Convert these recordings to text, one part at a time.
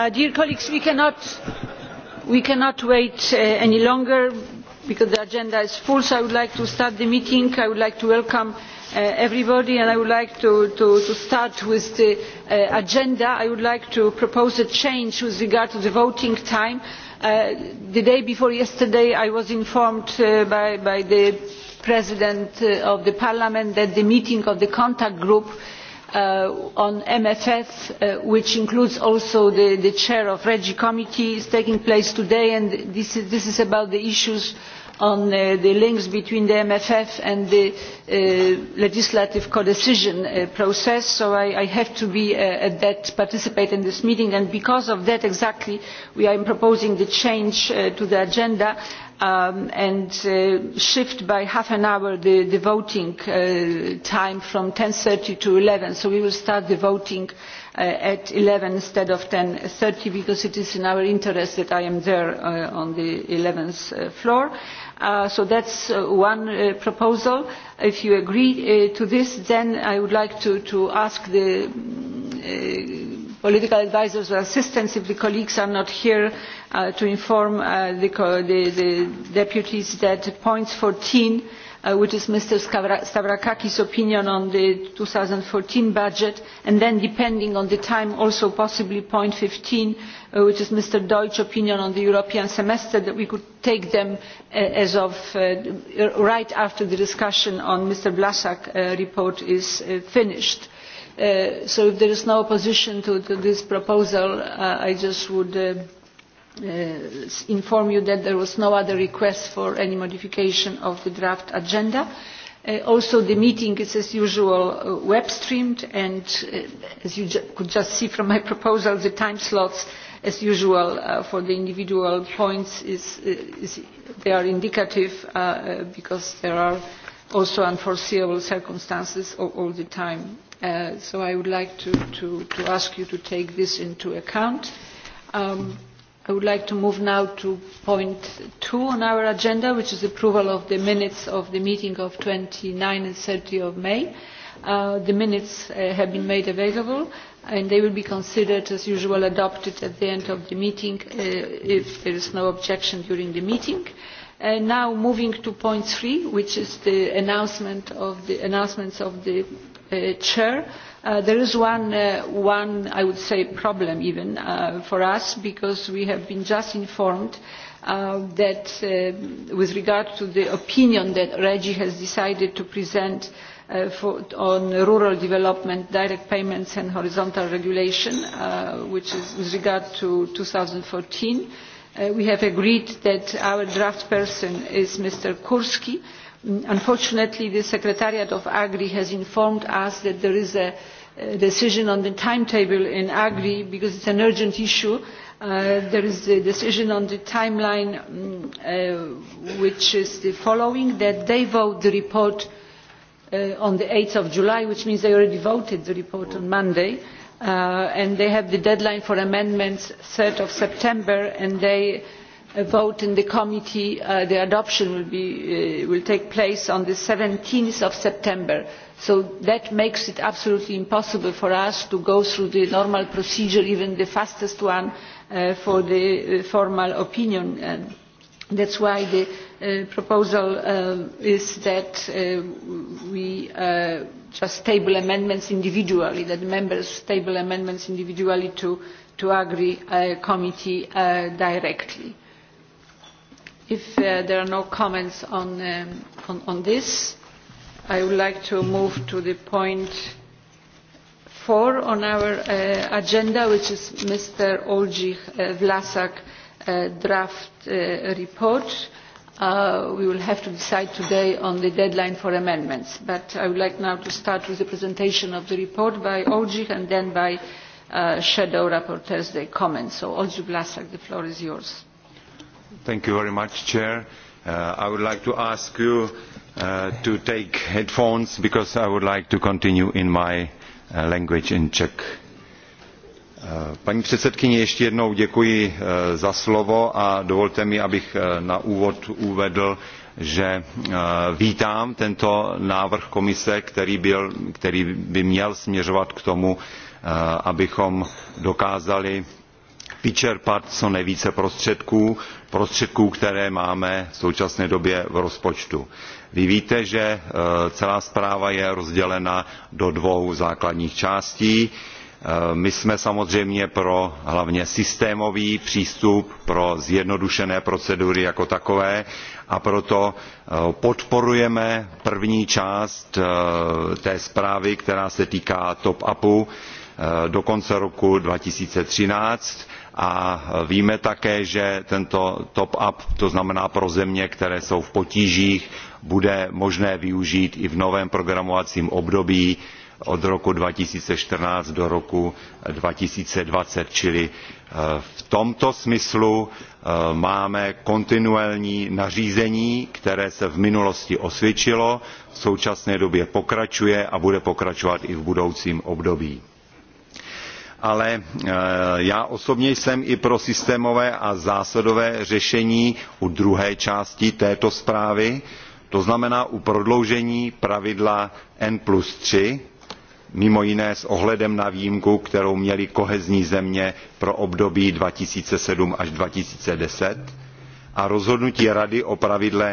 Uh, dear colleagues, we cannot, we cannot wait uh, any longer because the agenda is full, so I would like to start the meeting. I would like to welcome uh, everybody and I would like to, to, to start with the uh, agenda. I would like to propose a change with regard to the voting time. Uh, the day before yesterday I was informed uh, by, by the President uh, of the Parliament that the meeting of the contact group uh, Uh, on mff uh, which includes also the, the chair of the regi committee is taking place today and this is, this is about the issues on uh, the links between the mff and the uh, legislative codecision uh, process so I, i have to be uh, at that participate in this meeting and because of that exactly i am proposing the change to the agenda um, and uh, shift by half an hour the, the voting uh, time from 10.30 to 11. So we will start the voting uh, at 11 instead of 10.30 because it is in our interest that I am there uh, on the 11th uh, floor. Uh, Uh, so that's uh, one uh, proposal. If you agree uh, to this, then I would like to, to ask the uh, political advisors or assistants, if the colleagues are not here, uh, to inform uh, the, co the, the deputies that points 14 uh, which is Mr. Stavrakakis' opinion on the 2014 budget, and then depending on the time, also possibly point 15, uh, which is Mr. Deutsch's opinion on the European semester, that we could take them uh, as of uh, right after the discussion on Mr. Blasak's uh, report is uh, finished. Uh, so if there is no opposition to, to this proposal, uh, I just would uh, Uh, inform you that there was no other request for any modification of the draft agenda. Uh, also the meeting is as usual uh, web streamed and uh, as you ju could just see from my proposal the time slots as usual uh, for the individual points is, uh, is they are indicative uh, uh, because there are also unforeseeable circumstances all, all the time. Uh, so I would like to, to, to ask you to take this into account. Um, I would like to move now to point two on our agenda, which is approval of the minutes of the meeting of 29 and 30 of May. Uh, the minutes uh, have been made available and they will be considered as usual adopted at the end of the meeting uh, if there is no objection during the meeting. Uh, now moving to point three, which is the announcement of the announcements of the uh, chair. Uh, Uh, there is one, uh, one, I would say, problem even uh, for us because we have been just informed uh, that uh, with regard to the opinion that REGI has decided to present uh, for, on rural development, direct payments and horizontal regulation, uh, which is with regard to 2014, uh, we have agreed that our draft person is Mr. Kurski, uh, unfortunately the secretariat of agri has informed us that there is a decision on the timetable in agri because it is an urgent issue. Uh, there is a decision on the timeline um, uh, which is the following that they vote the report uh, on eight july which means they already voted the report on monday uh, and they have the deadline for amendments three september and they a vote in the committee uh, the adoption will, be, uh, will take place on seventeen september so that makes it absolutely impossible for us to go through the normal procedure even the fastest one uh, for the uh, formal opinion. And that's why the uh, proposal uh, is that uh, we uh, just table amendments individually, that members table amendments individually to, to agri uh, committee uh, directly. If uh, there are no comments on, um, on, on this, I would like to move to the point four on our uh, agenda, which is Mr. Olgich uh, Vlasak uh, draft uh, report. Uh, we will have to decide today on the deadline for amendments, but I would like now to start with the presentation of the report by Olgich and then by uh, shadow rapporteurs, their comments. So Olgich Vlasak, the floor is yours. Thank you very much, Chair. Uh, I would like to ask you uh, to take headphones because I would like to continue in my uh, language in Czech. Uh, paní předsedkyně, ještě jednou děkuji uh, za slovo a dovolte mi, abych uh, na úvod uvedl, že vítám tento návrh komise, který, byl, který by měl směřovat k tomu, abychom dokázali vyčerpat co nejvíce prostředků prostředků které máme v současné době v rozpočtu. vy víte že eh, celá zpráva je rozdělena do dvou základních částí eh, my jsme samozřejmě pro hlavně systémový přístup pro zjednodušené procedury jako takové a proto eh, podporujeme první část té zprávy která se týká top upu do konce roku two thousand and thirteen a víme také že tento top up to znamená pro země které jsou v potížích bude možné využít i v novém programovacím období od roku two thousand and fourteen do roku two thousand and twenty čili eh, v tomto smyslu eh, máme kontinuální nařízení které se v minulosti osvědčilo v současné době pokračuje a bude pokračovat i v budoucím období ale e, já osobně jsem i pro systémové a zásadové řešení u druhé části této zprávy to znamená u prodloužení pravidla n three mimo jiné s ohledem na výjimku kterou měly kohezní země pro období two thousand and seven až two thousand and ten a rozhodnutí rady o pravidle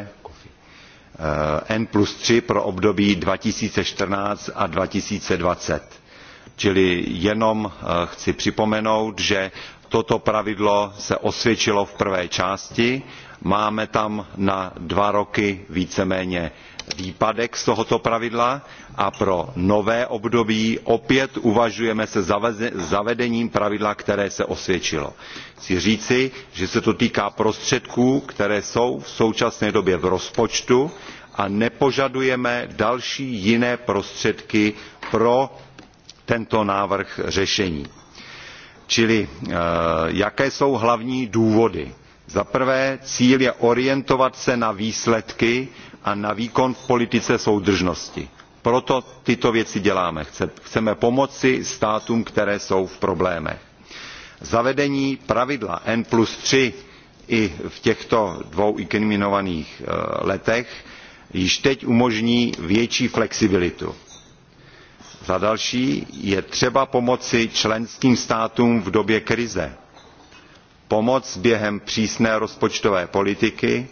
e, n three pro období two thousand and fourteen a two thousand and twenty čili jenom eh, chci připomenout že toto pravidlo se osvědčilo v prvé části máme tam na dva roky víceméně výpadek z tohoto pravidla a pro nové období opět uvažujeme se zavedením pravidla které se osvědčilo. chci říci že se to týká prostředků které jsou v současné době v rozpočtu a nepožadujeme další jiné prostředky pro tento návrh řešení. čili eh, jaké jsou hlavní důvody? za prvé cíl je orientovat se na výsledky a na výkon v politice soudržnosti. proto tyto věci děláme chceme pomoci státům které jsou v problémech. zavedení pravidla n three i v těchto dvou inkriminovaných eh, letech již teď umožní větší flexibilitu za další je třeba pomoci členským státům v době krize pomoc během přísné rozpočtové politiky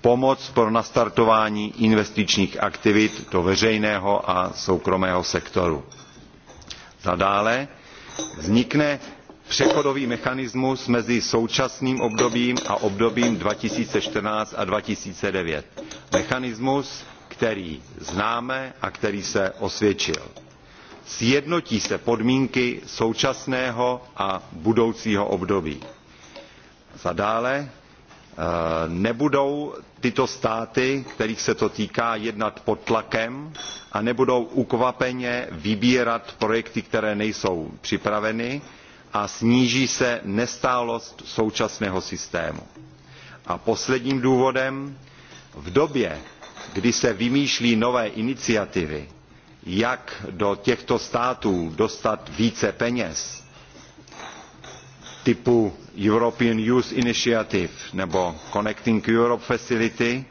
pomoc pro nastartování investičních aktivit do veřejného a soukromého sektoru. nadále vznikne přechodový mechanismus mezi současným obdobím a obdobím two thousand and fourteen a two thousand and nine mechanismus který známe a který se osvědčil sjednotí se podmínky současného a budoucího období. za dále eh, nebudou tyto státy kterých se to týká jednat pod tlakem a nebudou ukvapeně vybírat projekty které nejsou připraveny a sníží se nestálost současného systému. a posledním důvodem v době kdy se vymýšlí nové iniciativy jak do těchto států dostat více peněz typu European Youth Initiative nebo Connecting Europe Facility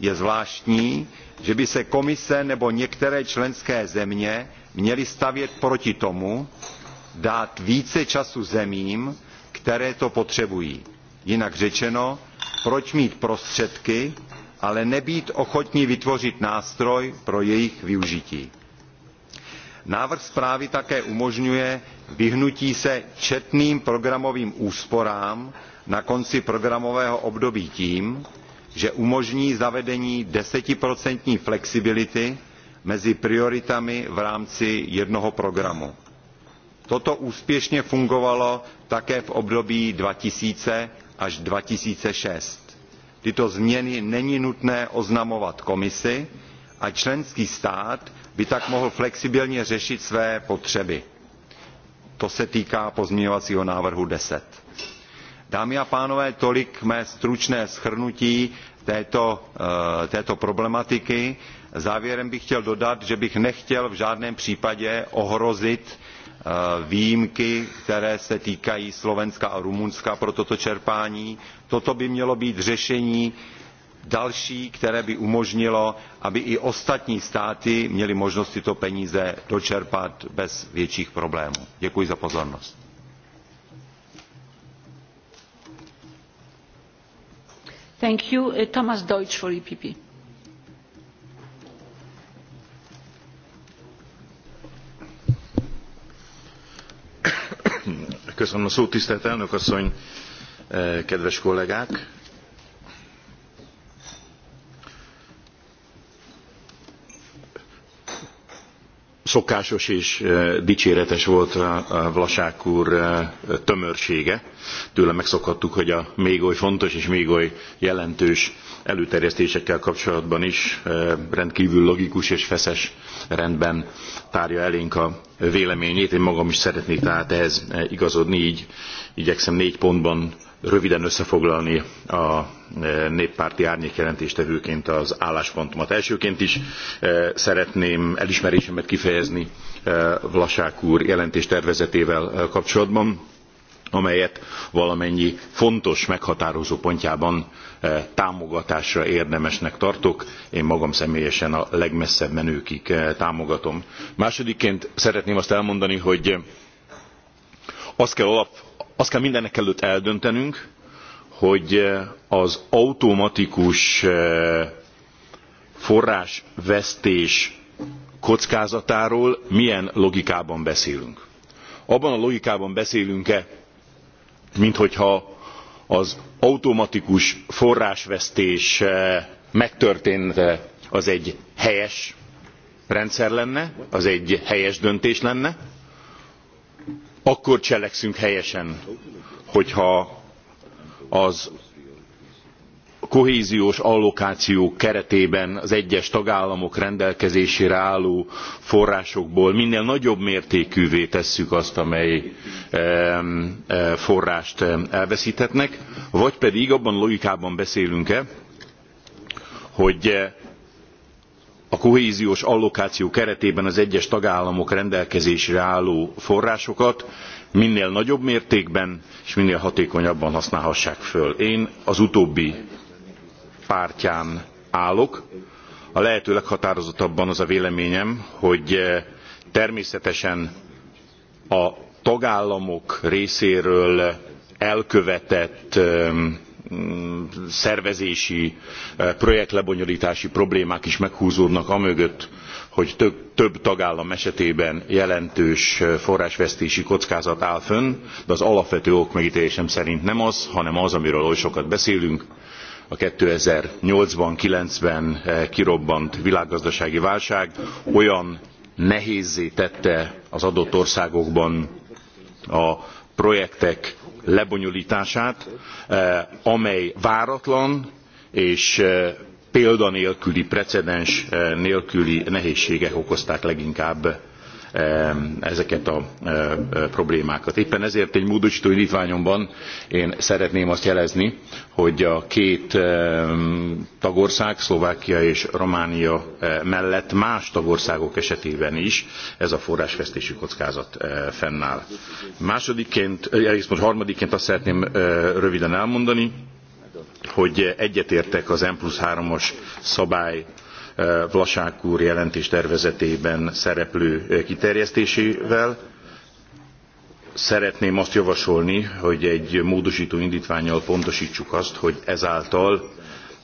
je zvláštní, že by se komise nebo některé členské země měly stavět proti tomu, dát více času zemím, které to potřebují. Jinak řečeno, proč mít prostředky, ale nebýt ochotní vytvořit nástroj pro jejich využití návrh zprávy také umožňuje vyhnutí se četným programovým úsporám na konci programového období tím že umožní zavedení desetiprocentní flexibility mezi prioritami v rámci jednoho programu. toto úspěšně fungovalo také v období two thousand až two thousand and six tyto změny není nutné oznamovat komisi a členský stát by tak mohl flexibilně řešit své potřeby. To se týká pozměňovacího návrhu 10. Dámy a pánové, tolik mé stručné shrnutí této, eh, této problematiky. Závěrem bych chtěl dodat, že bych nechtěl v žádném případě ohrozit eh, výjimky, které se týkají Slovenska a Rumunska pro toto čerpání. Toto by mělo být řešení další které by umožnilo aby i ostatní státy měly možnost tyto peníze dočerpat bez větších problémů. děkuji za pozornost. Eh, Deutsch, e Köszönöm a szót, tisztelt elnök asszony, eh, kedves kollégák! szokásos és e, dicséretes volt a, a Vlasák úr e, tömörsége. Tőle megszokhattuk, hogy a még oly fontos és még oly jelentős előterjesztésekkel kapcsolatban is e, rendkívül logikus és feszes rendben tárja elénk a véleményét. Én magam is szeretnék tehát ehhez igazodni, így igyekszem négy pontban röviden összefoglalni a e, néppárti árnyékjelentéstevőként az álláspontomat. Elsőként is e, szeretném elismerésemet kifejezni e, Vlasák úr jelentéstervezetével kapcsolatban amelyet valamennyi fontos meghatározó pontjában támogatásra érdemesnek tartok én magam személyesen a legmesszebb menőkig támogatom. másodikként szeretném azt elmondani hogy azt kell alap azt kell mindenekelőtt eldöntenünk, hogy eh, az automatikus eh, forrásvesztés kockázatáról milyen logikában beszélünk. Abban a logikában beszélünk-e, minthogyha az automatikus forrásvesztés eh, megtörténte, az egy helyes rendszer lenne, az egy helyes döntés lenne, akkor cselekszünk helyesen hogyha az kohéziós allokáció keretében az egyes tagállamok rendelkezésére álló forrásokból minél nagyobb mértékűvé tesszük azt amely e, forrást elveszthetnek vagy pedig abban a logikában beszélünk e hogy a kohéziós allokáció keretében az egyes tagállamok rendelkezésre álló forrásokat minél nagyobb mértékben és minél hatékonyabban használhassák föl. én az utóbbi pártján állok a lehető leghatározottabban az a véleményem hogy eh, természetesen a tagállamok részéről elkövetett eh, Mm, szervezési, eh, projektlebonyolítási problémák is meghúzódnak amögött, hogy több, több tagállam esetében jelentős eh, forrásvesztési kockázat áll fönn, de az alapvető ok megítélésem szerint nem az, hanem az, amiről oly sokat beszélünk, a 2008-ban, 9-ben eh, kirobbant világgazdasági válság olyan nehézzé tette az adott országokban a projektek lebonyolítását, eh, amely váratlan és eh, példanélküli, precedens eh, nélküli nehézségek okozták leginkább ezeket a problémákat. Éppen ezért egy módosító indítványomban én szeretném azt jelezni, hogy a két tagország, Szlovákia és Románia mellett más tagországok esetében is ez a forrásvesztési kockázat fennáll. Másodikként, most harmadikként azt szeretném röviden elmondani, hogy egyetértek az M plusz 3-as szabály Vlasák úr jelentés tervezetében szereplő kiterjesztésével. Szeretném azt javasolni, hogy egy módosító indítványjal pontosítsuk azt, hogy ezáltal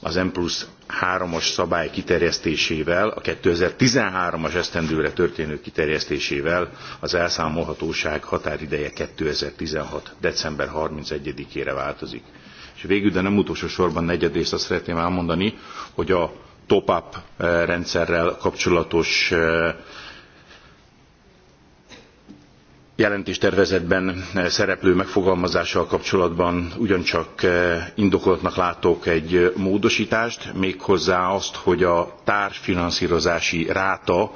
az M plusz 3-as szabály kiterjesztésével, a 2013-as esztendőre történő kiterjesztésével az elszámolhatóság határideje 2016. december 31-ére változik. És végül, de nem utolsó sorban negyedrészt azt szeretném elmondani, hogy a top-up eh, rendszerrel kapcsolatos eh, jelentéstervezetben eh, szereplő megfogalmazással kapcsolatban ugyancsak indokoltnak látok egy módostást méghozzá azt hogy a társfinanszrozási ráta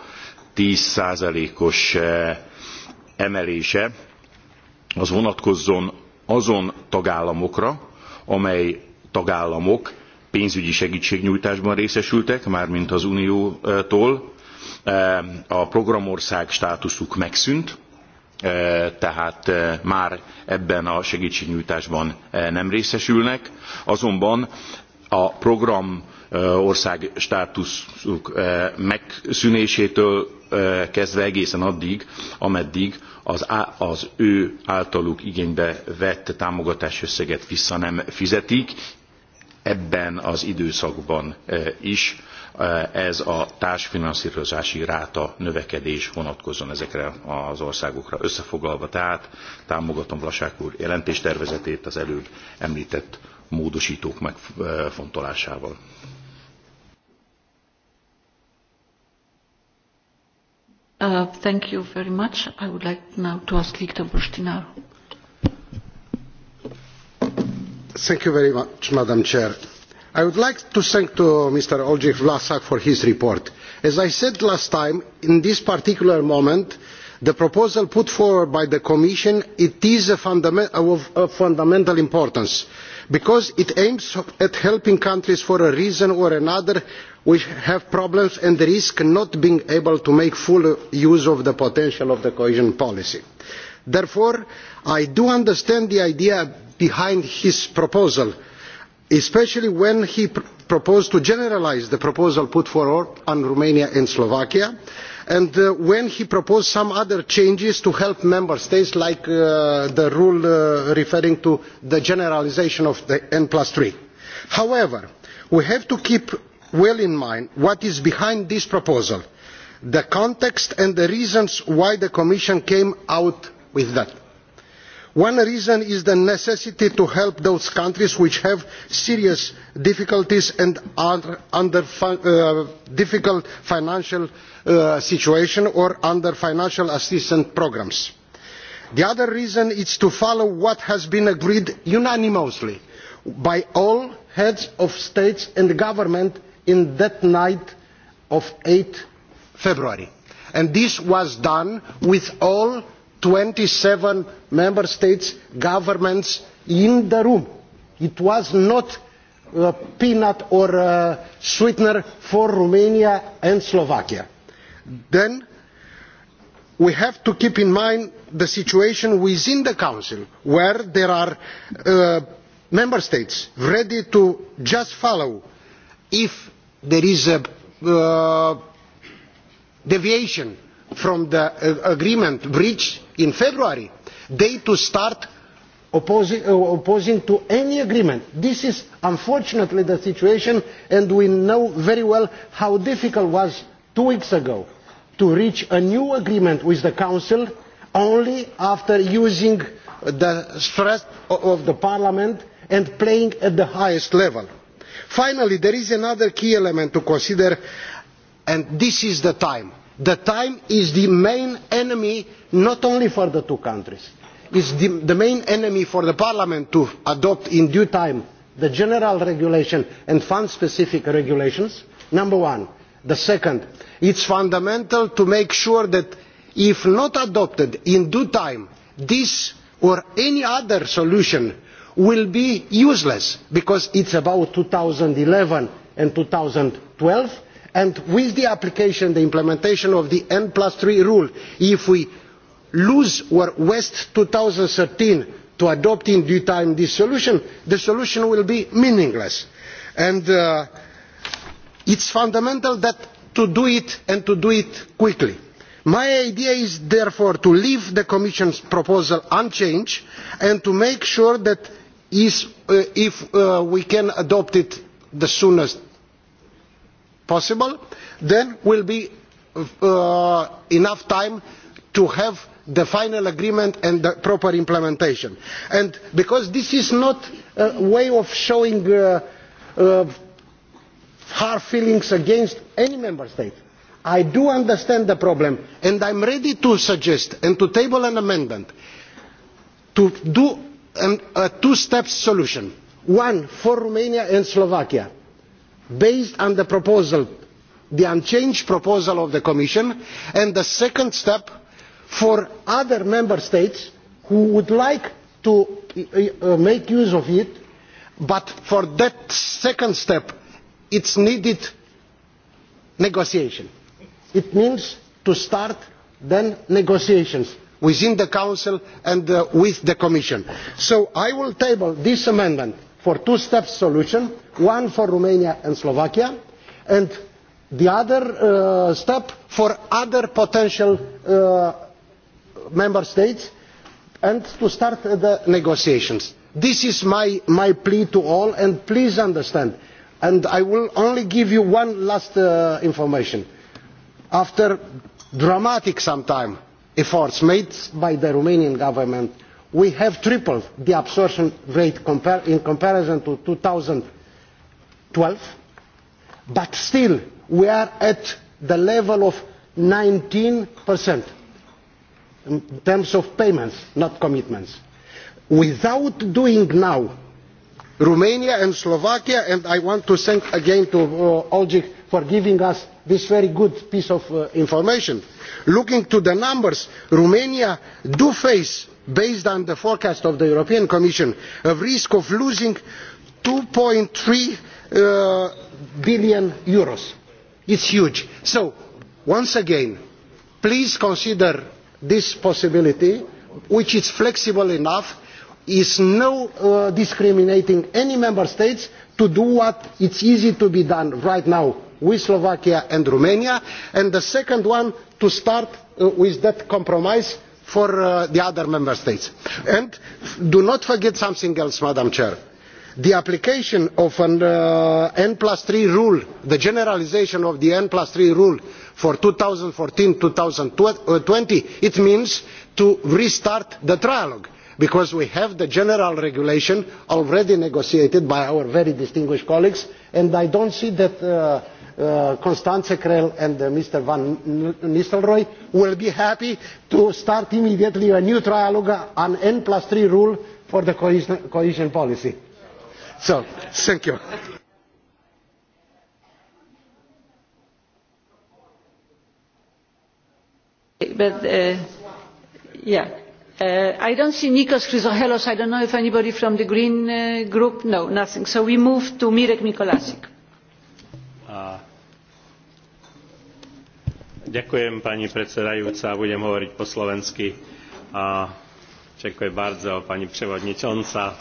ten os emelése az vonatkozzon azon tagállamokra amely tagállamok pénzügyi segtségnyújtásban részesültek mármint az uniótól e, a programország státuszuk megszűnt e, tehát e, már ebben a segtségnyújtásban nem részesülnek azonban a program ország státuszuk megszűnésétől kezdve egészen addig ameddig az, á, az ő általuk igénybe vett támogatás összeget vissza nem fizetik ebben az időszakban is ez a társfinanszírozási ráta növekedés vonatkozon ezekre az országokra. Összefoglalva tehát támogatom Vlasák úr jelentéstervezetét az előbb említett módosítók megfontolásával. Uh, thank you very much. I would like now to ask Viktor Bostinar Thank you very much, Madam Chair. I would like to thank to Mr. Olgich Vlasak for his report. As I said last time, in this particular moment, the proposal put forward by the Commission is of, of fundamental importance because it aims at helping countries for a reason or another which have problems and risk not being able to make full use of the potential of the cohesion policy therefore i do understand the idea behind his proposal especially when he proposed to generalise the proposal put forward on romania and slovakia and uh, when he proposed some other changes to help member states like uh, the rule uh, referring to the generalisation of the n three however we have to keep well in mind what is behind this proposal the context and the reasons why the commission came out with that. one reason is the necessity to help those countries which have serious difficulties and are under a uh, difficult financial uh, situation or under financial assistance programmes. the other reason is to follow what has been agreed unanimously by all heads of state and government on that night of eight february and this was done with all twenty seven member states' governments in the room. it was not a uh, peanut or a uh, sweetener for romania and slovakia. then we have to keep in mind the situation within the council where there are uh, member states ready to just follow if there is a uh, deviation from the uh, agreement reached in february they to start opposing, uh, opposing to any agreement. this is unfortunately the situation and we know very well how difficult it was two weeks ago to reach a new agreement with the council only after using the strength of the parliament and playing at the highest level. finally there is another key element to consider and this is the time the time is the main enemy not only for the two countries it is the main enemy for parliament to adopt in due time the general regulation and fund specific regulations number one. second it is fundamental to make sure that if not adopted in due time this or any other solution will be useless because it is about two thousand and eleven and two thousand and twelve and with the application the implementation of the n three rule if we lose or waste two thousand and thirteen to adopt in due time this solution the solution will be meaningless. Uh, it is fundamental to do it and to do it quickly. my idea is therefore to leave the commission's proposal unchanged and to make sure that uh, if uh, we can adopt it as soon possible then there will be uh, enough time to have the final agreement and the proper implementation. And because this is not a way of showing uh, uh, hard feelings against any member state i do understand the problem and i am ready to suggest and to table an amendment to do an, a two step solution one for romania and slovakia based on the proposal the unchanged proposal of the commission and the second step for other member states who would like to uh, uh, make use of it but for that second step it is needed negotiation. it means to start then negotiations within the council and uh, with the commission. so i will table this amendment for two step solution one for romania and slovakia and the other uh, step for other potential uh, member states and to start the negotiations. this is my, my plea to all and please understand and i will only give you one last uh, information after dramatic sometimes efforts made by the romanian government we have tripled the absorption rate compar in comparison to 2012, but still we are at the level of 19% in terms of payments, not commitments. Without doing now, Romania and Slovakia, and I want to thank again to uh, Olgic for giving us this very good piece of uh, information. Looking to the numbers, Romania do face based on the forecast of the european commission of a risk of losing eur. two three uh, billion. it is huge. so once again please consider this possibility which is flexible enough is not uh, discriminating any member state to do what is easy to be done right now with slovakia and romania and the second one to start uh, with that compromise for uh, the other member states. And do not forget something else, Madam Chair. The application of an uh, N plus 3 rule, the generalization of the N plus 3 rule for 2014-2020, uh, it means to restart the trialogue because we have the general regulation already negotiated by our very distinguished colleagues and I don't see that uh, uh, Constanze Krell and uh, Mr. Van Nistelrooy will be happy to start immediately a new trialogue on N plus 3 rule for the cohesion, cohesion policy. So, thank you. But, uh, yeah. Uh, i do not see nikos chrysohelos i do not know if anybody from the green uh, group no nothing so we move to mirek mikolik. A... Ďakujem pani predsedajúca, budem hovoriť po slovensky. A... Ďakujem bardzo pani przewodnicząca,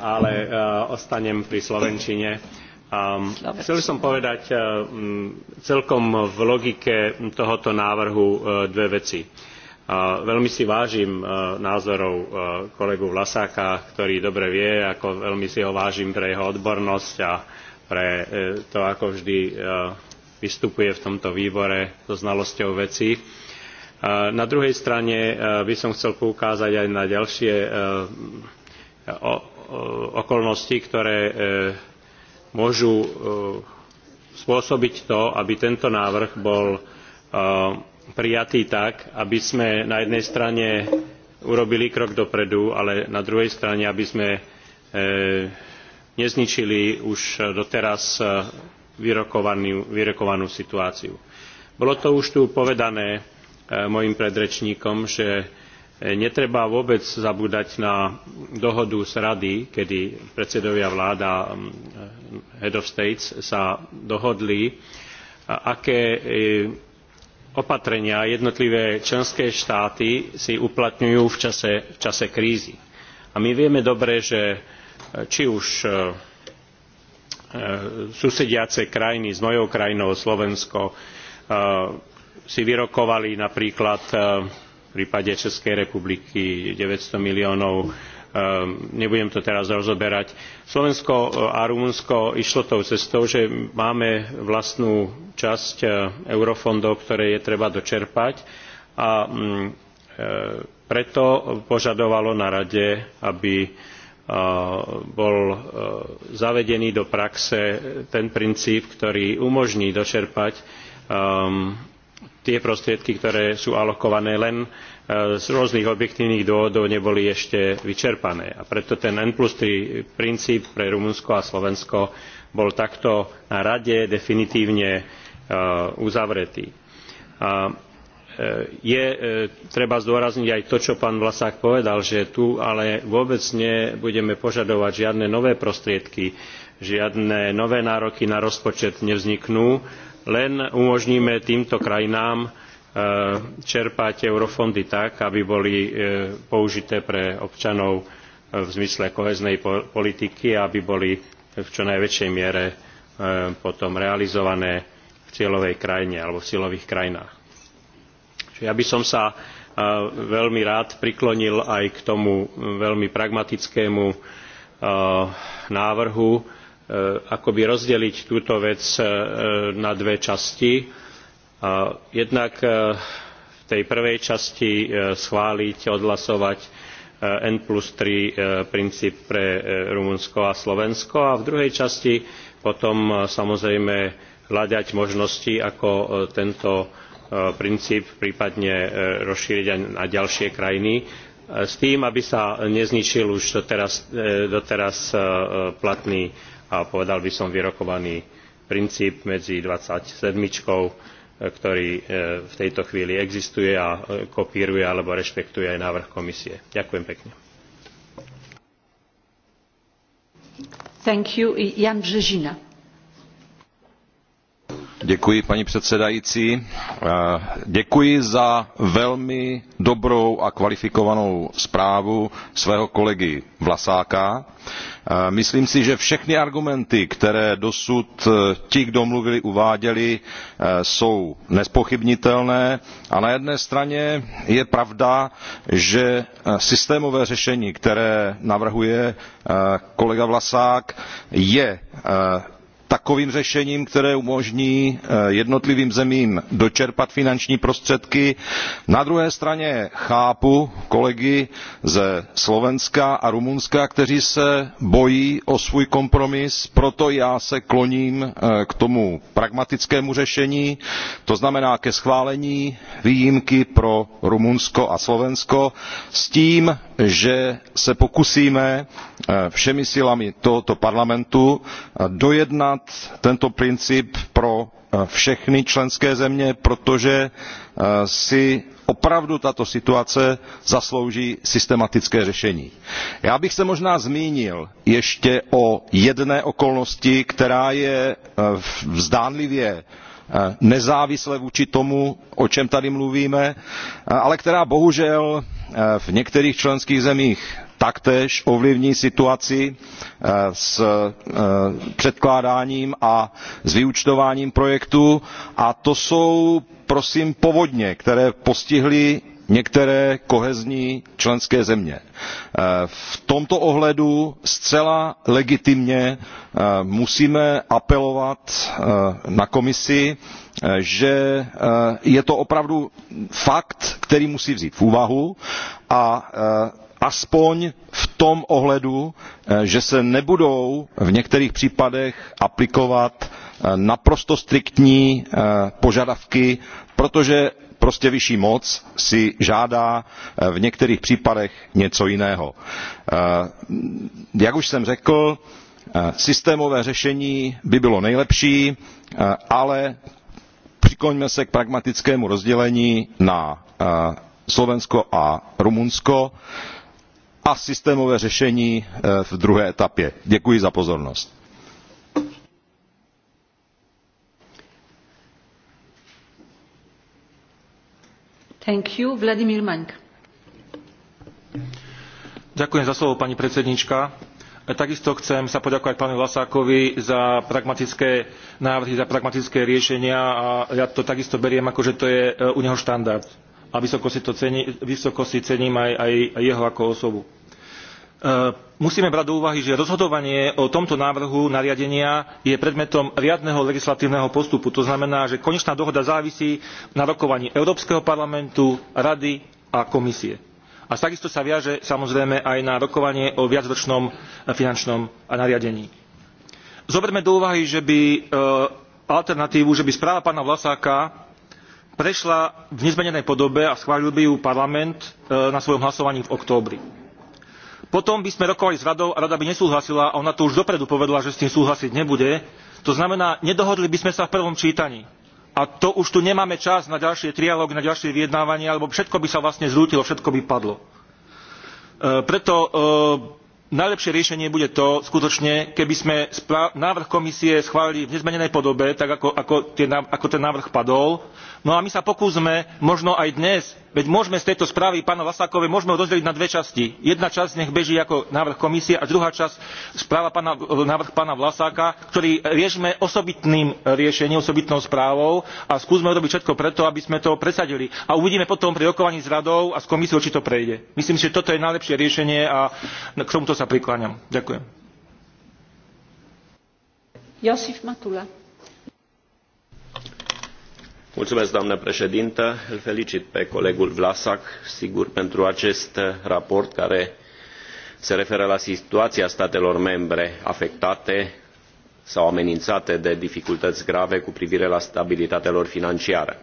ale ostanem pri slovenčine. Chcel som povedať celkom v logike tohoto návrhu e, dve veci. Veľmi si vážim e, názorov e, kolegu Vlasáka, ktorý dobre vie, ako veľmi si ho vážim pre jeho odbornosť a pre e, to, ako vždy e, vystupuje v tomto výbore so znalosťou vecí. E, na druhej strane by som chcel poukázať aj na ďalšie okolnosti, ktoré môžu spôsobiť to, aby tento návrh bol prijatý tak, aby sme na jednej strane urobili krok dopredu, ale na druhej strane, aby sme nezničili už eh, doteraz eh, vyrokovanú situáciu. bolo to už tu povedané eh, mojím predrečníkom že netreba vôbec zabúdať na dohodu z rady kedy predsedovia vlád a mm, heads of states sa dohodli aké opatrenia jednotlivé členské štáty si uplatňujú v čase, v čase krízy. a my vieme dobre že či už e, e, susediace krajiny s mojou krajinou slovensko e, si vyrokovali napríklad v prípade českej republiky nine hundred miliónov nebudem to teraz rozoberať. slovensko a rumunsko išlo tou cestou že máme vlastnú časť eurofondov ktoré je treba dočerpať a mm, preto požadovalo na rade aby Eh, bol eh, zavedený do praxe ten princíp ktorý umožní dočerpať ehm, tie prostriedky ktoré sú alokované len eh, z rôznych objektívnych dôvodov neboli ešte vyčerpané a preto ten n three princíp pre rumunsko a slovensko bol takto na rade definitívne uzavretý. A Eh, je eh, treba zdôrazniť aj to čo pán vlasák povedal že tu ale vôbec nebudeme požadovať žiadne nové prostriedky žiadne nové nároky na rozpočet nevzniknú len umožníme týmto krajinám eh, čerpať eurofondy tak aby boli použité pre občanov v zmysle kohéznej politiky a aby boli v čo najväčšej miere potom realizované v cieľovej krajine alebo v cieľových krajinách. Čiže ja by som sa e, veľmi rád priklonil aj k tomu veľmi pragmatickému e, návrhu e, akoby rozdeliť túto vec na dve časti. Jednak v tej prvej časti schváliť, odhlasovať N plus 3 princíp pre Rumunsko a Slovensko a v druhej časti potom samozrejme hľadať možnosti, ako tento E, princíp prípadne e, rozšíriť aj na ďalšie krajiny e, s tým aby sa nezničil už doteraz, doteraz platný a povedal by som vyrokovaný princíp medzi twenty seven ktorý v tejto chvíli existuje a kopíruje alebo rešpektuje aj návrh komisie. ďakujem pekne. Thank you. Jan Břežina. Děkuji, paní předsedající. Eh, děkuji za velmi dobrou a kvalifikovanou zprávu svého kolegy Vlasáka. Eh, myslím si, že všechny argumenty, které dosud eh, ti, kdo mluvili, uváděli, jsou nespochybnitelné. A na jedné straně je pravda, že systémové řešení, které navrhuje kolega Vlasák, je takovým řešením které umožní eh, jednotlivým zemím dočerpat finanční prostředky. na druhé straně chápu kolegy ze slovenska a rumunska kteří se bojí o svůj kompromis proto já se kloním eh, k tomu pragmatickému řešení to znamená ke schválení výjimky pro rumunsko a slovensko s tím že se pokusíme eh, všemi silami tohoto parlamentu dojednat aplikovat tento princip pro eh, všechny členské země protože eh, si opravdu tato situace zaslouží systematické řešení. já bych se možná zmínil ještě o jedné okolnosti která je eh, zdánlivě nezávisle vůči tomu o čem tady mluvíme ale která bohužel v některých členských zemích taktéž ovlivní situaci eh, s eh, předkládáním a s vyúčtováním projektů a to jsou prosím povodně které postihly některé kohezní členské země. Eh, v tomto ohledu zcela legitimně musíme apelovat na komisi že je to opravdu fakt který musí vzít v úvahu a aspoň v tom ohledu eh, že se nebudou v některých případech aplikovat eh, naprosto striktní eh, požadavky protože prostě vyšší moc si žádá v některých případech něco jiného. jak už jsem řekl systémové řešení by bylo nejlepší ale přikloňme se k pragmatickému rozdělení na slovensko a rumunsko a systémové řešení eh, v druhé etapě. děkuji za pozornost. pani predsedníčka e, takisto chcem sa poďakovať pánovi vlasákovi za pragmatické návrhy za pragmatické riešenia a ja to takisto beriem ako že to je e, u neho štandard a vysoko si, to cení, vysoko si cením aj, aj jeho ako osobu. E, musíme brať do úvahy, že rozhodovanie o tomto návrhu nariadenia je predmetom riadneho legislatívneho postupu. To znamená, že konečná dohoda závisí na rokovaní Európskeho parlamentu, Rady a komisie. A takisto sa viaže samozrejme aj na rokovanie o viacročnom finančnom nariadení. Zoberme do úvahy, že by e, alternatívu, že by správa pána Vlasáka prešla v nezmenenej podobe a schválil by ju parlament e, na svojom hlasovaní v októbri. Potom by sme rokovali s radou a rada by nesúhlasila a ona to už dopredu povedala, že s tým súhlasiť nebude. To znamená, nedohodli by sme sa v prvom čítaní. A to už tu nemáme čas na ďalšie trialógy, na ďalšie vyjednávanie, lebo všetko by sa vlastne zrútilo, všetko by padlo. E, preto e, najlepšie riešenie bude to skutočne keby sme návrh komisie schválili v nezmenenej podobe tak ako, ako, tie, ako ten návrh padol no a my sa pokúsme možno aj dnes veď môžeme z tejto správy pána vasákovej môžeme ju rozdeliť na dve časti jedna časť nech beží ako návrh komisie a druhá časť správa pána, návrh pána vlasáka ktorý riešme osobitným riešením osobitnou správou a skúsme urobiť všetko preto aby sme to presadili a uvidíme potom pri rokovaní s radou a s komisiou či to prejde myslím si že toto je najlepšie riešenie a k tomuto sa prikláňam ďakujem Josif Matula doamnă președintă îl felicit pe colegul vlasak sigur pentru acest raport care se referă la situația statelor membre afectate sau amenințate de dificultăți grave cu privire la stabilitatea lor financiară.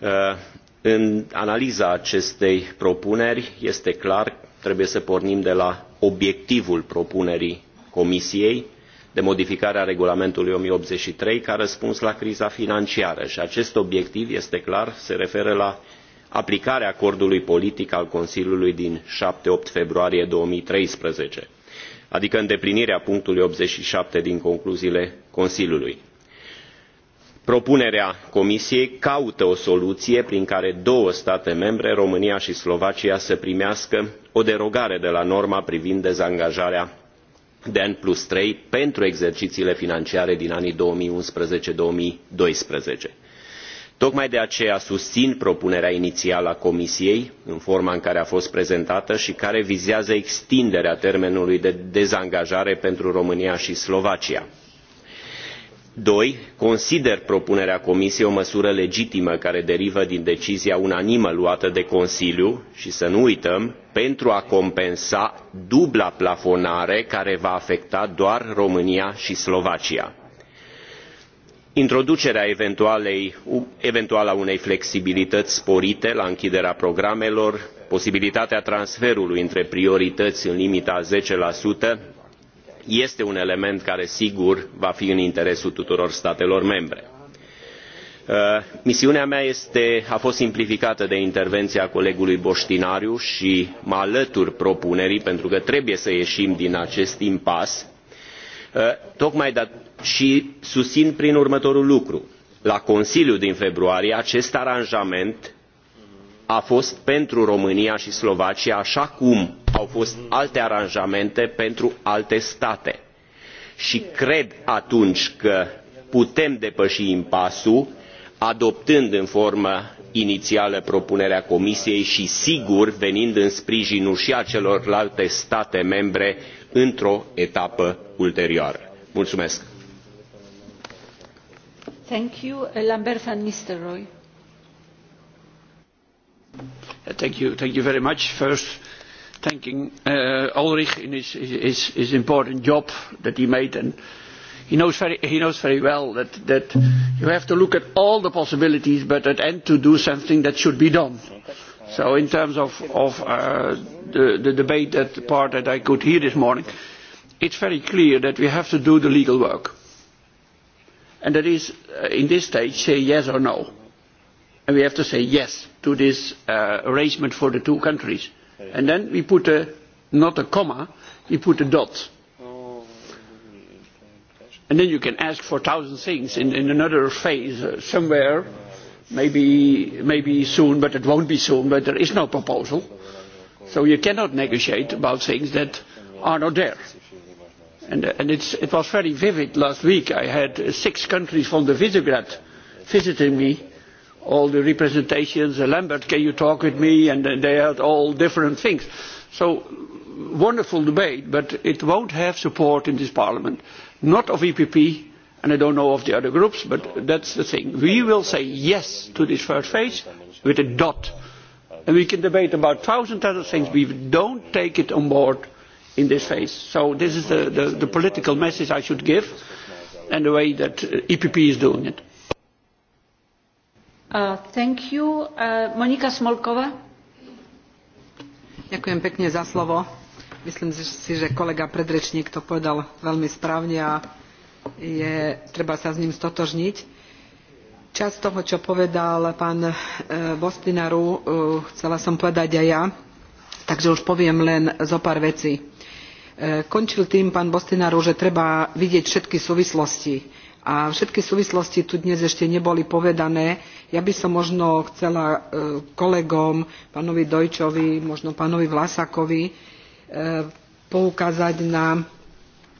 Uh, în analiza acestei propuneri este clar trebuie să pornim de la obiectivul propunerii comisiei de modificare a regulamentului o mie optzeci și trei ca răspuns la criza financiară și acest obiectiv este clar se referă la aplicarea acordului politic al consiliului din șapte opt februarie două mii treisprezece adică îndeplinirea punctului optzeci și șapte din concluziile consiliului. propunerea comisiei caută o soluție prin care două state membre românia și slovacia să primească o derogare de la norma privind dezangajarea de N plus 3 pentru exercițiile financiare din anii 2011-2012. Tocmai de aceea susțin propunerea inițială a Comisiei, în forma în care a fost prezentată și care vizează extinderea termenului de dezangajare pentru România și Slovacia doi consider propunerea comisiei o măsură legitimă care derivă din decizia unanimă luată de consiliu și să nu uităm pentru a compensa dubla plafonare care va afecta doar românia și slovacia introducerea eventuală a unei flexibilități sporite la închiderea programelor posibilitatea transferului între priorități în limita a zece este un element care sigur va fi în interesul tuturor statelor membre. Uh, misiunea mea este, a fost simplificată de intervenția colegului Boștinariu și mă alătur propunerii pentru că trebuie să ieșim din acest impas. Uh, tocmai dat și susțin prin următorul lucru. La Consiliul din februarie acest aranjament a fost pentru România și Slovacia așa cum au fost alte aranjamente pentru alte state și cred atunci că putem depăși impasul adoptând în formă inițială propunerea comisiei și sigur venind în sprijinul și a celorlalte state membre într o etapă ulterioară. mulțumesc. Thank you, Lambert van Nistelrooy. Thank you, thank you very much. First, thanking uh, Ulrich in his, his, his important job that he made. And he knows very, he knows very well that, that you have to look at all the possibilities, but at end to do something that should be done. So in terms of, of uh, the, the debate, that part that I could hear this morning, it's very clear that we have to do the legal work. And that is, uh, in this stage, say yes or no. And we have to say yes to this uh, arrangement for the two countries and then we put a not a comma you put a dot and then you can ask for a thousand things in, in another phase uh, somewhere maybe maybe soon but it won't be soon but there is no proposal so you cannot negotiate about things that are not there and, uh, and it's, it was very vivid last week i had uh, six countries from the visegrad visiting me all the representations. Uh, Lambert, can you talk with me? And they had all different things. So, wonderful debate, but it won't have support in this parliament. Not of EPP, and I don't know of the other groups, but that's the thing. We will say yes to this first phase with a dot. And we can debate about thousand other things, but we don't take it on board in this phase. So this is the, the, the political message I should give and the way that uh, EPP is doing it. Uh, uh, myslím si že kolega predrečník to povedal veľmi správne a je, treba sa s ním stotožniť. Časť toho, čo povedal pán uh, Bostinaru, chcela som povedať aj ja, takže už poviem len zo pár vecí. Končil tým pán Bostinaru, že treba vidieť všetky súvislosti. A všetky súvislosti tu dnes ešte neboli povedané, Ja by som možno chcela e, kolegom, pánovi Dojčovi, možno pánovi Vlasakovi e, poukázať na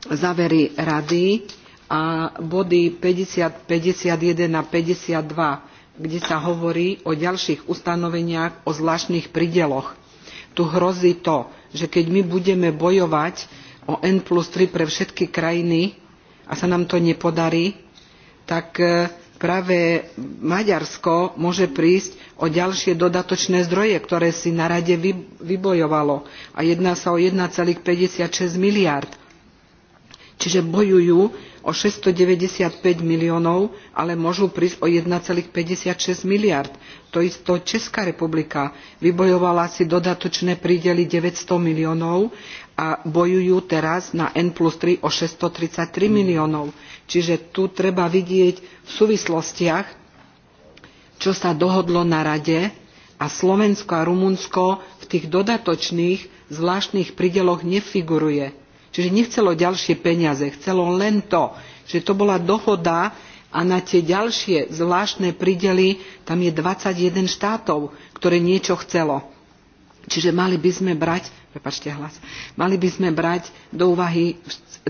závery rady a body 50, 51 a 52, kde sa hovorí o ďalších ustanoveniach o zvláštnych prideloch. Tu hrozí to, že keď my budeme bojovať o N plus 3 pre všetky krajiny a sa nám to nepodarí, tak e, práve Maďarsko môže prísť o ďalšie dodatočné zdroje, ktoré si na rade vybojovalo. A jedná sa o 1,56 miliard. Čiže bojujú o six hundred and ninety five miliónov ale môžu prísť o one fifty six miliárd to isto česká republika vybojovala si dodatočné prídely nine hundred miliónov a bojujú teraz na N plus 3 o 633 mm. miliónov. Čiže tu treba vidieť v súvislostiach, čo sa dohodlo na Rade a Slovensko a Rumunsko v tých dodatočných zvláštnych prideloch nefiguruje. Čiže nechcelo ďalšie peniaze, chcelo len to. Čiže to bola dohoda a na tie ďalšie zvláštne pridely tam je 21 štátov, ktoré niečo chcelo. Čiže mali by sme brať prepačte hlas, mali by sme brať do úvahy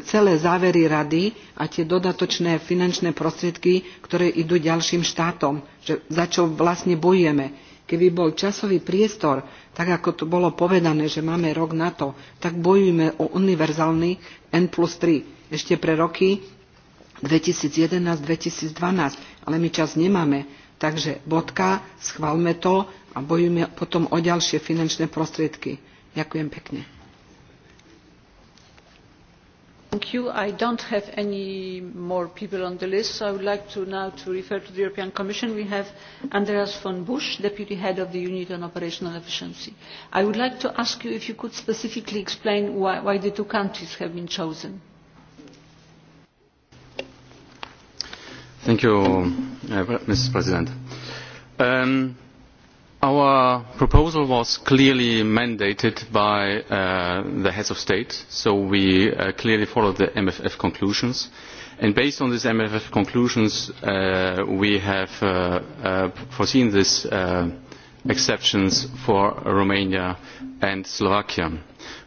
celé závery rady a tie dodatočné finančné prostriedky, ktoré idú ďalším štátom, že za čo vlastne bojujeme. Keby bol časový priestor, tak ako to bolo povedané, že máme rok na to, tak bojujme o univerzálny N plus 3 ešte pre roky 2011-2012, ale my čas nemáme. Takže bodka, schválme to a bojujme potom o ďalšie finančné prostriedky Ďakujem pekne. Thank you. I don't have any more people on the list, so I would like to now to refer to the European Commission. We have Andreas von Busch, Deputy Head of the Unit on Operational Efficiency. I would like to ask you if you could specifically explain why, why the two countries have been chosen. Thank you, uh, Mrs. President. Um, Our proposal was clearly mandated by uh, the heads of state, so we uh, clearly followed the MFF conclusions. And based on these MFF conclusions, uh, we have uh, uh, foreseen these uh, exceptions for Romania and Slovakia.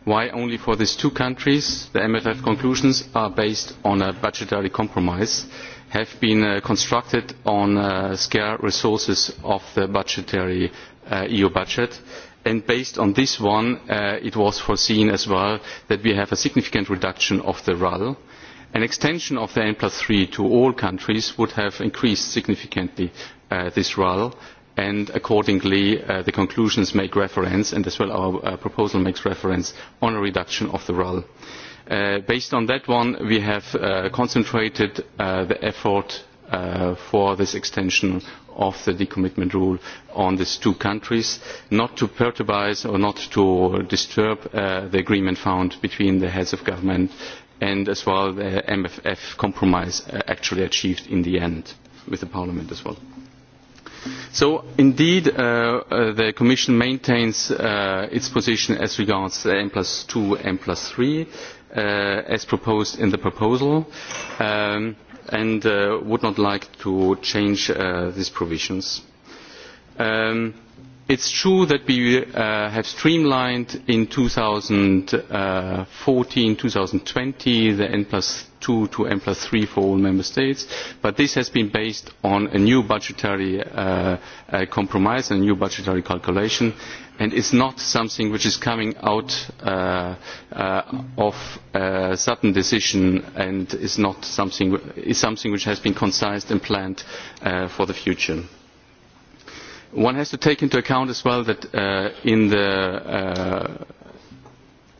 Why only for these two countries? The MFF conclusions are based on a budgetary compromise. Uh, have been uh, constructed on uh, scarce resources of the budgetary uh, EU budget. And based on this one, uh, it was foreseen as well that we have a significant reduction of the RAL. An extension of the N plus 3 to all countries would have increased significantly uh, this RAL, and accordingly uh, the conclusions make reference, and as well our uh, proposal makes reference, on a reduction of the RAL. Uh, Uh, based on that one, we have uh, concentrated uh, the effort uh, for this extension of the decommitment rule on these two countries, not to perturbize or not to disturb uh, the agreement found between the heads of government and as well the MFF compromise uh, actually achieved in the end with the Parliament as well. So indeed, uh, uh, the Commission maintains uh, its position as regards the M plus 2, M plus 3 uh, as proposed in the proposal um, and uh, would not like to change uh, these provisions. Um, it's true that we uh, have streamlined in 2014-2020 uh, the N plus 2 to n three for all member states but this has been based on a new budgetary uh, uh, compromise and a new budgetary calculation and is not something which is coming out uh, uh, of a sudden decision and is not something is something which has been concised and planned uh, for the future one has to take into account as well that uh, in the uh,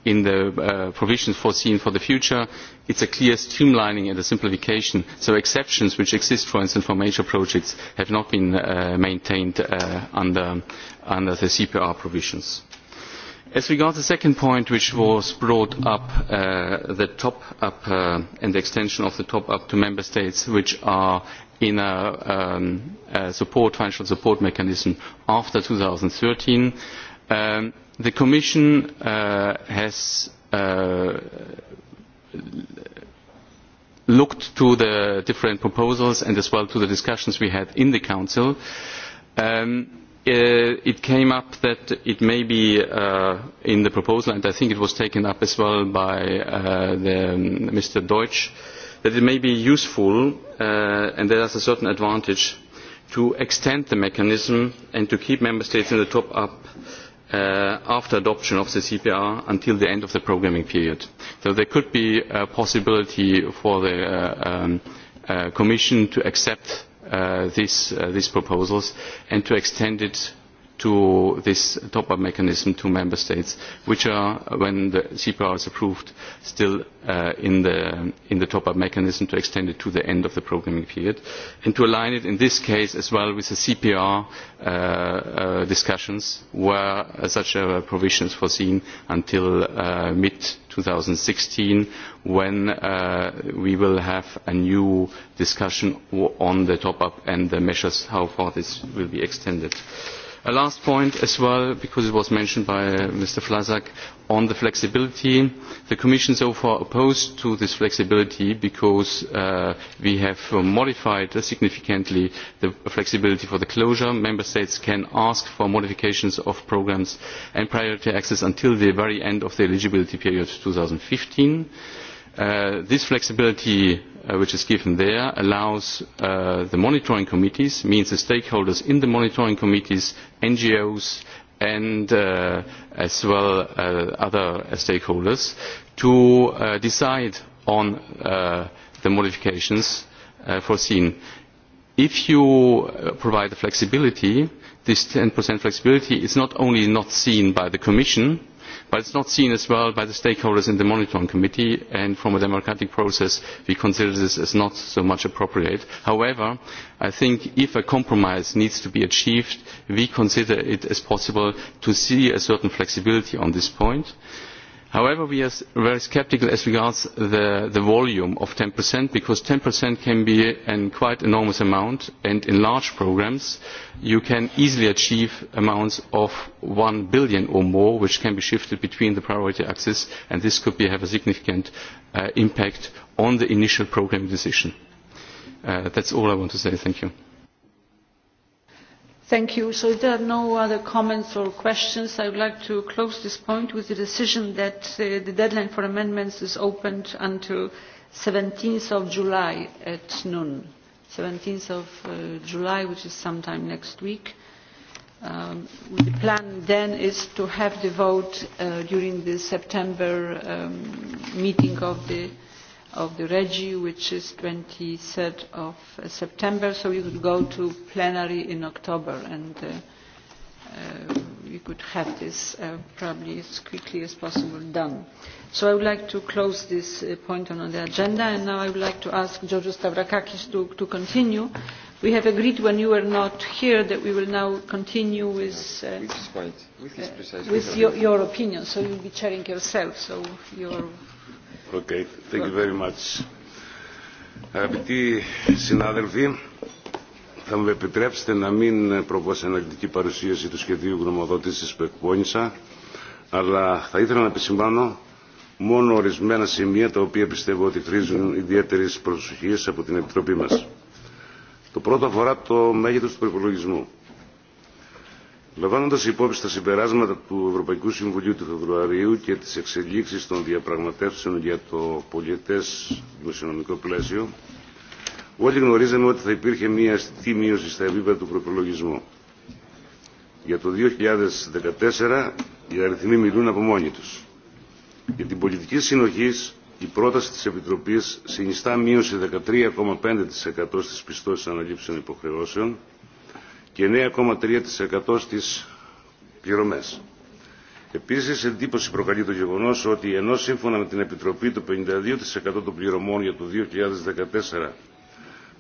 in the uh, provisions foreseen for the future it is a clear streamlining and a simplification so exceptions which exist for instance for major projects have not been uh, maintained uh, under, under the cpr provisions. as regards the second point which was brought up uh, the top up uh, and the extension of the top up to member states which are in a, um, a support, financial support mechanism after two thousand and thirteen Um, the Commission uh, has uh, looked to the different proposals and as well to the discussions we had in the Council. Um, uh, it came up that it may be uh, in the proposal, and I think it was taken up as well by uh, the, um, Mr. Deutsch, that it may be useful, uh, and there is a certain advantage, to extend the mechanism and to keep member states in the top-up uh, uh, after adoption of the CPR until the end of the programming period. So there could be a possibility for the uh, um, uh, Commission to accept uh, this, uh, these proposals and to extend it to this top-up mechanism to member states, which are, when the CPR is approved, still uh, in the, in the top-up mechanism to extend it to the end of the programming period, and to align it in this case as well with the CPR uh, uh, discussions, where uh, such a uh, provision is foreseen until uh, mid-2016, when uh, we will have a new discussion on the top-up and the measures, how far this will be extended. Uh, A last point as well, because it was mentioned by uh, Mr. Vlasak, on the flexibility. The Commission so far opposed to this flexibility because uh, we have uh, modified significantly the flexibility for the closure. Member States can ask for modifications of programs and priority access until the very end of the eligibility period 2015 Uh, this flexibility uh, which is given there allows uh, the monitoring committees means the stakeholders in the monitoring committees ngos and uh, as well uh, other uh, stakeholders to decide on the modifications foreseen. if you provide the flexibility this ten flexibility is not only not seen by the commission but it is not seen as well by the stakeholders in the monitoring committee and from a democratic process we consider this as not so much appropriate. however i think if a compromise needs to be achieved we consider it as possible to see a certain flexibility on this point. However, we are very skeptical as regards the, the volume of 10% because 10% can be a quite enormous amount and in large programs you can easily achieve amounts of 1 billion or more which can be shifted between the priority axes and this could be, have a significant uh, impact on the initial programming decision. Uh, that's all I want to say. Thank you. Thank you. So if there are no other comments or questions, I would like to close this point with the decision that uh, the deadline for amendments is opened until 17th of July at noon. 17th of uh, July, which is sometime next week. Um, the plan then is to have the vote uh, during the September um, meeting of the of the Regi, which is 23rd of September, so you could go to plenary in October and uh, uh, we could have this uh, probably as quickly as possible done. So I would like to close this uh, point on, on the agenda and now I would like to ask Georgios Stavrakakis to, to continue. We have agreed when you were not here that we will now continue with, uh, with, quite, with, uh, with your, your opinion, so you'll be chairing yourself, so you're Okay, thank you very much. Αγαπητοί συνάδελφοι, θα μου επιτρέψετε να μην προβώ σε αναλυτική παρουσίαση του σχεδίου γνωμοδότησης που εκπώνησα, αλλά θα ήθελα να επισημάνω μόνο ορισμένα σημεία τα οποία πιστεύω ότι χρήζουν ιδιαίτερη προσοχή από την Επιτροπή μας. Το πρώτο αφορά το μέγεθος του προπολογισμού Λαμβάνοντας υπόψη τα συμπεράσματα του Ευρωπαϊκού Συμβουλίου του Φεβρουαρίου και τις εξελίξεις των διαπραγματεύσεων για το πολιετές δημοσιονομικό πλαίσιο, όλοι γνωρίζαμε ότι θα υπήρχε μια αισθητή μείωση στα επίπεδα του προπολογισμού. Για το 2014 οι αριθμοί μιλούν από μόνοι τους. Για την πολιτική συνοχής η πρόταση της Επιτροπής συνιστά μείωση 13,5% στις πιστώσεις αναλήψεων υποχρεώσεων και 9,3% στις πληρωμές. Επίσης, εντύπωση προκαλεί το γεγονός ότι ενώ σύμφωνα με την Επιτροπή το 52% των πληρωμών για το 2014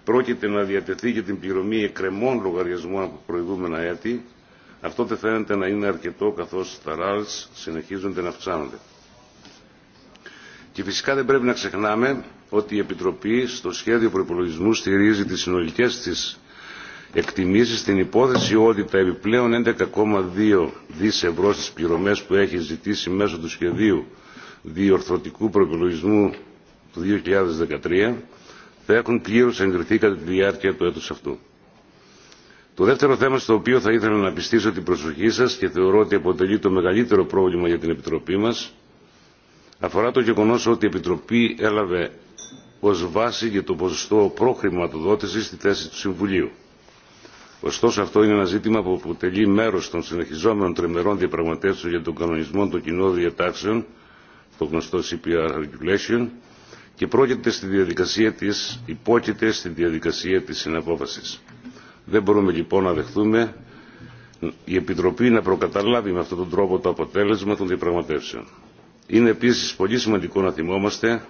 πρόκειται να διατεθεί για την πληρωμή εκκρεμών λογαριασμών από προηγούμενα έτη, αυτό δεν φαίνεται να είναι αρκετό καθώς τα ράλς συνεχίζονται να αυξάνονται. Και φυσικά δεν πρέπει να ξεχνάμε ότι η Επιτροπή στο σχέδιο προπολογισμού στηρίζει τις συνολικές της εκτιμήσει στην υπόθεση ότι τα επιπλέον 11,2 δις ευρώ στις πληρωμές που έχει ζητήσει μέσω του σχεδίου διορθωτικού προπολογισμού του 2013 θα έχουν πλήρως εγκριθεί κατά τη διάρκεια του έτους αυτού. Το δεύτερο θέμα στο οποίο θα ήθελα να πιστήσω την προσοχή σας και θεωρώ ότι αποτελεί το μεγαλύτερο πρόβλημα για την Επιτροπή μας αφορά το γεγονός ότι η Επιτροπή έλαβε ως βάση για το ποσοστό προχρηματοδότησης στη θέση του Συμβουλίου. Ωστόσο αυτό είναι ένα ζήτημα που αποτελεί μέρος των συνεχιζόμενων τρεμερών διαπραγματεύσεων για τον κανονισμό των κοινών διατάξεων, το γνωστό CPR Regulation, και πρόκειται στη διαδικασία της, υπόκειται στη διαδικασία της συναπόφασης. Δεν μπορούμε λοιπόν να δεχθούμε η Επιτροπή να προκαταλάβει με αυτόν τον τρόπο το αποτέλεσμα των διαπραγματεύσεων. Είναι επίσης πολύ σημαντικό να θυμόμαστε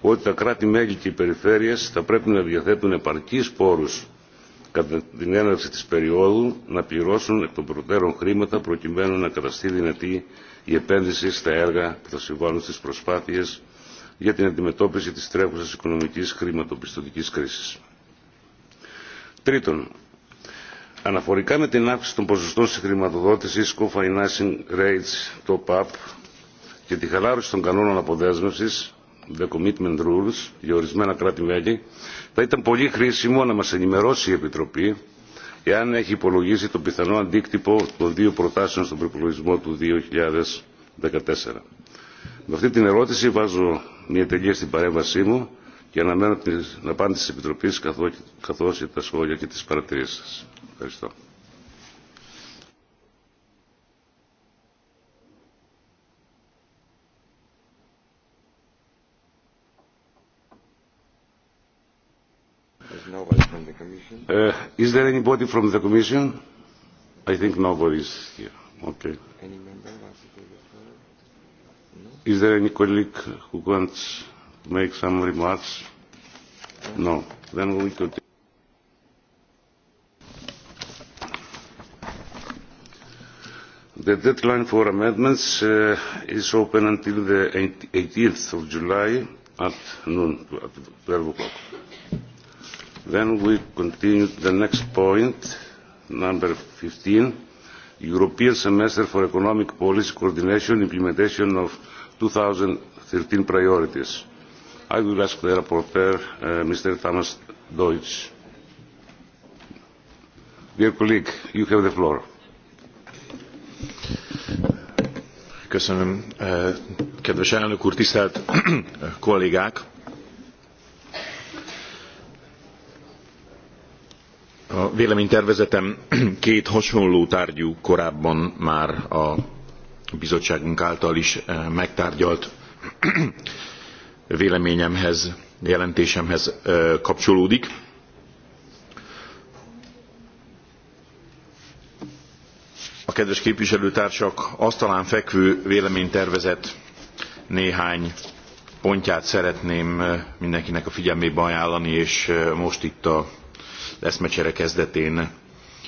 ότι τα κράτη-μέλη και οι περιφέρειες θα πρέπει να διαθέτουν επαρκείς πόρους κατά την έναρξη της περίοδου να πληρώσουν εκ των προτέρων χρήματα προκειμένου να καταστεί δυνατή η επένδυση στα έργα που θα συμβάλλουν στις προσπάθειες για την αντιμετώπιση της τρέχουσας οικονομικής χρηματοπιστωτικής κρίσης. Τρίτον, αναφορικά με την αύξηση των ποσοστών στη χρηματοδότηση co-financing rates top-up και τη χαλάρωση των κανόνων αποδέσμευσης, the commitment rules, για ορισμένα κράτη-μέλη, Θα ήταν πολύ χρήσιμο να μας ενημερώσει η Επιτροπή εάν έχει υπολογίσει το πιθανό αντίκτυπο των δύο προτάσεων στον προπολογισμό του 2014. Με αυτή την ερώτηση βάζω μια τελεία στην παρέμβασή μου και αναμένω την απάντηση της Επιτροπής καθώς και τα σχόλια και τις παρατηρήσεις σας. Ευχαριστώ. Uh, is there anybody from the Commission? I think nobody is here. Okay. Any member wants to take the floor? No? Is there any colleague who wants to make some remarks? No. no. Then we continue. The deadline for amendments uh, is open until the 18th of July at noon, at 12 o'clock Then we continue to the next point, number 15, European Semester for Economic Policy Coordination, implementation of 2013 priorities. I will ask the rapporteur, uh, Mr. Thomas Deutsch. Dear colleague, you have the floor. Köszönöm, uh, kedves elnök úr, tisztelt uh, kollégák! A véleménytervezetem két hasonló tárgyú korábban már a bizottságunk által is eh, megtárgyalt véleményemhez, jelentésemhez eh, kapcsolódik. A kedves képviselőtársak asztalán fekvő véleménytervezet néhány pontját szeretném eh, mindenkinek a figyelmébe ajánlani, és most itt a eszmecsere kezdetén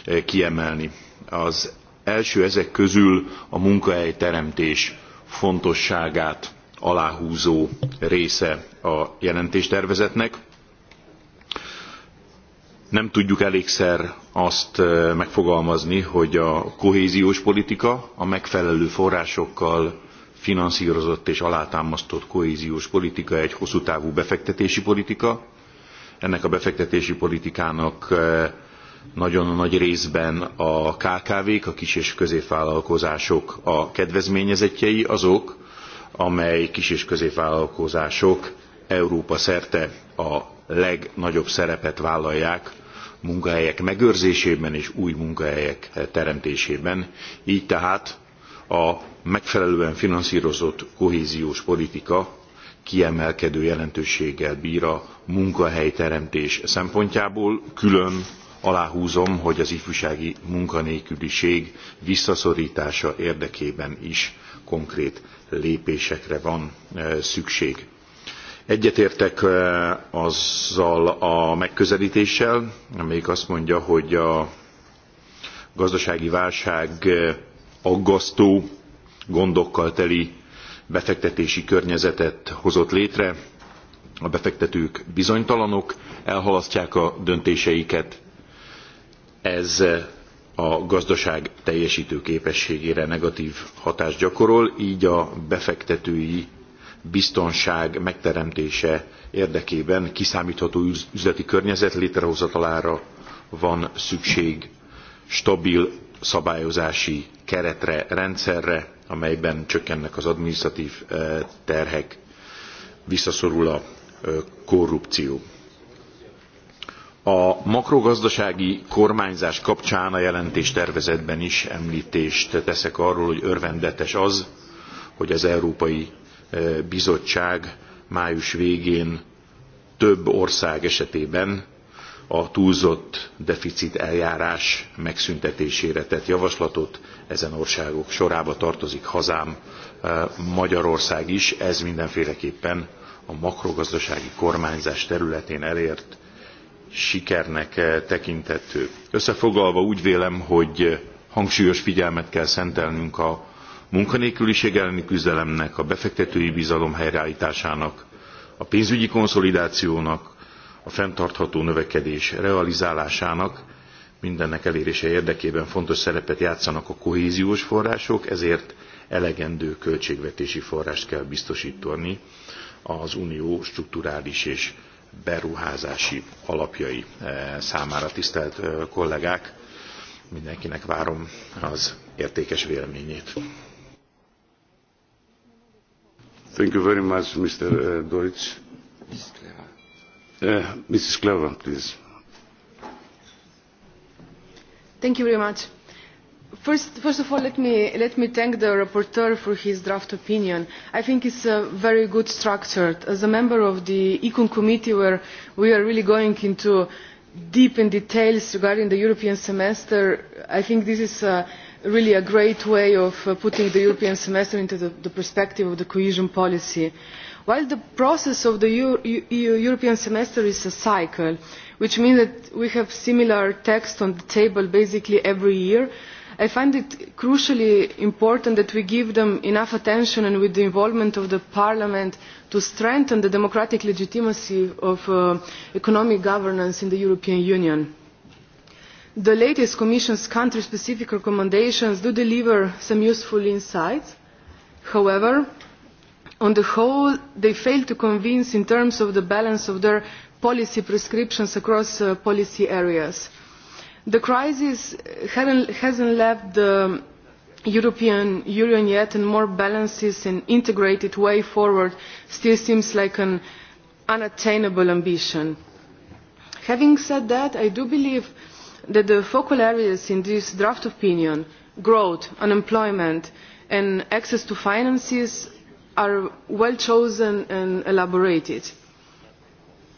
eh, kiemelni. Az első ezek közül a munkahelyteremtés fontosságát aláhúzó része a jelentéstervezetnek. Nem tudjuk elégszer azt eh, megfogalmazni, hogy a kohéziós politika a megfelelő forrásokkal finanszírozott és alátámasztott kohéziós politika egy hosszú távú befektetési politika, ennek a befektetési politikának eh, nagyon nagy részben a KKV-k, a kis és középvállalkozások a kedvezményezettjei, azok, amely kis és középvállalkozások Európa szerte a legnagyobb szerepet vállalják munkahelyek megőrzésében és új munkahelyek teremtésében. Így tehát a megfelelően finanszírozott kohéziós politika kiemelkedő jelentőséggel bír a munkahelyteremtés szempontjából. Külön aláhúzom, hogy az ifjúsági munkanélküliség visszaszorítása érdekében is konkrét lépésekre van e, szükség. Egyetértek e, azzal a megközelítéssel, amelyik azt mondja, hogy a gazdasági válság e, aggasztó, gondokkal teli befektetési környezetet hozott létre, a befektetők bizonytalanok, elhalasztják a döntéseiket, ez a gazdaság teljesítő képességére negatív hatást gyakorol, így a befektetői biztonság megteremtése érdekében kiszámítható üzleti környezet létrehozatalára van szükség stabil szabályozási keretre, rendszerre, amelyben csökkennek az adminisztratív terhek, visszaszorul a korrupció. A makrogazdasági kormányzás kapcsán a jelentéstervezetben is említést teszek arról, hogy örvendetes az, hogy az Európai Bizottság május végén több ország esetében a túlzott deficit eljárás megszüntetésére tett javaslatot. Ezen országok sorába tartozik hazám, eh, Magyarország is. Ez mindenféleképpen a makrogazdasági kormányzás területén elért sikernek eh, tekinthető. Összefoglalva úgy vélem, hogy eh, hangsúlyos figyelmet kell szentelnünk a munkanélküliség elleni küzdelemnek, a befektetői bizalom helyreállításának, a pénzügyi konszolidációnak, a fenntartható növekedés realizálásának mindennek elérése érdekében fontos szerepet játszanak a kohéziós források, ezért elegendő költségvetési forrást kell biztosítani az unió strukturális és beruházási alapjai eh, számára. Tisztelt eh, kollégák, mindenkinek várom az értékes véleményét. Thank you very much, Mr. Eh, Deutsch. Uh, Mrs. Clever, please. Thank you very much. First, first of all, let me, let me thank the rapporteur for his draft opinion. I think it's uh, very good structured. As a member of the Econ Committee, where we are really going into deep in details regarding the European semester, I think this is uh, really a great way of uh, putting the European semester into the, the perspective of the cohesion policy. Uh, while the process of the EU european semester is a cycle which means that we have similar texts on the table basically every year i find it crucially important that we give them enough attention and with the involvement of the parliament to strengthen the democratic legitimacy of uh, economic governance in the european union. the latest commission's country specific recommendations do deliver some useful insights. however on the whole they fail to convince in terms of the balance of their policy prescriptions across uh, policy areas. the crisis has not left the european union yet and more balanced and integrated way forward still seems like an unattainable ambition. having said that i do believe that the focal areas in this draft opinion growth unemployment and access to finances are well chosen and elaborated.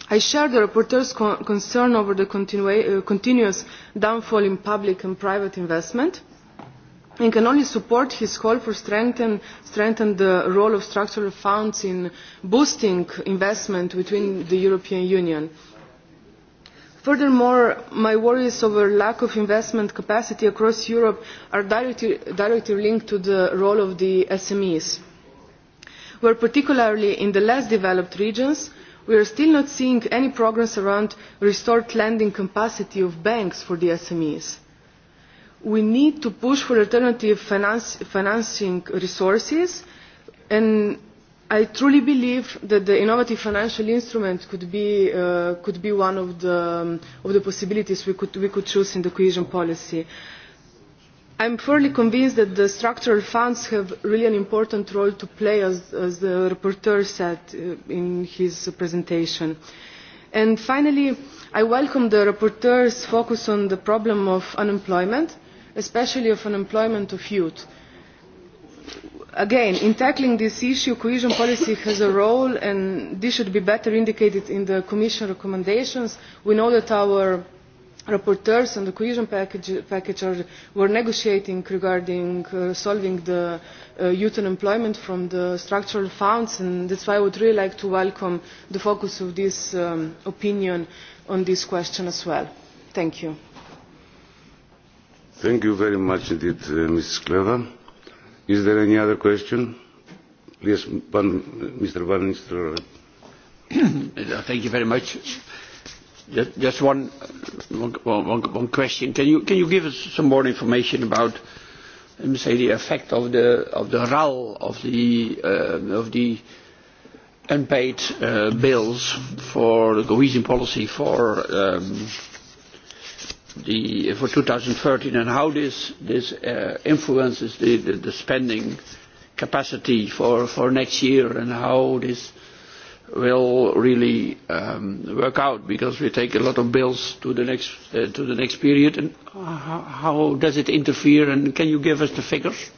I share the rapporteur's con concern over the continua uh, continuous downfall in public and private investment and can only support his call for strengthen, strengthen the role of structural funds in boosting investment within the European Union. Furthermore, my worries over lack of investment capacity across Europe are directly, directly linked to the role of the SMEs. Uh, where particularly in the less developed regions we are still not seeing any progress around restored lending capacity of banks for the smes. we need to push for alternative finance, financing resources and i truly believe that the innovative financial instrument could be, uh, could be one of the, um, of the possibilities we could, we could choose in the cohesion policy. Uh, i am fully convinced that the structural funds have really an important role to play as, as the rapporteur said uh, in his presentation. And finally i welcome the rapporteur's focus on the problem of unemployment especially of unemployment of youth. again in tackling this issue cohesion policy has a role and this should be better indicated in the commission recommendations. we know that our rapporteurs and the cohesion package, package are, were negotiating regarding uh, solving the uh, youth unemployment from the structural funds and that's why I would really like to welcome the focus of this um, opinion on this question as well. Thank you. Thank you very much indeed, uh, Mrs. Kleva. Is there any other question? Please, Van, Mr. Van Nistelrooy. Thank you very much Just, just one, one, one, one question. Can you, can you give us some more information about, let me say, the effect of the, of the RAL, of the, uh, of the unpaid uh, bills for the cohesion policy for, um, the, for 2013 and how this, this uh, influences the, the, the spending capacity for, for next year and how this uh, will really um, work out because we take a lot of bills to the next uh, to the next period and uh, how, how does it interfere and can you give us the figures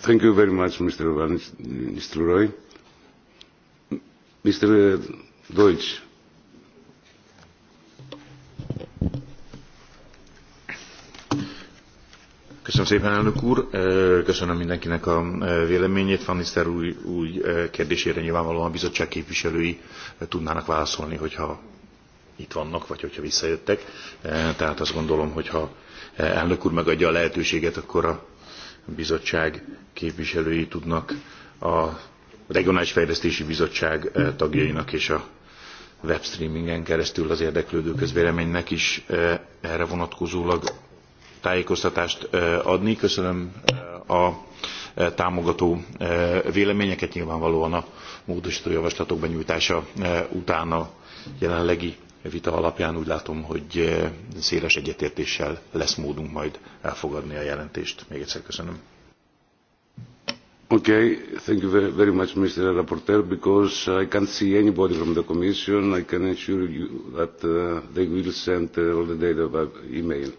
Thank you very much Mr. Van Nistelrooy Mr. Deutsch Köszönöm szépen, elnök úr. Köszönöm mindenkinek a véleményét. Van Niszter új, új kérdésére nyilvánvalóan a bizottság képviselői tudnának válaszolni, hogyha itt vannak, vagy hogyha visszajöttek. Tehát azt gondolom, hogyha elnök úr megadja a lehetőséget, akkor a bizottság képviselői tudnak a Regionális Fejlesztési Bizottság tagjainak és a webstreamingen keresztül az érdeklődő közvéleménynek is erre vonatkozólag tájékoztatást adni. Köszönöm a támogató véleményeket, nyilvánvalóan a módosító javaslatok benyújtása utána jelenlegi vita alapján úgy látom, hogy széles egyetértéssel lesz módunk majd elfogadni a jelentést. Még egyszer köszönöm. Okay, thank you very, very much, Mr. Rapporteur, because I can't see anybody from the Commission. I can assure you that uh, they will send uh, all the data by email.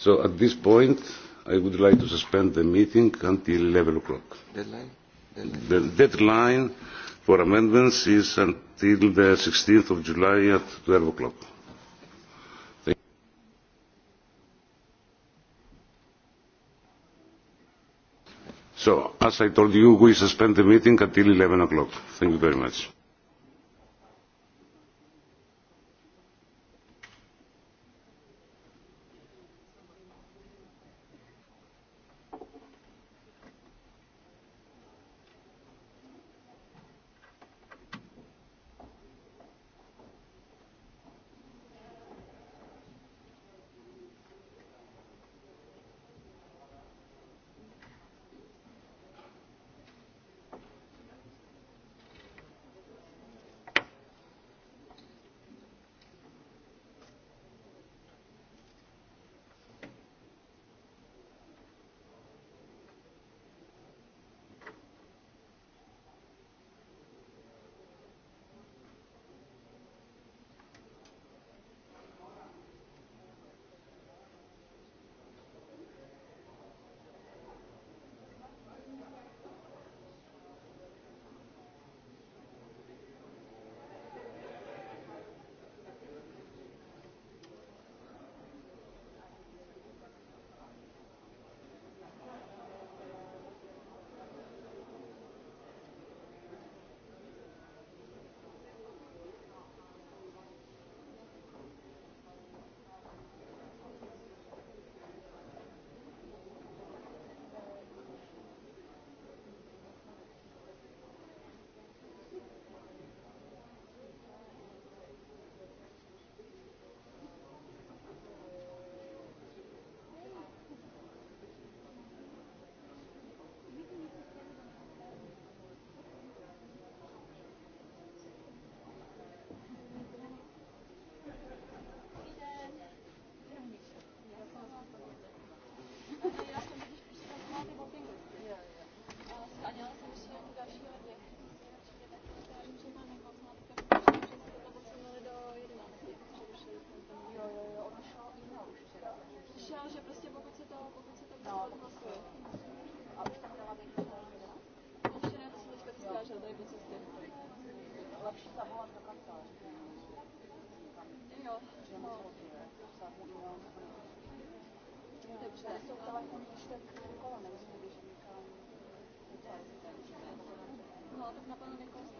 So at this point, I would like to suspend the meeting until 11 o'clock. Deadline? Deadline. The deadline for amendments is until the 16th of July at 12 o'clock. So, as I told you, we suspend the meeting until 11 o'clock. Thank you very much. No, tak na pewno nie kosztuje.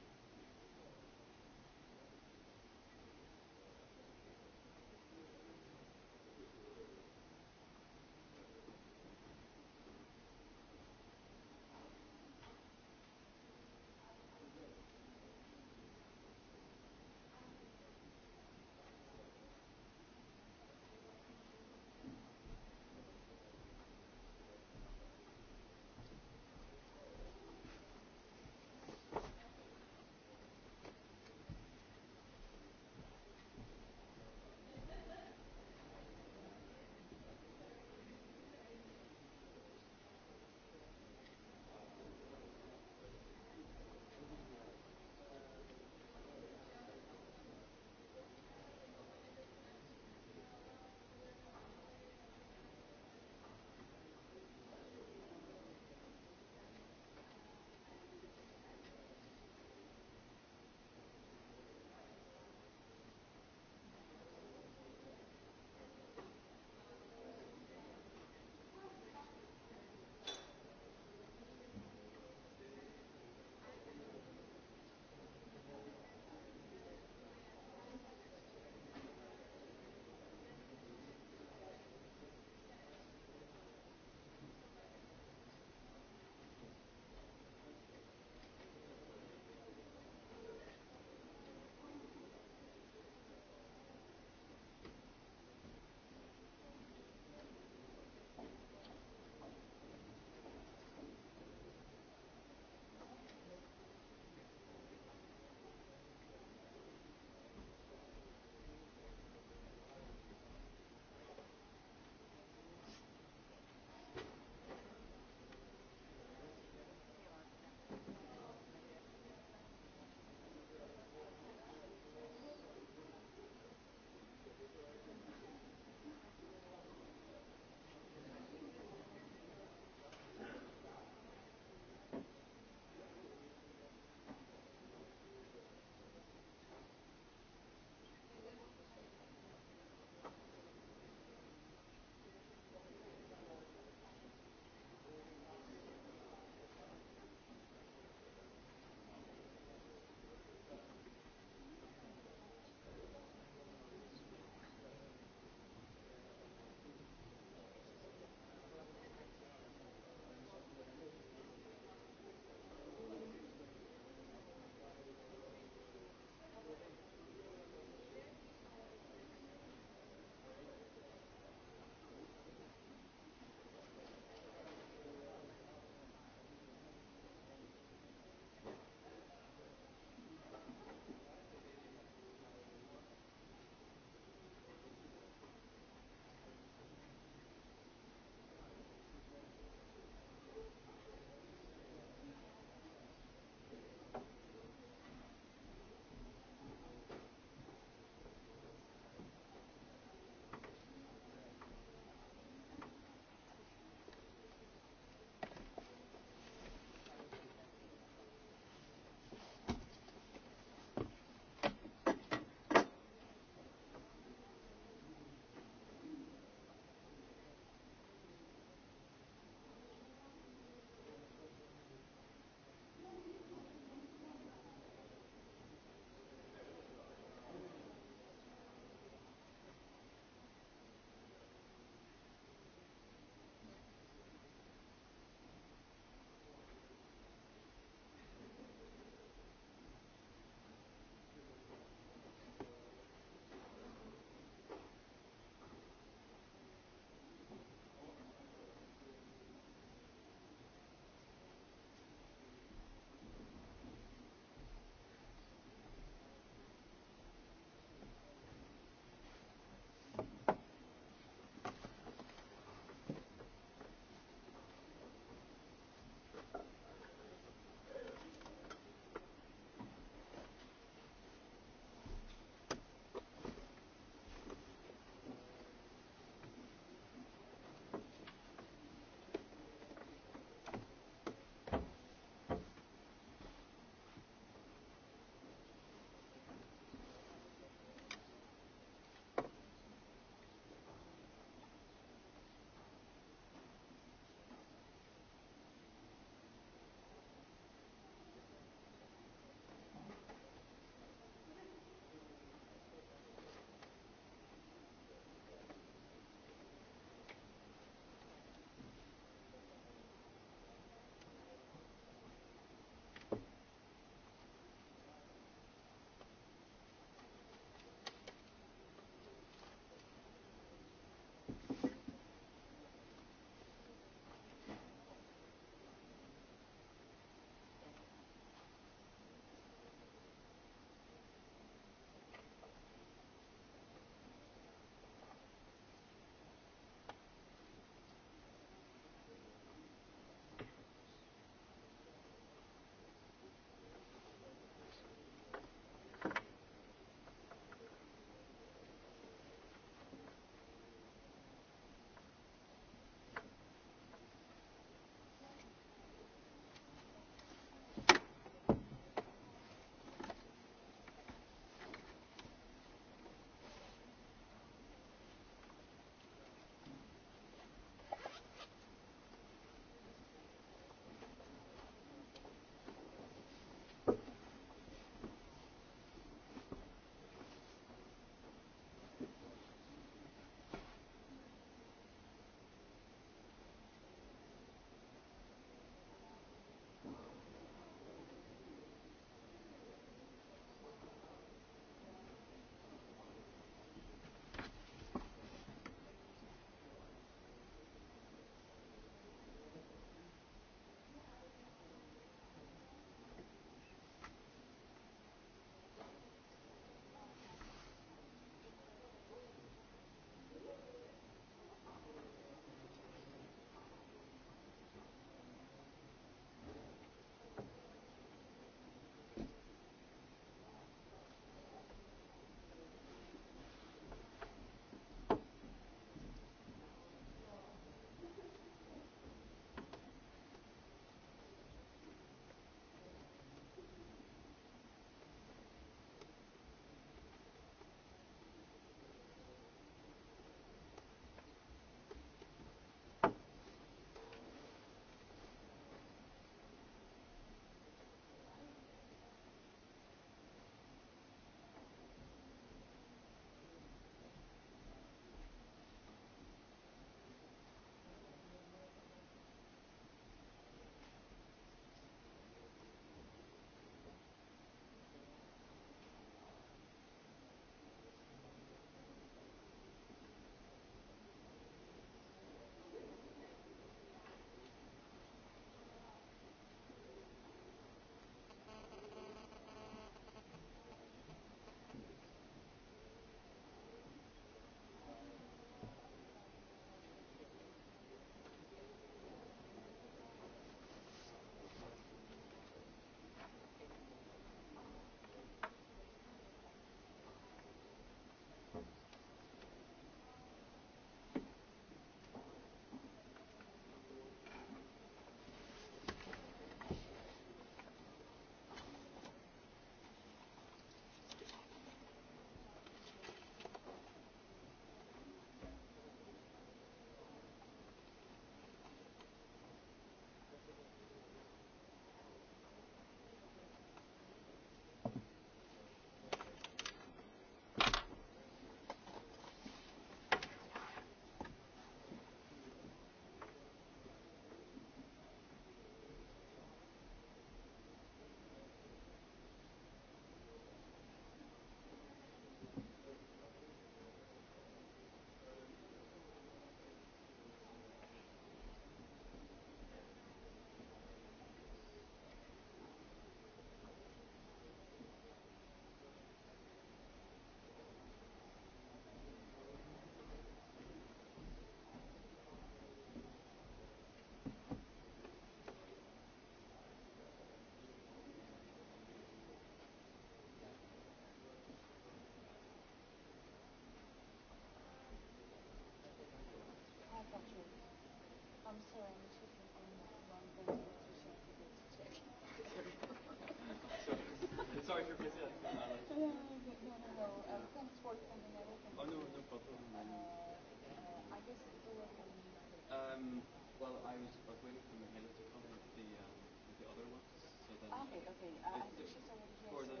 Um, well, I was like, waiting for Mihaela to come in with the, um, with the other ones. So then ah, okay, okay. Uh, I think she's already here. For so, the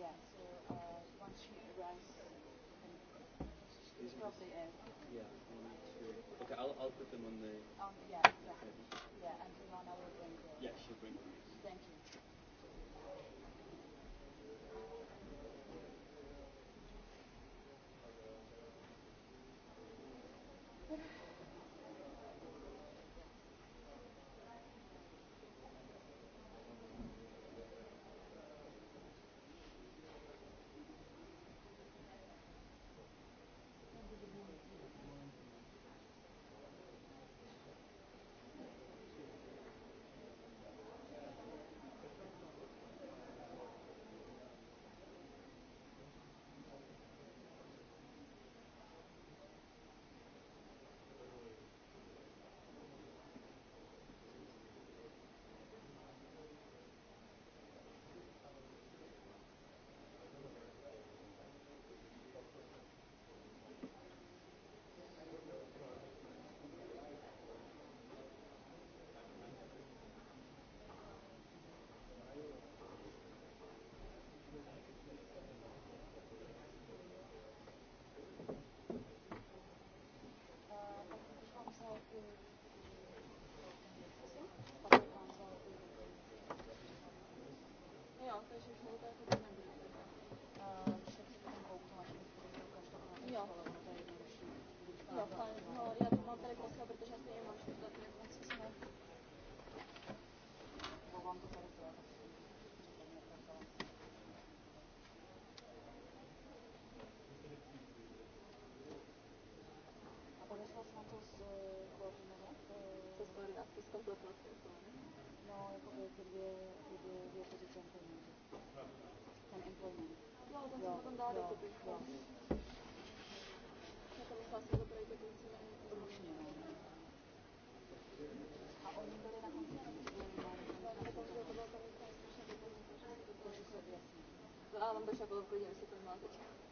yeah, so uh, once she arrives, she's probably in. Yeah, one, two. Okay, I'll, I'll put them on the. Um, yeah, yeah. Okay. Yeah, and Ivana will bring the. Yeah, she'll bring them. Thank you. No, porque de, de, de oposición permanente. Con employment. Eu, dar eu, eu. Já também faço a para que A oni byli na konci, ale byli jako velkou dělci, to máte čas.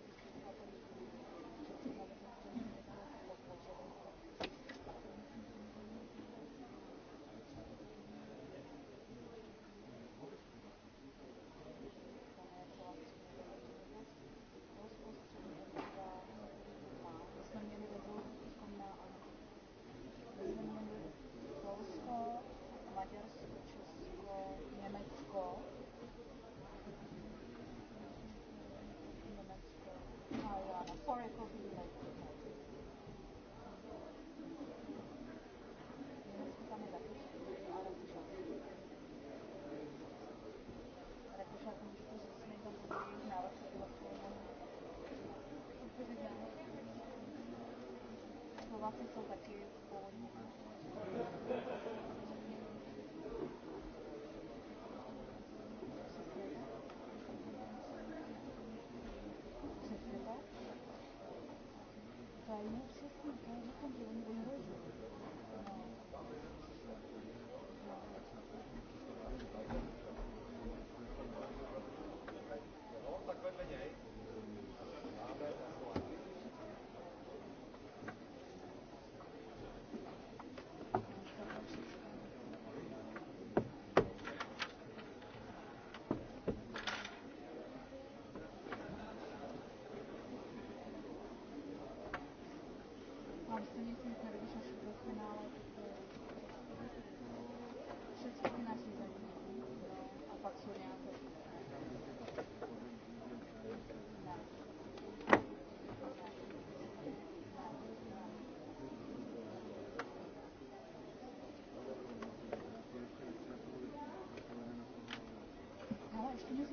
office will appear before you. Thank you.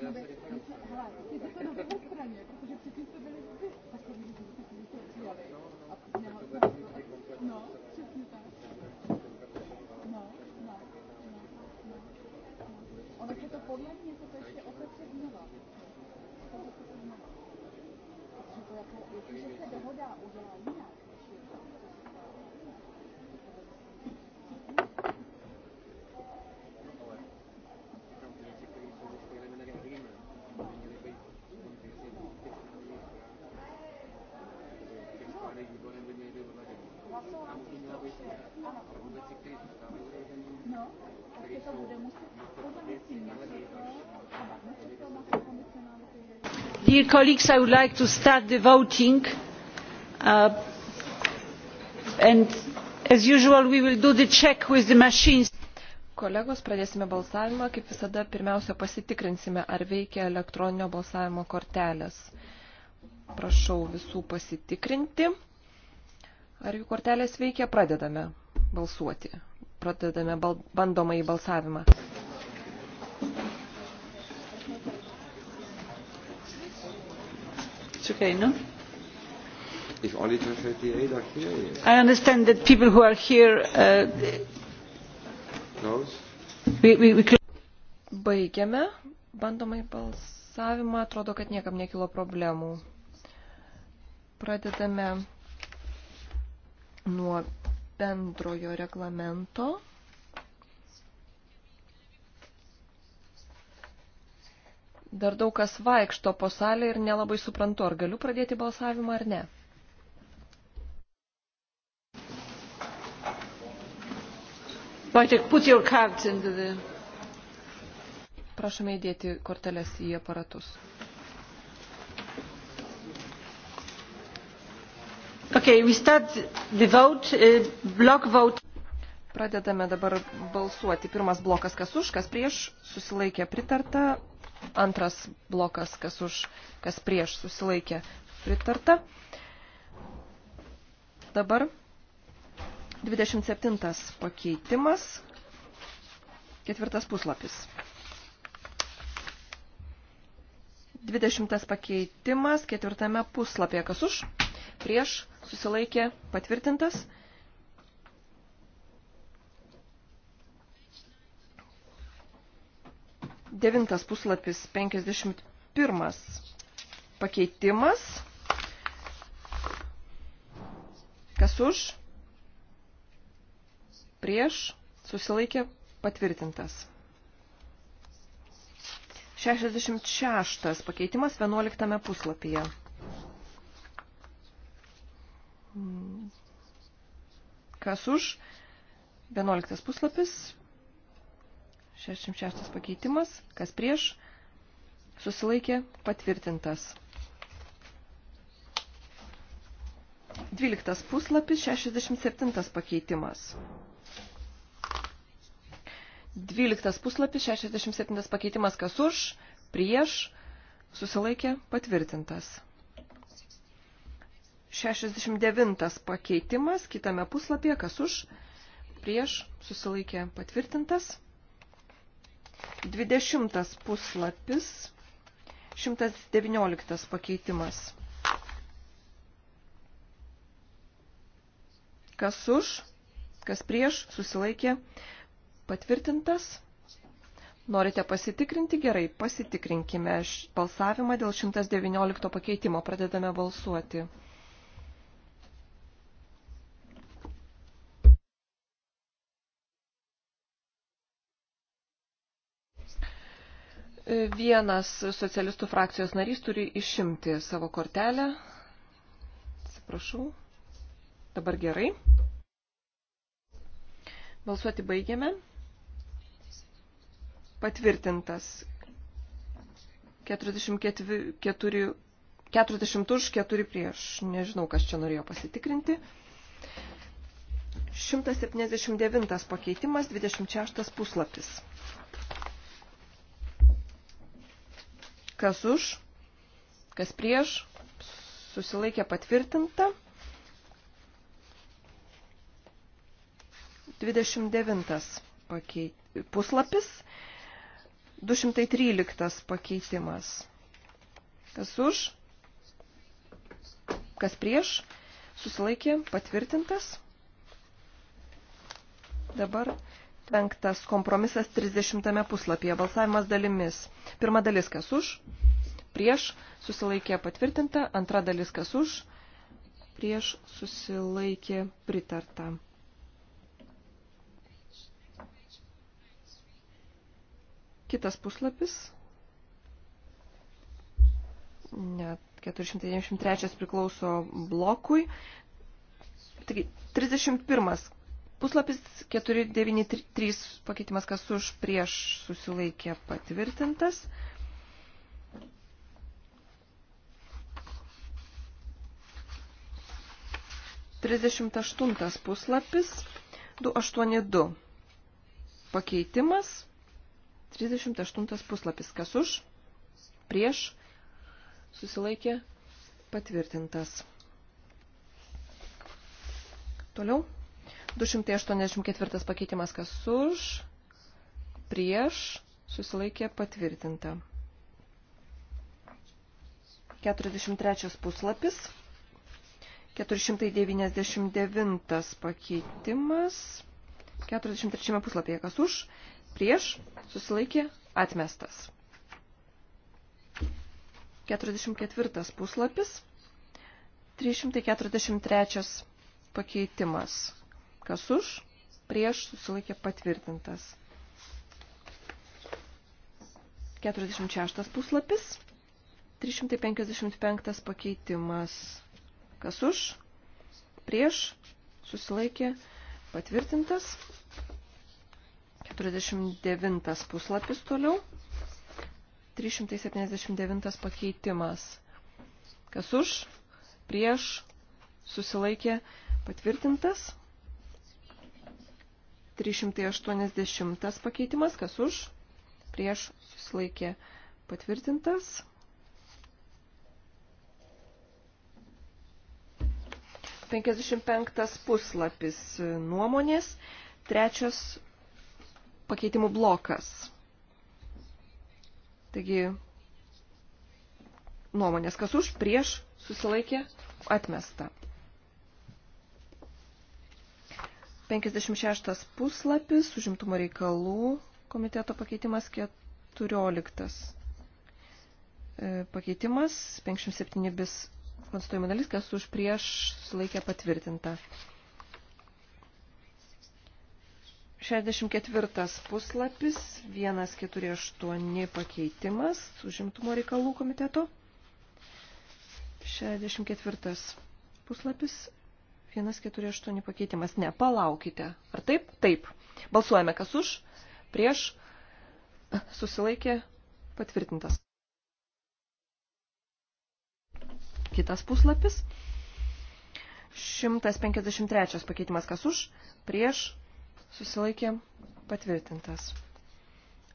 Hlavne, to je to dobré straně, protože předtím jste dear colleagues i would like to start the voting uh, and as usual we will do the check with the machines. kolegos pradėsime balsavimą kaip visada pirmiausia pasitikrinsime ar veikia elektroninio balsavimo kortelės prašau visų pasitikrinti ar jų kortelės veikia pradedame balsuoti pradedame bal bandomąjį balsavimą. It's okay, no? If only 38 are here. Yes. I understand that people who are here. Uh, Close. We, we, we close. Baigiame bandomai balsavimą. Atrodo, kad niekam nekilo problemų. Pradedame nuo bendrojo reglamento. Dar daug kas vaikšto po salę ir nelabai suprantu, ar galiu pradėti balsavimą ar ne. Prašome įdėti korteles į aparatus. Okay, we start the vote, uh, block vote. Pradedame dabar balsuoti. Pirmas blokas kas už, kas prieš, susilaikė pritarta, Antras blokas, kas už, kas prieš susilaikė pritarta. Dabar 27 pakeitimas, ketvirtas puslapis. 20 pakeitimas ketvirtame puslapyje. Kas už? Prieš susilaikė patvirtintas. Devintas puslapis, 51 pakeitimas. Kas už? Prieš susilaikė patvirtintas. 66 pakeitimas 11 puslapyje. Kas už? 11 puslapis, 66 pakeitimas. Kas prieš? Susilaikė patvirtintas. 12 puslapis, 67 pakeitimas. 12 puslapis, 67 pakeitimas, kas už, prieš, susilaikė patvirtintas. 69 pakeitimas, kitame puslapyje, kas už, prieš, susilaikė patvirtintas. 20 puslapis, 119 pakeitimas. Kas už, kas prieš, susilaikė, patvirtintas. Norite pasitikrinti? Gerai, pasitikrinkime balsavimą dėl 119 pakeitimo. Pradedame balsuoti. Vienas socialistų frakcijos narys turi išimti savo kortelę. Atsiprašau. Dabar gerai. Balsuoti baigiame. Patvirtintas. 44, 40 už, 4 prieš. Nežinau, kas čia norėjo pasitikrinti. 179 pakeitimas, 26 puslapis. Kas už, kas prieš, susilaikė patvirtinta. 29 pakeit... puslapis, 213 pakeitimas. Kas už, kas prieš, susilaikė patvirtintas. Dabar Penktas kompromisas 30 puslapyje. Balsavimas dalimis. Pirma dalis kas už, prieš, susilaikė patvirtinta. Antra dalis kas už, prieš, susilaikė pritarta. Kitas puslapis. Net 493 priklauso blokui. Taigi, 31 Puslapis 493 pakeitimas, kas už prieš susilaikė patvirtintas. Trisdešimt aštuntas puslapis, 282 pakeitimas, 38 puslapis, kas už, prieš, susilaikė patvirtintas. Toliau. 284 pakeitimas kas už, prieš, susilaikė patvirtinta. 43 puslapis, 499 pakeitimas, 43 puslapyje kas už, prieš, susilaikė atmestas. 44 puslapis, 343 pakeitimas. Kas už? Prieš susilaikė patvirtintas. 46 puslapis. 355 pakeitimas. Kas už? Prieš susilaikė patvirtintas. 49 puslapis toliau. 379 pakeitimas. Kas už? Prieš susilaikė patvirtintas. 380 pakeitimas, kas už, prieš susilaikė patvirtintas. Penkiasdešimt penktas puslapis nuomonės, trečias pakeitimų blokas. Taigi, nuomonės, kas už, prieš, susilaikė, atmesta. 56 puslapis, užimtumo reikalų komiteto pakeitimas 14. E, pakeitimas 57 bis konstituojimo dalis, kas už prieš sulaikė patvirtinta. 64 puslapis, 148 pakeitimas užimtumo reikalų komiteto. 64 puslapis, 148 pakeitimas. Ne, palaukite. Ar taip? Taip. Balsuojame kas už, prieš, susilaikė, patvirtintas. Kitas puslapis. 153 pakeitimas kas už, prieš, susilaikė, patvirtintas.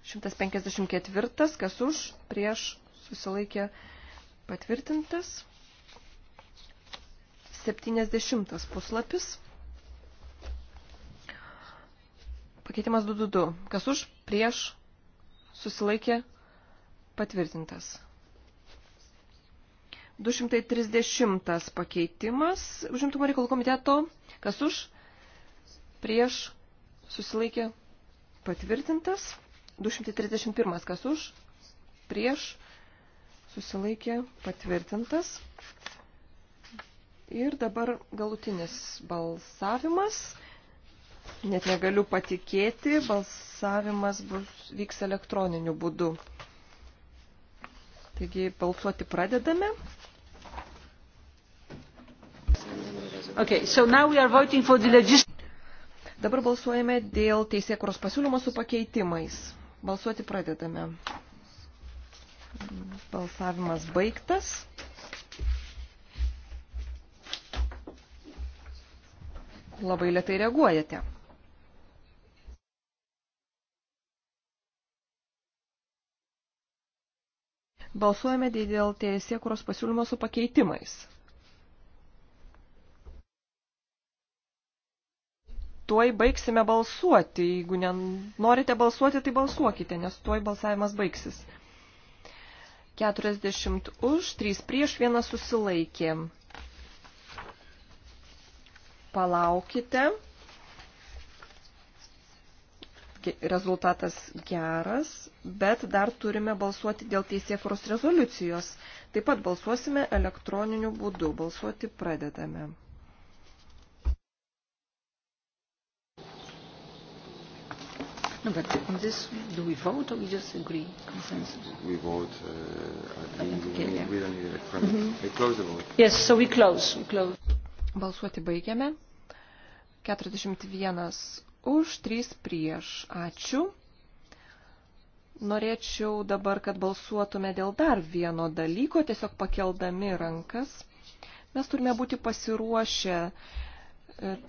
154 kas už, prieš, susilaikė, patvirtintas. 70 puslapis. Pakeitimas 222. Kas už, prieš, susilaikė, patvirtintas. 230 pakeitimas užimtumo reikalų komiteto. Kas už, prieš, susilaikė, patvirtintas. 231 kas už, prieš, susilaikė, patvirtintas. Ir dabar galutinis balsavimas. Net negaliu patikėti, balsavimas bus, vyks elektroniniu būdu. Taigi balsuoti pradedame. Okay, so Dabar balsuojame dėl teisėkuros pasiūlymo su pakeitimais. Balsuoti pradedame. Balsavimas baigtas. labai lietai reaguojate. Balsuojame dėl teisėkuros pasiūlymo su pakeitimais. Tuoj baigsime balsuoti. Jeigu norite balsuoti, tai balsuokite, nes tuoj balsavimas baigsis. 40 už, 3 prieš, 1 susilaikė palaukite. Rezultatas geras, bet dar turime balsuoti dėl teisėfros rezoliucijos. Taip pat balsuosime elektroniniu būdu. Balsuoti pradedame. No, but on this, do we vote or we just agree consensus? We vote. Uh, I think okay, we, yeah. we don't need electronic. Mm -hmm. We close the vote. Yes, so we close. We close. Balsuoti baigiame. 41 už, 3 prieš. Ačiū. Norėčiau dabar, kad balsuotume dėl dar vieno dalyko, tiesiog pakeldami rankas. Mes turime būti pasiruošę e,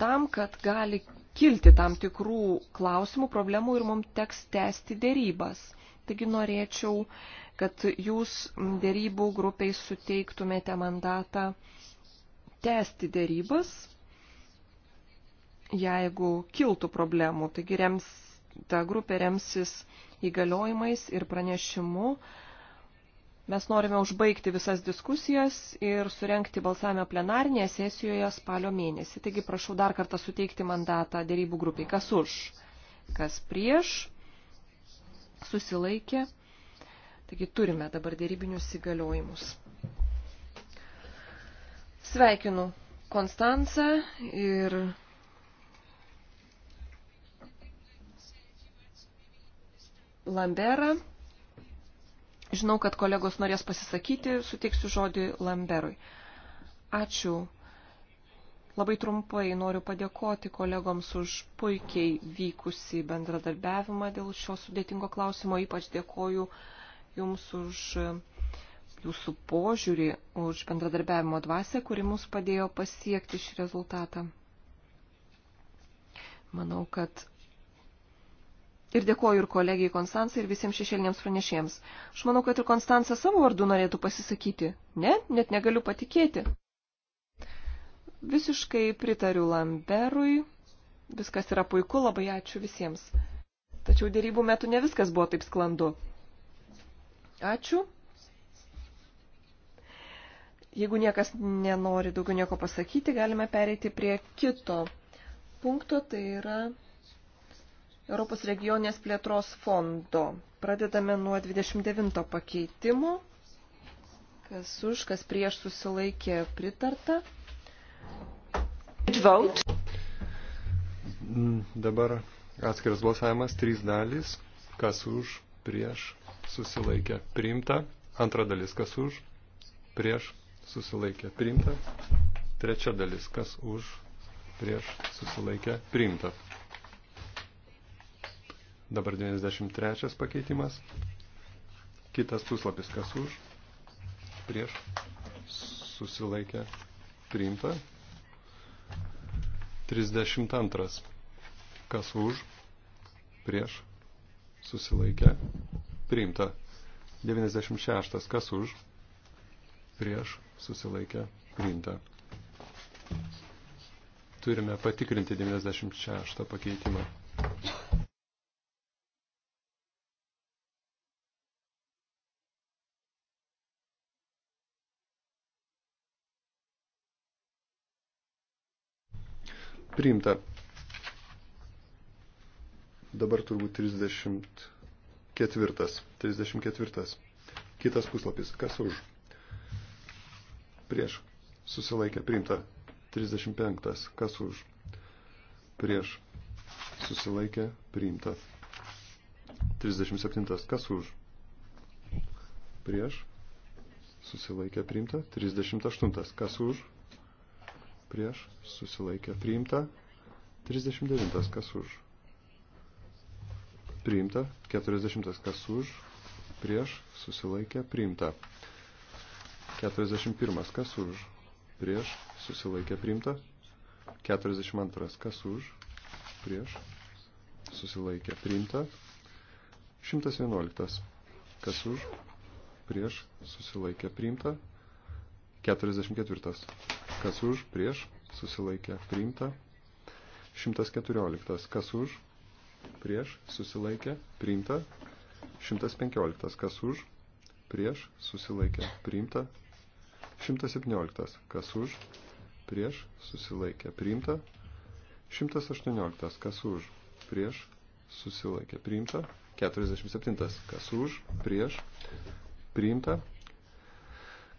tam, kad gali kilti tam tikrų klausimų, problemų ir mums teks tęsti dėrybas. Taigi norėčiau, kad jūs dėrybų grupiai suteiktumėte mandatą tęsti dėrybas, jeigu kiltų problemų. Taigi rems, ta grupė remsis įgaliojimais ir pranešimu. Mes norime užbaigti visas diskusijas ir surenkti balsavimą plenarnėje sesijoje spalio mėnesį. Taigi prašau dar kartą suteikti mandatą dėrybų grupiai. Kas už? Kas prieš? Susilaikė. Taigi turime dabar dėrybinius įgaliojimus. Sveikinu Konstancą ir Lamberą. Žinau, kad kolegos norės pasisakyti, suteiksiu žodį Lamberui. Ačiū. Labai trumpai noriu padėkoti kolegoms už puikiai vykusi bendradarbiavimą dėl šio sudėtingo klausimo. Ypač dėkoju Jums už jūsų požiūrį, už bendradarbiavimo dvasę, kuri mus padėjo pasiekti šį rezultatą. Manau, kad Ir dėkoju ir kolegijai Konstancijai ir visiems šešėliniams pranešėjams. Aš manau, kad ir Konstancija savo vardu norėtų pasisakyti. Ne, net negaliu patikėti. Visiškai pritariu Lamberui. Viskas yra puiku, labai ačiū visiems. Tačiau dėrybų metu ne viskas buvo taip sklandu. Ačiū. Jeigu niekas nenori daugiau nieko pasakyti, galime pereiti prie kito punkto, tai yra Europos regionės plėtros fondo. Pradedame nuo 29 pakeitimo, kas už, kas prieš susilaikė pritarta. Vote. Mm, dabar atskiras balsavimas, trys dalys, kas už, prieš, susilaikė, priimta, antra dalis, kas už, prieš, susilaikė priimta. Trečia dalis, kas už, prieš, susilaikė priimta. Dabar 93 pakeitimas. Kitas puslapis, kas už, prieš, susilaikė priimta. 32. Kas už, prieš, susilaikė priimta. 96. Kas už, prieš, susilaikė priimta. Turime patikrinti 96 pakeitimą. Priimta. Dabar turbūt 34. 34. Kitas puslapis. Kas už? prieš susilaikė priimta 35. Kas už prieš susilaikė priimta 37. Kas už prieš susilaikė priimta 38. Kas už prieš susilaikė priimta 39. Kas už priimta 40. Kas už prieš susilaikė priimta 41. Kas už? Prieš. Susilaikė priimta. 42. Kas už? Prieš. Susilaikė priimta. 111. Kas už? Prieš. Susilaikė priimta. 44. Kas už? Prieš. Susilaikė priimta. 114. Kas už? Prieš. Susilaikė priimta. 115. Kas už? Prieš. Susilaikė priimta. 117. Kas už? Prieš. Susilaikė. Priimta. 118. Kas už? Prieš. Susilaikė. Priimta. 47. Kas už? Prieš. Priimta.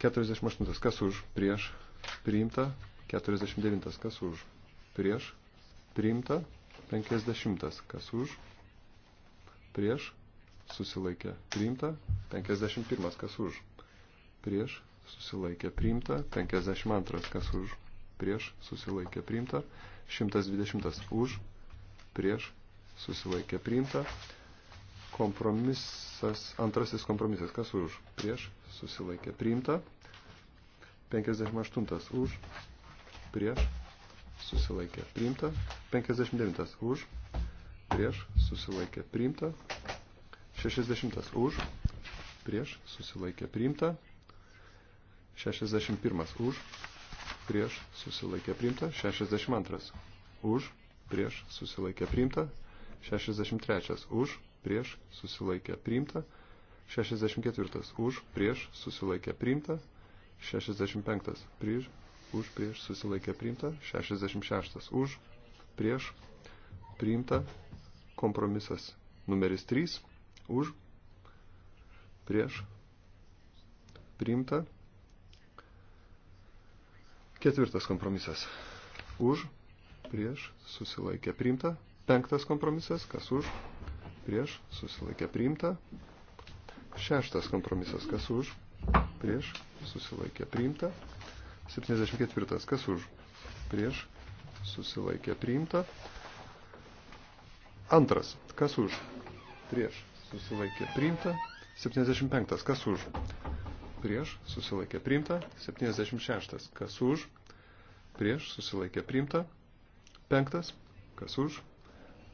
48. Kas už? Prieš. Priimta. 49. Kas už? Prieš. Priimta. 50. Kas už? Prieš. Susilaikė. Priimta. 51. Kas už? Prieš susilaikė priimta, 52 kas už, prieš susilaikė priimta, 120 už, prieš susilaikė priimta, kompromisas, antrasis kompromisas kas už, prieš susilaikė priimta, 58 už, prieš susilaikė priimta, 59 už, prieš susilaikė priimta, 60 už, prieš susilaikė priimta, 61 už, prieš susilaikė priimta, 62 už, prieš susilaikė priimta, 63 už, prieš susilaikė priimta, 64 už, prieš susilaikė priimta, 65 prieš, už, prieš susilaikė priimta, 66 už, prieš priimta, kompromisas numeris 3 už, prieš priimta, Ketvirtas kompromisas. Už, prieš, susilaikė priimta. Penktas kompromisas, kas už, prieš, susilaikė priimta. Šeštas kompromisas, kas už, prieš, susilaikė priimta. 74. Kas už, prieš, susilaikė priimta. Antras. Kas už, prieš, susilaikė priimta. 75. Kas už, prieš, susilaikė priimta. 76. Kas už, prieš, susilaikė priimta. 5. Kas už,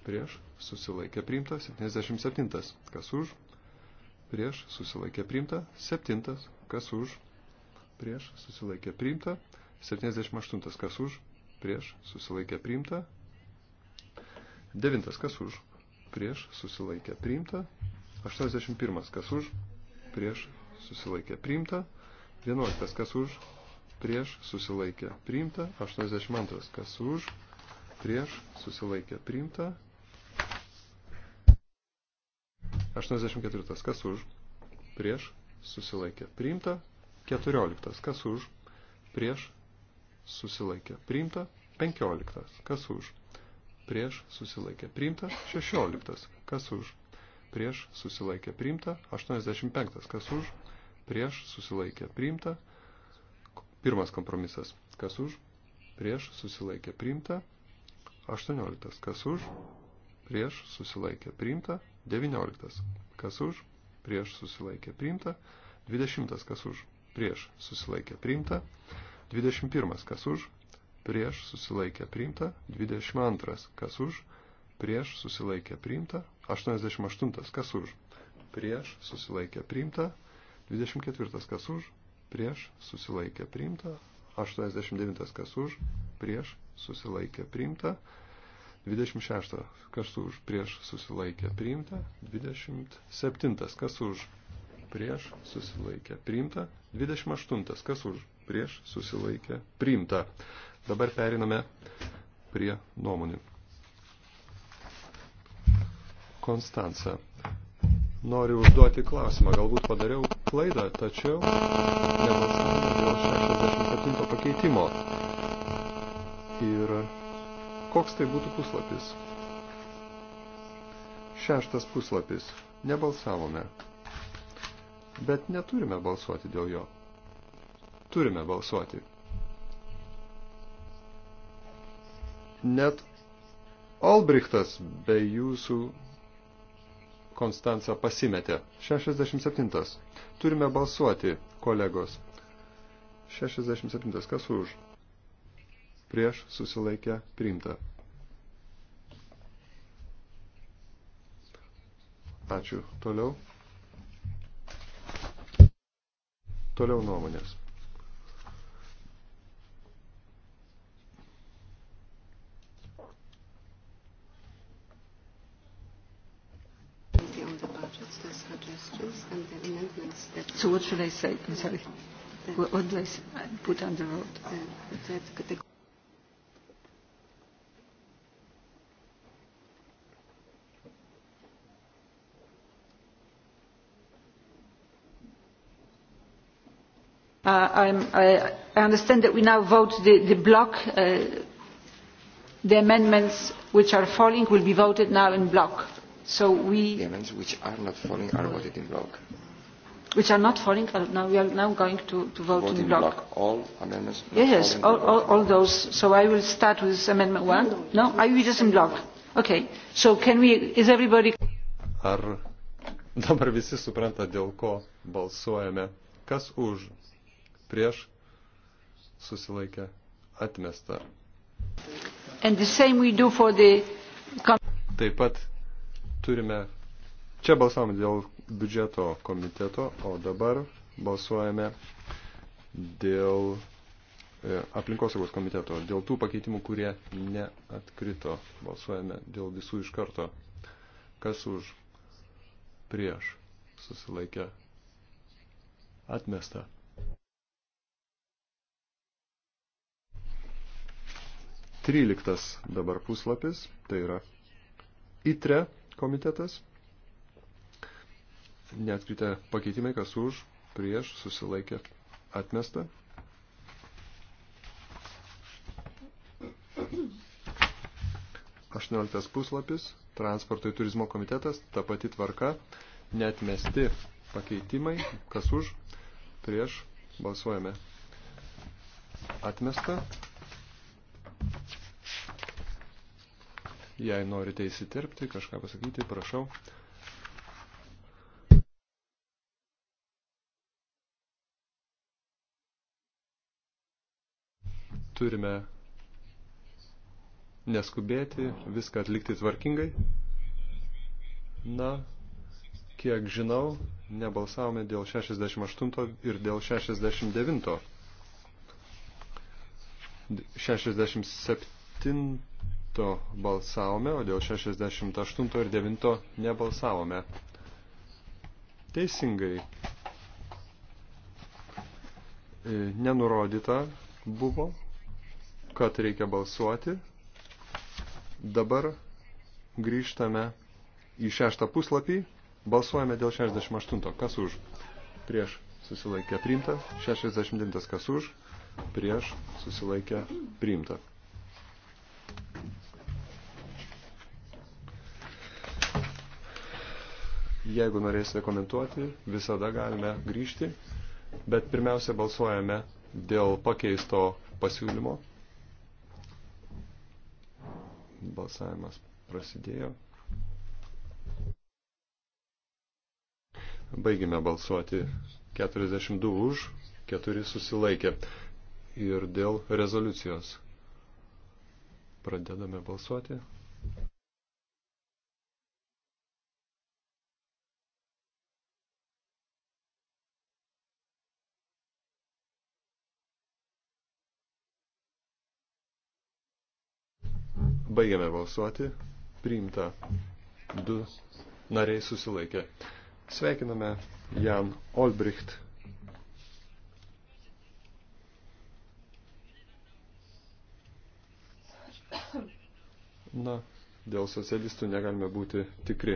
prieš, susilaikė priimta. 77. Kas už, prieš, susilaikė priimta. 7. Kas už, prieš, susilaikė priimta. 78. Kas už, prieš, susilaikė priimta. 9. Kas už, prieš, susilaikė priimta. 81. Kas už, prieš susilaikė priimta, 11 kas už, prieš susilaikė priimta, 82 kas už, prieš susilaikė priimta, 84 kas už, prieš susilaikė priimta, 14 kas už, prieš susilaikė priimta, 15 kas už, prieš susilaikė priimta, 16 kas už, prieš susilaikė priimta, 85 kas už, prieš susilaikė priimta. Pirmas kompromisas, kas už, prieš susilaikė priimta. 18. Kas už, prieš susilaikė priimta. 19. Kas už, prieš susilaikė priimta. 20. Kas už, prieš susilaikė priimta. 21. Kas už, prieš susilaikė priimta. 22. Kas už, prieš susilaikė priimta. 88. Kas už, prieš susilaikė priimta. 24 kas už, prieš, susilaikė priimta. 89 kas už, prieš, susilaikė priimta. 26 kas už, prieš, susilaikė priimta. 27 kas už, prieš, susilaikė priimta. 28 kas už, prieš, susilaikė priimta. Dabar periname prie nuomonių. Konstanca. Noriu užduoti klausimą, galbūt padariau klaidą, tačiau nebalsavome dėl 67 pakeitimo. Ir koks tai būtų puslapis? Šeštas puslapis. Nebalsavome. Bet neturime balsuoti dėl jo. Turime balsuoti. Net Albrichtas be jūsų Konstanca pasimetė. 67. Turime balsuoti, kolegos. 67. Kas už? Prieš susilaikę priimta. Ačiū. Toliau. Toliau nuomonės. So what should I say? I'm sorry. What, what do I say? put on the road? Uh, Uh, I, i understand that we now vote the, the block uh, the amendments which are falling will be voted now in block so we the amendments which are not falling are voted in block which are not falling. Now we are now going to, to vote Voting in block. block. All amendments. Yes, all, all, all those. So I will start with amendment one. No, no are we just in block? Okay. So can we? Is everybody? Ar dabar visi supranta, dėl ko balsuojame? Kas už? Prieš? Susilaikė. Atmesta. And the same we do for the. Taip pat turime. Čia balsavome dėl biudžeto komiteto, o dabar balsuojame dėl e, aplinkosaugos komiteto, dėl tų pakeitimų, kurie neatkrito. Balsuojame dėl visų iš karto. Kas už? Prieš. Susilaikė. Atmesta. Tryliktas dabar puslapis, tai yra ITRE komitetas. Neatkrita pakeitimai, kas už, prieš, susilaikė, atmesta. Aštuonioliktas puslapis, transporto ir turizmo komitetas, ta pati tvarka, netmesti pakeitimai, kas už, prieš, balsuojame. Atmesta. Jei norite įsiterpti, kažką pasakyti, prašau. turime neskubėti, viską atlikti tvarkingai. Na, kiek žinau, nebalsavome dėl 68 ir dėl 69. 67 balsavome, o dėl 68 ir 9 nebalsavome. Teisingai. E, nenurodyta buvo kad reikia balsuoti. Dabar grįžtame į šeštą puslapį. Balsuojame dėl 68. Kas už? Prieš susilaikė priimta. 69. Kas už? Prieš susilaikė priimta. Jeigu norėsite komentuoti, visada galime grįžti, bet pirmiausia balsuojame dėl pakeisto pasiūlymo Balsavimas prasidėjo. Baigime balsuoti 42 už, 4 susilaikė. Ir dėl rezoliucijos pradedame balsuoti. Baigiame balsuoti. Priimta. Du nariai susilaikė. Sveikiname Jan Olbricht. Na, dėl socialistų negalime būti tikri.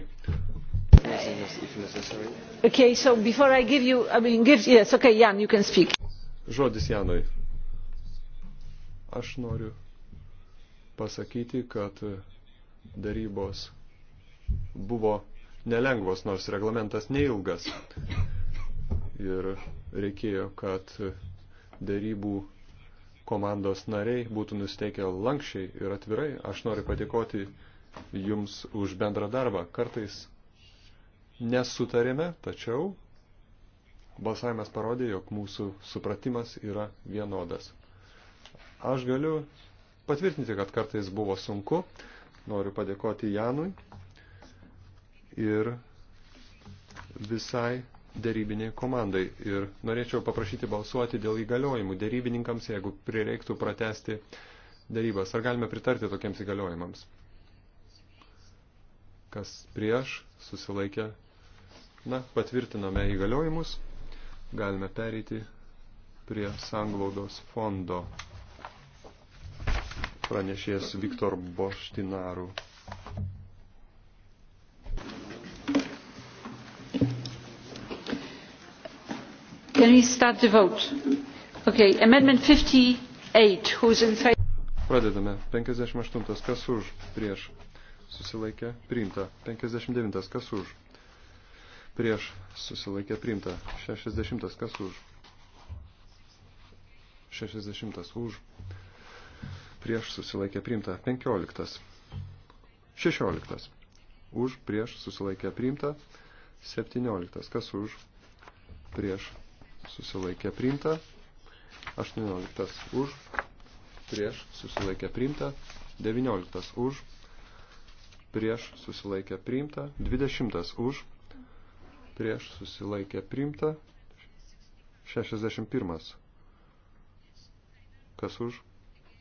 Okay, so before I give you, I mean, give, yes, okay, Jan, you can speak. Žodis Janui. Aš noriu pasakyti, kad darybos buvo nelengvos, nors reglamentas neilgas. Ir reikėjo, kad darybų komandos nariai būtų nusteikę lankščiai ir atvirai. Aš noriu patikoti Jums už bendrą darbą. Kartais nesutarėme, tačiau balsavimas parodė, jog mūsų supratimas yra vienodas. Aš galiu patvirtinti, kad kartais buvo sunku. Noriu padėkoti Janui ir visai dėrybiniai komandai. Ir norėčiau paprašyti balsuoti dėl įgaliojimų dėrybininkams, jeigu prireiktų pratesti dėrybas. Ar galime pritarti tokiems įgaliojimams? Kas prieš susilaikė? Na, patvirtinome įgaliojimus. Galime pereiti prie sanglaudos fondo pranešės Viktor Boštinarų. Can we start the vote? Okay, amendment 58, who's in favor? Pradedame. 58, kas už, prieš. Susilaikė, priimta. 59, kas už. Prieš, susilaikė, priimta. 60, kas už. 60, už prieš susilaikė priimta. 15. 16. Už prieš susilaikė priimta. 17. Kas už prieš susilaikė priimta. 18. Už prieš susilaikė priimta. 19. Už prieš susilaikė priimta. 20. Už prieš susilaikė priimta. 61. Kas už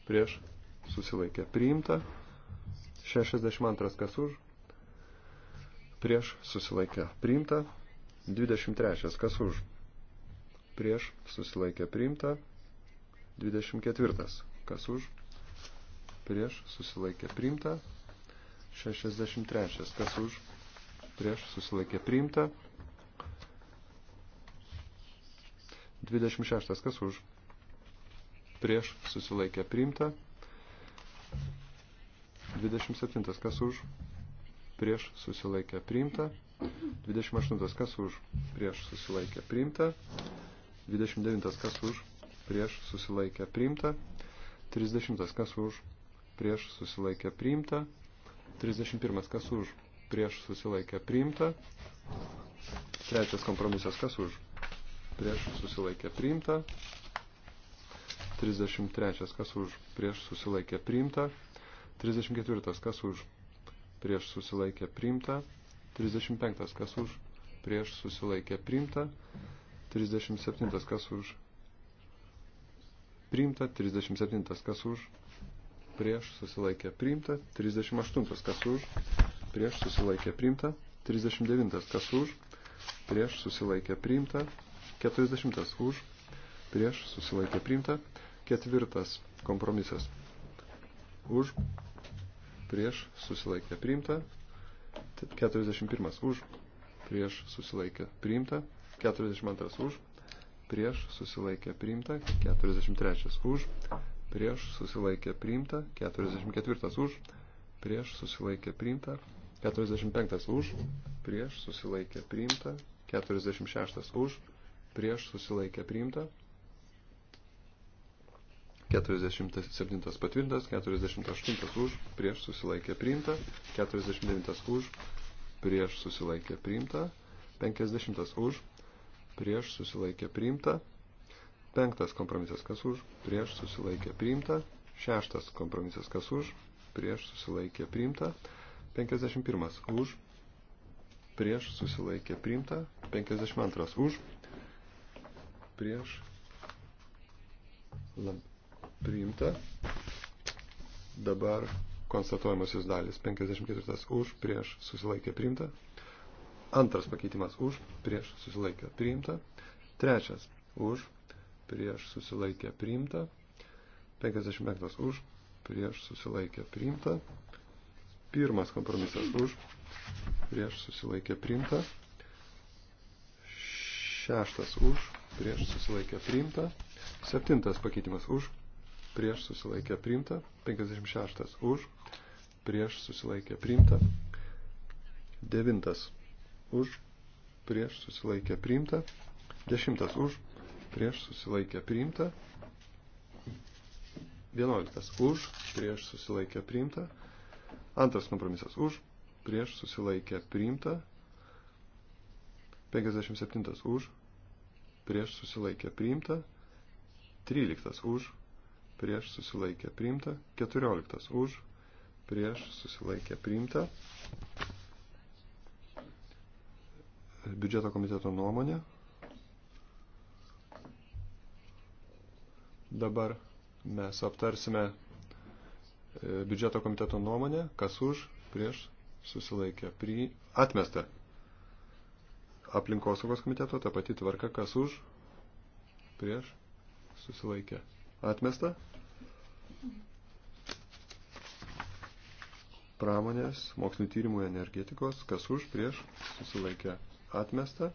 prieš susilaikė priimta. 62 kas už, prieš susilaikė priimta. 23 kas už, prieš susilaikė priimta. 24 kas už, prieš susilaikė priimta. 63 kas už, prieš susilaikė priimta. 26 kas už, prieš susilaikė priimta. 27. Kas už? Prieš susilaikę priimta. 28. Kas už? Prieš susilaikę priimta. 29. Kas už? Prieš susilaikę priimta. 30. Kas už? Prieš susilaikę priimta. 31. Kas už? Prieš susilaikę priimta. Trečias kompromisas. Kas už? Prieš susilaikę priimta. 33. Kas už prieš susilaikė priimta. 34. Kas už prieš susilaikė priimta. 35. Kas už prieš susilaikė priimta. 37. Kas už priimta. 37. Kas už prieš susilaikė priimta. 38. Kas už prieš susilaikė priimta. 39. Kas už prieš susilaikė priimta. 40. Už prieš susilaikė priimta, Ketvirtas kompromisas. Už, prieš, susilaikė priimta. 41. Už, prieš, susilaikė priimta. 42. Už, prieš, susilaikė priimta. 43. Už, prieš, susilaikė priimta. 44. Už, prieš, susilaikė priimta. 45. Už, prieš, susilaikė priimta. 46. Už, prieš, susilaikė priimta. 47 patvirtintas, 48 už, prieš susilaikė priimta, 49 už, prieš susilaikė priimta, 50 už, prieš susilaikė priimta, 5 kompromisas kas už, prieš susilaikė priimta, 6 kompromisas kas už, prieš susilaikė priimta, 51 už, prieš susilaikė priimta, 52 už, prieš lab, priimta. Dabar konstatuojamasis dalis 54 už, prieš susilaikė priimta. Antras pakeitimas už, prieš susilaikė priimta. Trečias už, prieš susilaikė priimta. 55 už, prieš susilaikė priimta. Pirmas kompromisas už, prieš susilaikė priimta. Šeštas už, prieš susilaikė priimta. Septintas pakeitimas už, prieš susilaikę priimta, 56 už, prieš susilaikę priimta, 9 už, prieš susilaikę priimta, 10 už, prieš susilaikę priimta, 11 už, prieš susilaikę priimta, antras kompromisas už, prieš susilaikę priimta, 57 už, prieš susilaikę priimta, 13 už, prieš susilaikę priimta, 14 už, prieš susilaikę priimta. Biudžeto komiteto nuomonė. Dabar mes aptarsime e, biudžeto komiteto nuomonę, kas už, prieš susilaikę pri... atmestą. Aplinkosaugos komiteto ta pati tvarka, kas už, prieš susilaikę Atmesta. Pramonės, mokslinio tyrimų energetikos, kas už, prieš, susilaikė. Atmesta.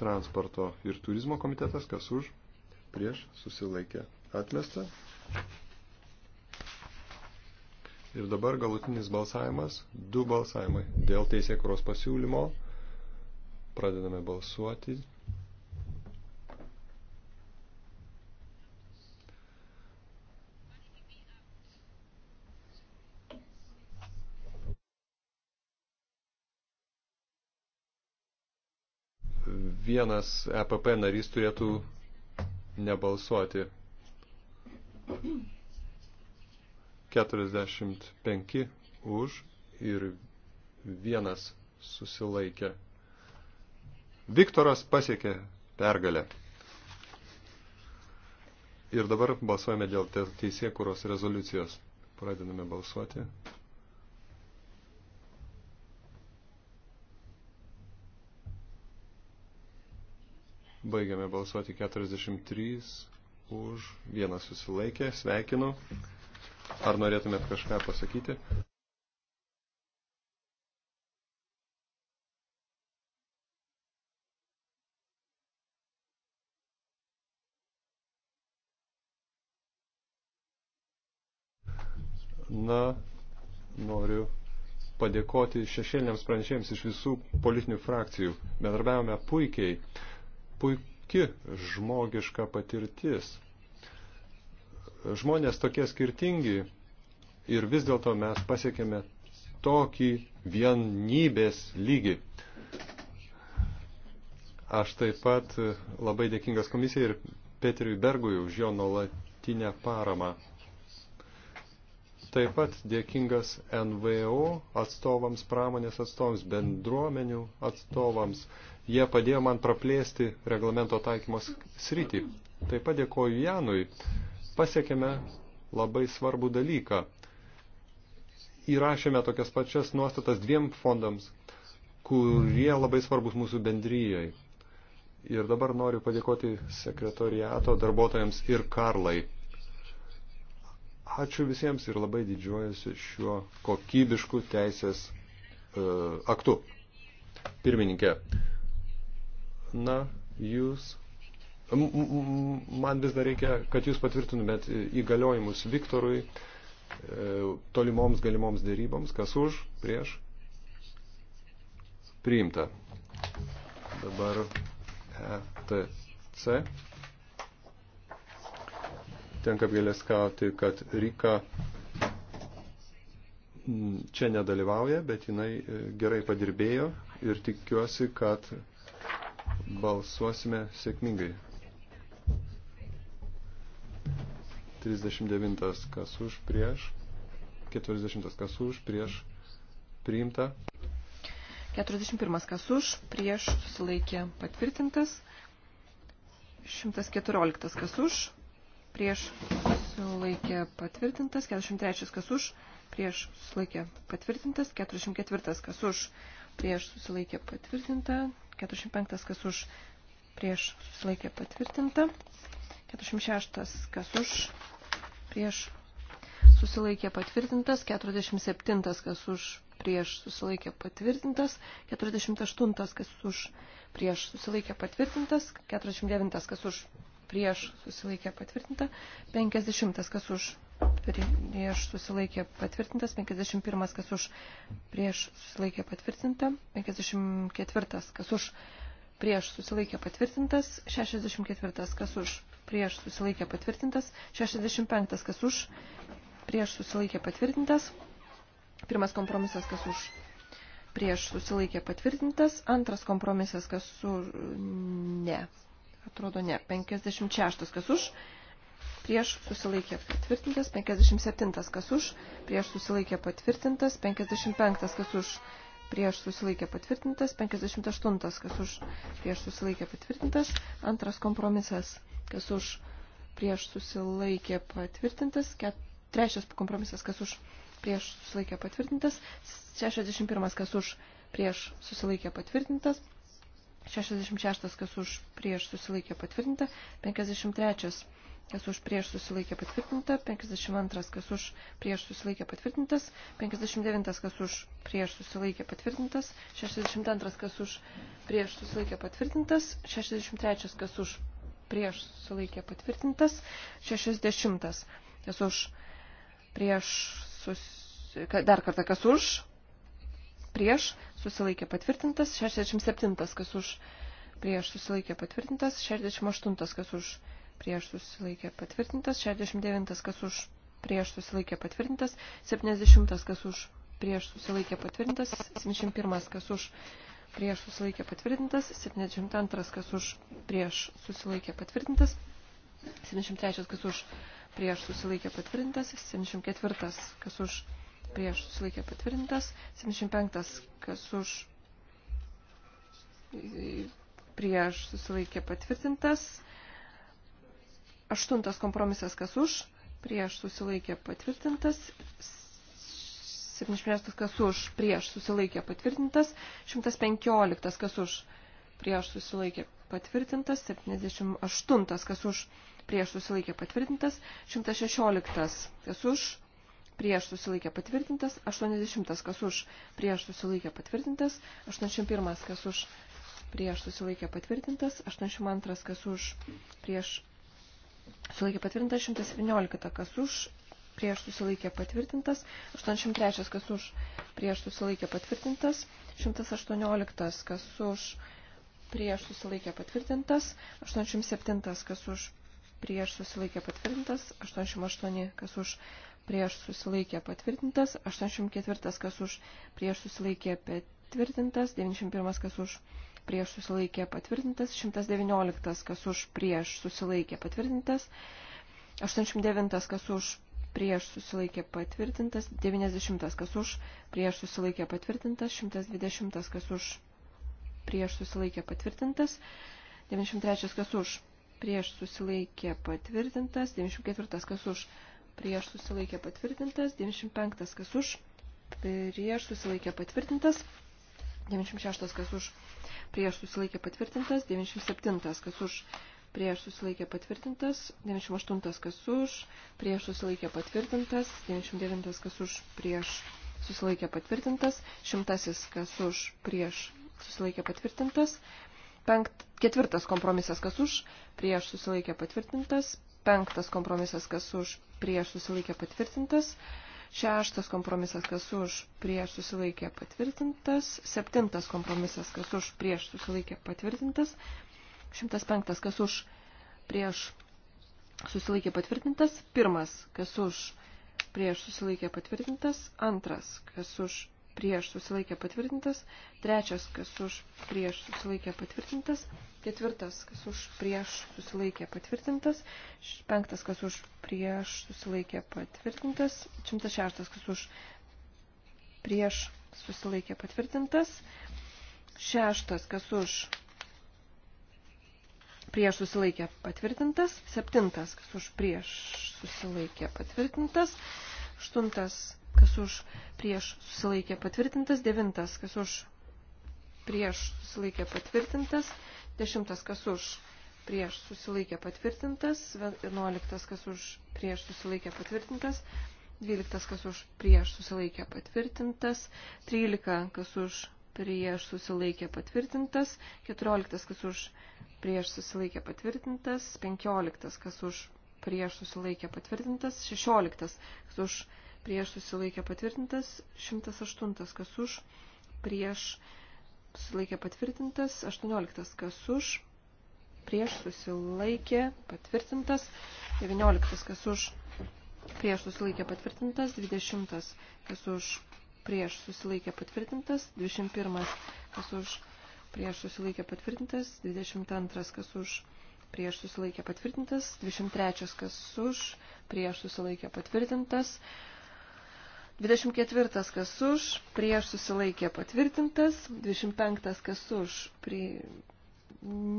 Transporto ir turizmo komitetas, kas už, prieš, susilaikė. Atmesta. Ir dabar galutinis balsavimas, du balsavimai. Dėl teisėkuros pasiūlymo pradedame balsuoti. vienas EPP narys turėtų nebalsuoti. 45 už ir vienas susilaikė. Viktoras pasiekė pergalę. Ir dabar balsuojame dėl teisėkūros rezoliucijos. Pradedame balsuoti. Baigiame balsuoti 43 už, vienas susilaikė, sveikinu. Ar norėtumėt kažką pasakyti? na, noriu padėkoti šešėliniams pranešėjams iš visų politinių frakcijų. Bendarbiavome puikiai puiki žmogiška patirtis. Žmonės tokie skirtingi ir vis dėlto mes pasiekėme tokį vienybės lygį. Aš taip pat labai dėkingas komisijai ir Petriui Bergui už jo nuolatinę paramą. Taip pat dėkingas NVO atstovams, pramonės atstovams, bendruomenių atstovams, Jie padėjo man praplėsti reglamento taikymos sritį. Taip pat dėkoju Janui. Pasiekėme labai svarbų dalyką. Įrašėme tokias pačias nuostatas dviem fondams, kurie labai svarbus mūsų bendryjai. Ir dabar noriu padėkoti sekretoriato darbuotojams ir Karlai. Ačiū visiems ir labai didžiuojasi šiuo kokybišku teisės e, aktu. Pirmininkė, Na, jūs. Man vis dar reikia, kad jūs patvirtinumėt įgaliojimus Viktorui e, tolimoms galimoms dėryboms, kas už, prieš, priimta. Dabar ETC. Tenka apgėleskauti, kad Rika čia nedalyvauja, bet jinai e, gerai padirbėjo ir tikiuosi, kad balsuosime sėkmingai. 39 kas už prieš, 40 kas už prieš, priimta. 41 kas už, prieš susilaikė patvirtintas. 114 kas už, prieš susilaikė patvirtintas. 43 kas už, prieš susilaikė patvirtintas. 44 kas už, prieš susilaikė patvirtinta. 45 kas už prieš susilaikė patvirtinta. 46 kas už prieš susilaikė patvirtintas. 47 kas už prieš susilaikė patvirtintas. 48 kas už prieš susilaikė patvirtintas. 49 kas už prieš susilaikė patvirtinta. 50 kas už prieš susilaikė patvirtintas, 51 kas už prieš susilaikė patvirtinta, 54 kas už prieš susilaikė patvirtintas, 64 kas už prieš susilaikė patvirtintas, 65 kas už prieš susilaikė patvirtintas, pirmas kompromisas kas už prieš susilaikė patvirtintas, antras kompromisas kas už ne, atrodo ne, 56 kas už prieš susilaikė patvirtintas, 57 kas už, prieš susilaikė patvirtintas, 55 kas už, prieš susilaikė patvirtintas, 58 kas už, prieš susilaikė patvirtintas, antras kompromisas kas už, prieš susilaikė patvirtintas, ket, trečias kompromisas kas už, prieš susilaikė patvirtintas, 61 kas už, prieš susilaikė patvirtintas. 66 kas už prieš susilaikė patvirtinta, 53 kas už prieš susilaikė patvirtinta, 52 kas už prieš susilaikė patvirtintas, 59 kas už prieš susilaikė patvirtintas, 62 kas už prieš susilaikė patvirtintas, 63 kas už prieš susilaikė patvirtintas, 60 kas už prieš susilaikė, dar kartą kas už prieš susilaikė patvirtintas, 67 kas už prieš susilaikė patvirtintas, 68 kas už prieš prieš susilaikė patvirtintas, 69 kas už prieš susilaikė patvirtintas, 70 kas už prieš susilaikė patvirtintas, 71 kas už prieš susilaikė patvirtintas, 72 kas už prieš susilaikė patvirtintas, 73 kas už prieš susilaikė patvirtintas, 74 kas už prieš susilaikė patvirtintas, 75 kas už prieš susilaikė patvirtintas, Aštuntas kompromisas kas už, prieš susilaikė patvirtintas. 76 kas už, prieš susilaikė patvirtintas. 115 kas už, prieš susilaikė patvirtintas. 78 kas už, prieš susilaikė patvirtintas. 116 kas už, prieš susilaikė patvirtintas. 80 kas už, prieš susilaikė patvirtintas. 81 kas už, prieš susilaikė patvirtintas, 82 kas už prieš susilaikė patvirtintas, 117 kas už, prieš susilaikė patvirtintas, 83 kas už, prieš susilaikė patvirtintas, 118 kas už, prieš susilaikė patvirtintas, 87 kas už, prieš susilaikė patvirtintas, 88 kas už prieš susilaikė patvirtintas, 84 kas už prieš susilaikė patvirtintas, 91 kas už prieš susilaikė patvirtintas, 119 kas už prieš susilaikė patvirtintas, 89 kas už prieš susilaikė patvirtintas, 90 kas už prieš susilaikė patvirtintas, 120 kas už prieš susilaikė patvirtintas, 93 kas už prieš susilaikė patvirtintas, 94 kas už prieš susilaikė patvirtintas, 95 kas už prieš susilaikė patvirtintas. 96 kas už prieš susilaikė patvirtintas, 97 kas už prieš susilaikė patvirtintas, 98 kas už prieš susilaikė patvirtintas, 99 kas už prieš susilaikė patvirtintas, 100 kas už prieš susilaikė patvirtintas, 4 kompromisas kas už prieš susilaikė patvirtintas, 5 kompromisas kas už prieš susilaikė patvirtintas, 5 Šeštas kompromisas, kas už prieš susilaikė patvirtintas. Septintas kompromisas, kas už prieš susilaikė patvirtintas. Šimtas penktas, kas už prieš susilaikė patvirtintas. Pirmas, kas už prieš susilaikė patvirtintas. Antras, kas už prieš susilaikė patvirtintas, trečias, kas už prieš susilaikė patvirtintas, ketvirtas, kas už prieš susilaikė patvirtintas, penktas, kas už prieš susilaikė patvirtintas, šimtas šeštas, kas už prieš susilaikė patvirtintas, šeštas, kas už prieš susilaikė patvirtintas, septintas, kas už prieš susilaikė patvirtintas, aštuntas, kas už prieš susilaikė patvirtintas, devintas, kas už prieš susilaikė patvirtintas, dešimtas, kas už prieš susilaikė patvirtintas, vienuoliktas, kas už prieš susilaikė patvirtintas, dvyliktas, kas už prieš susilaikė patvirtintas, trylika, kas už prieš susilaikė patvirtintas, keturioliktas, kas už prieš susilaikė patvirtintas, penkioliktas, kas už prieš susilaikė patvirtintas, šešioliktas, kas už prieš prieš susilaikė patvirtintas, 108 kas už, prieš susilaikė patvirtintas, 18 kas už, prieš susilaikė patvirtintas, 19 kas už, prieš susilaikė patvirtintas, 20 kas už, prieš susilaikė patvirtintas, 21 kas už, prieš susilaikė patvirtintas, 22 kas už, prieš susilaikė patvirtintas, 23 kas už, prieš susilaikė patvirtintas, 24 24 kas už, prieš susilaikė patvirtintas, 25 kas už, prie...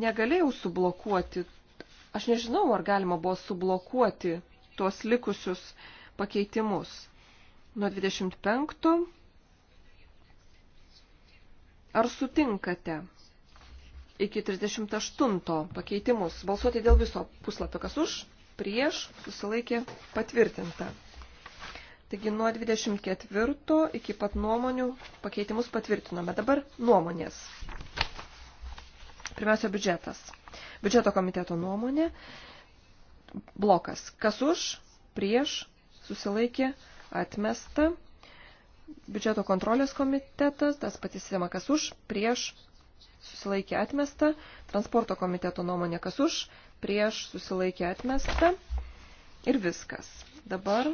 negalėjau sublokuoti, aš nežinau, ar galima buvo sublokuoti tuos likusius pakeitimus. Nuo 25. Ar sutinkate iki 38 pakeitimus balsuoti dėl viso puslapio, kas už, prieš, susilaikė patvirtinta. Taigi nuo 24 iki pat nuomonių pakeitimus patvirtinome. Dabar nuomonės. Pirmiausia, biudžetas. Biudžeto komiteto nuomonė. Blokas. Kas už, prieš, susilaikė, atmesta. Biudžeto kontrolės komitetas, tas pati sistema, kas už, prieš, susilaikė, atmesta. Transporto komiteto nuomonė, kas už, prieš, susilaikė, atmesta. Ir viskas. Dabar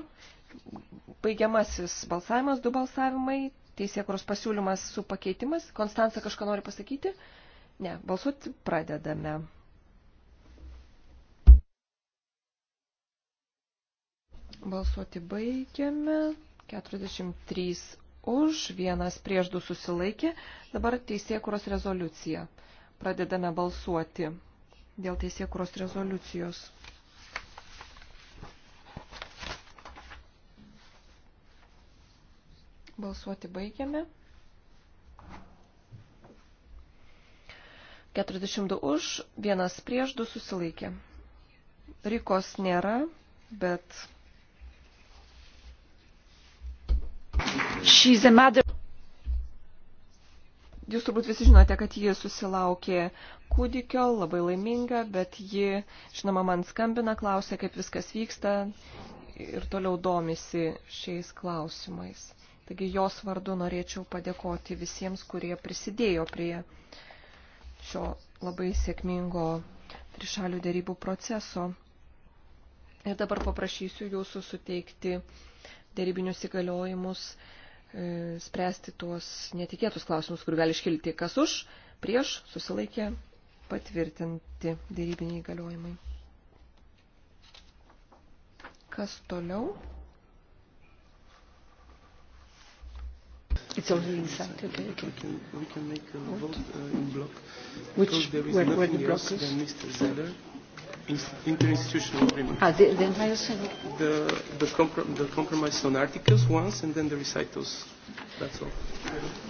baigiamasis balsavimas, du balsavimai, teisėkuros pasiūlymas su pakeitimas. Konstanca kažką nori pasakyti? Ne, balsuoti pradedame. Balsuoti baigiame. 43 už, vienas prieš du susilaikė. Dabar teisėkuros rezoliucija. Pradedame balsuoti dėl teisėkuros rezoliucijos. Balsuoti baigiame. 42 už, vienas prieš, du susilaikė. Rikos nėra, bet. Jūs turbūt visi žinote, kad ji susilaukė kūdikio, labai laiminga, bet ji, žinoma, man skambina, klausia, kaip viskas vyksta ir toliau domisi šiais klausimais. Taigi jos vardu norėčiau padėkoti visiems, kurie prisidėjo prie šio labai sėkmingo trišalių dėrybų proceso. Ir dabar paprašysiu jūsų suteikti dėrybinius įgaliojimus, e, spręsti tuos netikėtus klausimus, kur gali iškilti, kas už, prieš, susilaikė, patvirtinti dėrybiniai įgaliojimai. Kas toliau? It's already inside. Okay, okay. We can, we can make a what? vote uh, in block. Which? Because there is where, where the block else is? Than Mr. Zeller. Interinstitutional agreement. Ah, the, the entire Senate. The, the, comprom the compromise on articles once, and then the recitals. That's all.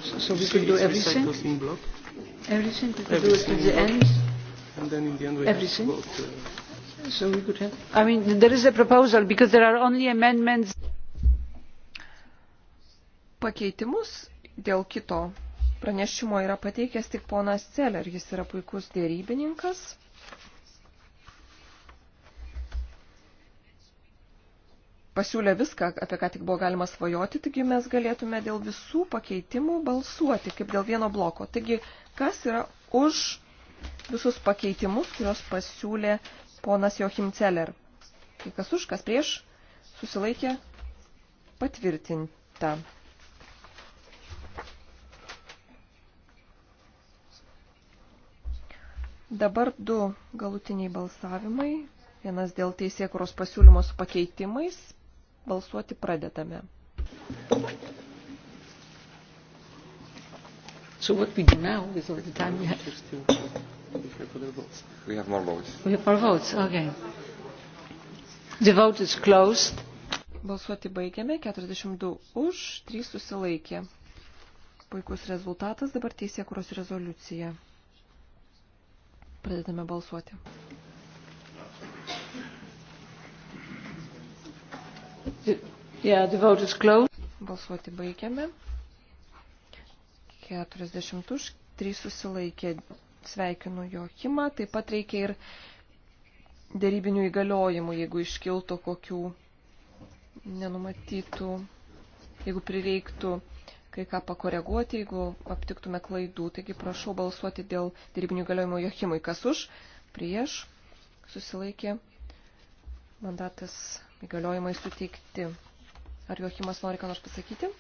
So, so we so can do everything. Recitals in block. Everything we can everything do at the end. And then in the end we everything. have to vote. Uh, so we could have. I mean, there is a proposal because there are only amendments. Pakeitimus dėl kito pranešimo yra pateikęs tik ponas Celer. Jis yra puikus dėrybininkas. Pasiūlė viską, apie ką tik buvo galima svajoti, taigi mes galėtume dėl visų pakeitimų balsuoti, kaip dėl vieno bloko. Taigi, kas yra už visus pakeitimus, kuriuos pasiūlė ponas Joachim Celer. Kai kas už, kas prieš, susilaikė patvirtinta. Dabar du galutiniai balsavimai. Vienas dėl teisėkuros pasiūlymo su pakeitimais. Balsuoti pradedame. So what we do now with all the time we have? We have more votes. We have more votes, okay. The vote is closed. Balsuoti baigiame, 42 už, 3 susilaikė. Puikus rezultatas, dabar teisėkuros rezoliucija. Pradedame balsuoti. Yeah, the vote is closed. Balsuoti baigiame. 40 už, 3 susilaikė. Sveikinu Jokimą. Taip pat reikia ir dėrybinių įgaliojimų, jeigu iškiltų kokių nenumatytų, jeigu prireiktų kai ką pakoreguoti, jeigu aptiktume klaidų. Taigi prašau balsuoti dėl dėrybinių galiojimo Jochimui. Kas už? Prieš. Susilaikė. Mandatas įgaliojimai suteikti. Ar Jochimas nori ką nors pasakyti?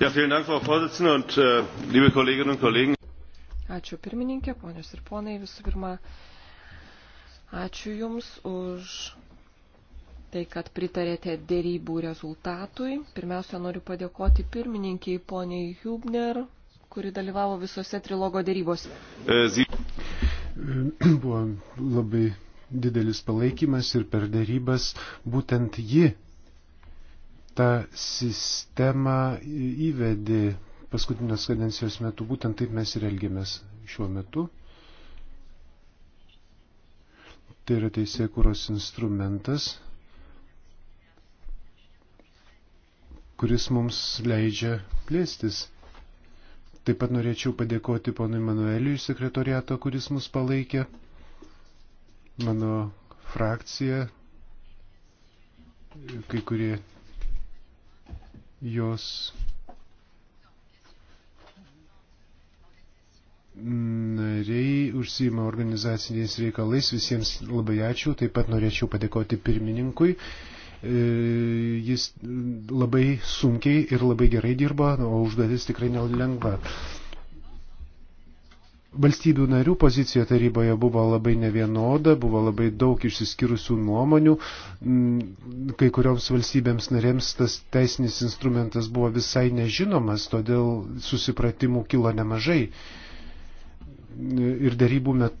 Ja, vielen Dank, Frau Vorsitzende und äh, liebe Kolleginnen und Kollegen. Ačiū pirmininkė, ponios ir ponai, visų pirma, ačiū Jums už tai, kad pritarėte dėrybų rezultatui. Pirmiausia, noriu padėkoti pirmininkiai poniai Hubner, kuri dalyvavo visose trilogo dėrybose. E, e, buvo labai didelis palaikymas ir per dėrybas būtent ji tą sistemą įvedė paskutinės kadencijos metu. Būtent taip mes ir elgėmės šiuo metu. Tai yra teisė kūros instrumentas, kuris mums leidžia plėstis. Taip pat norėčiau padėkoti ponui Manueliui iš sekretoriato, kuris mus palaikė. Mano frakcija, kai kurie jos nariai užsima organizaciniais reikalais. Visiems labai ačiū. Taip pat norėčiau padėkoti pirmininkui. E, jis labai sunkiai ir labai gerai dirba, o užduotis tikrai nelengva. Valstybių narių pozicija taryboje buvo labai nevienoda, buvo labai daug išsiskyrusių nuomonių, mm, kai kurioms valstybėms narėms tas teisinis instrumentas buvo visai nežinomas, todėl susipratimų kilo nemažai ir darybų, met,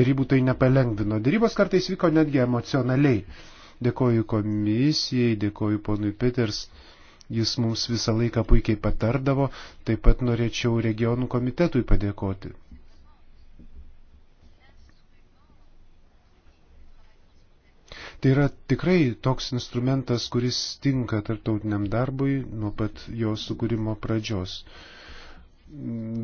darybų tai nepalengvino. Darybos kartais vyko netgi emocionaliai. Dėkoju komisijai, dėkoju ponui Peters. Jis mums visą laiką puikiai patardavo, taip pat norėčiau regionų komitetui padėkoti. Tai yra tikrai toks instrumentas, kuris tinka tarptautiniam darbui nuo pat jo sukūrimo pradžios.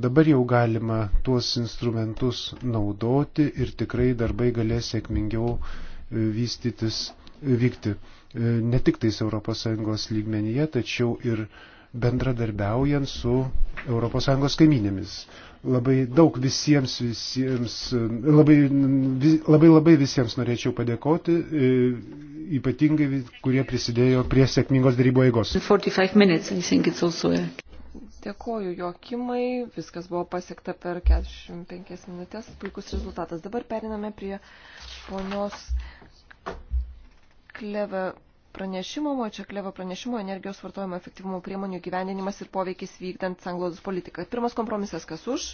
Dabar jau galima tuos instrumentus naudoti ir tikrai darbai galės sėkmingiau vystytis vykti e, ne tik tais ES lygmenyje, tačiau ir bendradarbiaujant su ES kaiminėmis. Labai daug visiems, visiems e, labai, vis, labai labai visiems norėčiau padėkoti, e, ypatingai kurie prisidėjo prie sėkmingos darybo eigos. Dėkoju Jokimai, viskas buvo pasiekta per 45 minutės, puikus rezultatas. Dabar periname prie ponios Kleve pranešimo, Močeklėvo pranešimo energijos vartojimo efektyvumo priemonių gyveninimas ir poveikis vykdant sanglaudos politiką. Pirmas kompromisas, kas už?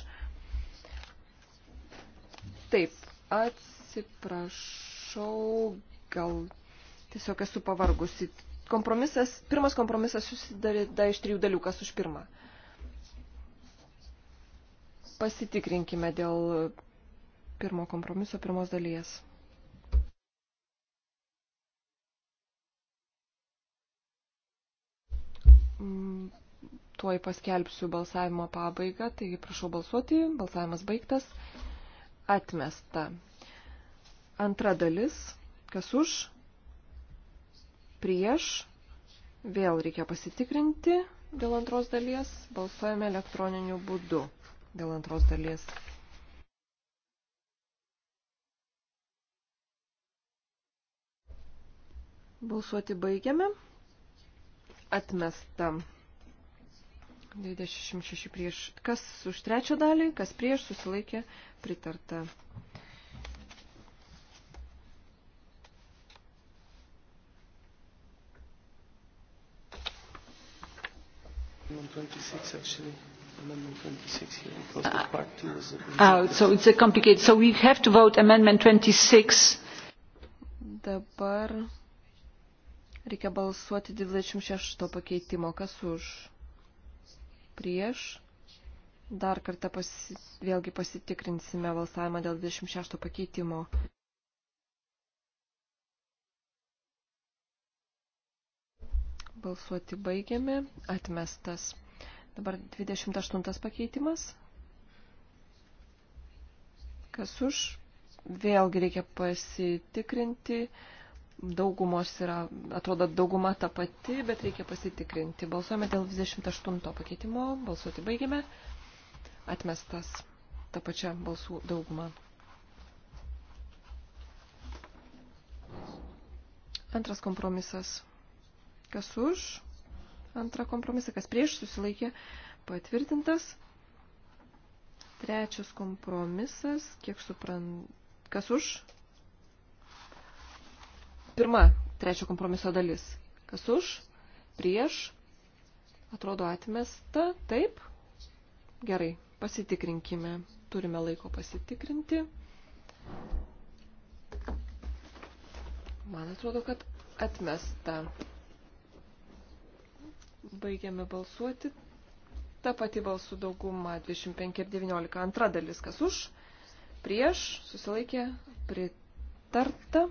Taip, atsiprašau, gal tiesiog esu pavargusi. Kompromisas, pirmas kompromisas susidarė iš trijų dalių, kas už pirmą. Pasitikrinkime dėl pirmo kompromiso pirmos dalies. Mm, tuoj paskelbsiu balsavimo pabaigą, taigi prašau balsuoti, balsavimas baigtas, atmesta. Antra dalis, kas už, prieš, vėl reikia pasitikrinti dėl antros dalies, balsuojame elektroniniu būdu dėl antros dalies. Balsuoti baigiame atmesta. 26 prieš. Kas už trečią dalį, kas prieš susilaikė pritarta. Oh, so it's a complicated. So we have to vote amendment 26. Dabar Reikia balsuoti 26 pakeitimo. Kas už? Prieš. Dar kartą pasi... vėlgi pasitikrinsime balsavimą dėl 26 pakeitimo. Balsuoti baigiame. Atmestas. Dabar 28 pakeitimas. Kas už? Vėlgi reikia pasitikrinti daugumos yra, atrodo, dauguma ta pati, bet reikia pasitikrinti. Balsuojame dėl 28 pakeitimo, balsuoti baigėme, atmestas ta pačia balsų dauguma. Antras kompromisas. Kas už? Antrą kompromisą, kas prieš susilaikė patvirtintas. Trečias kompromisas, kiek suprant, kas už? Pirma, trečio kompromiso dalis. Kas už, prieš, atrodo atmesta, taip. Gerai, pasitikrinkime. Turime laiko pasitikrinti. Man atrodo, kad atmesta. Baigiame balsuoti. Ta pati balsų dauguma 25 ir 19. Antra dalis, kas už, prieš, susilaikė, pritarta.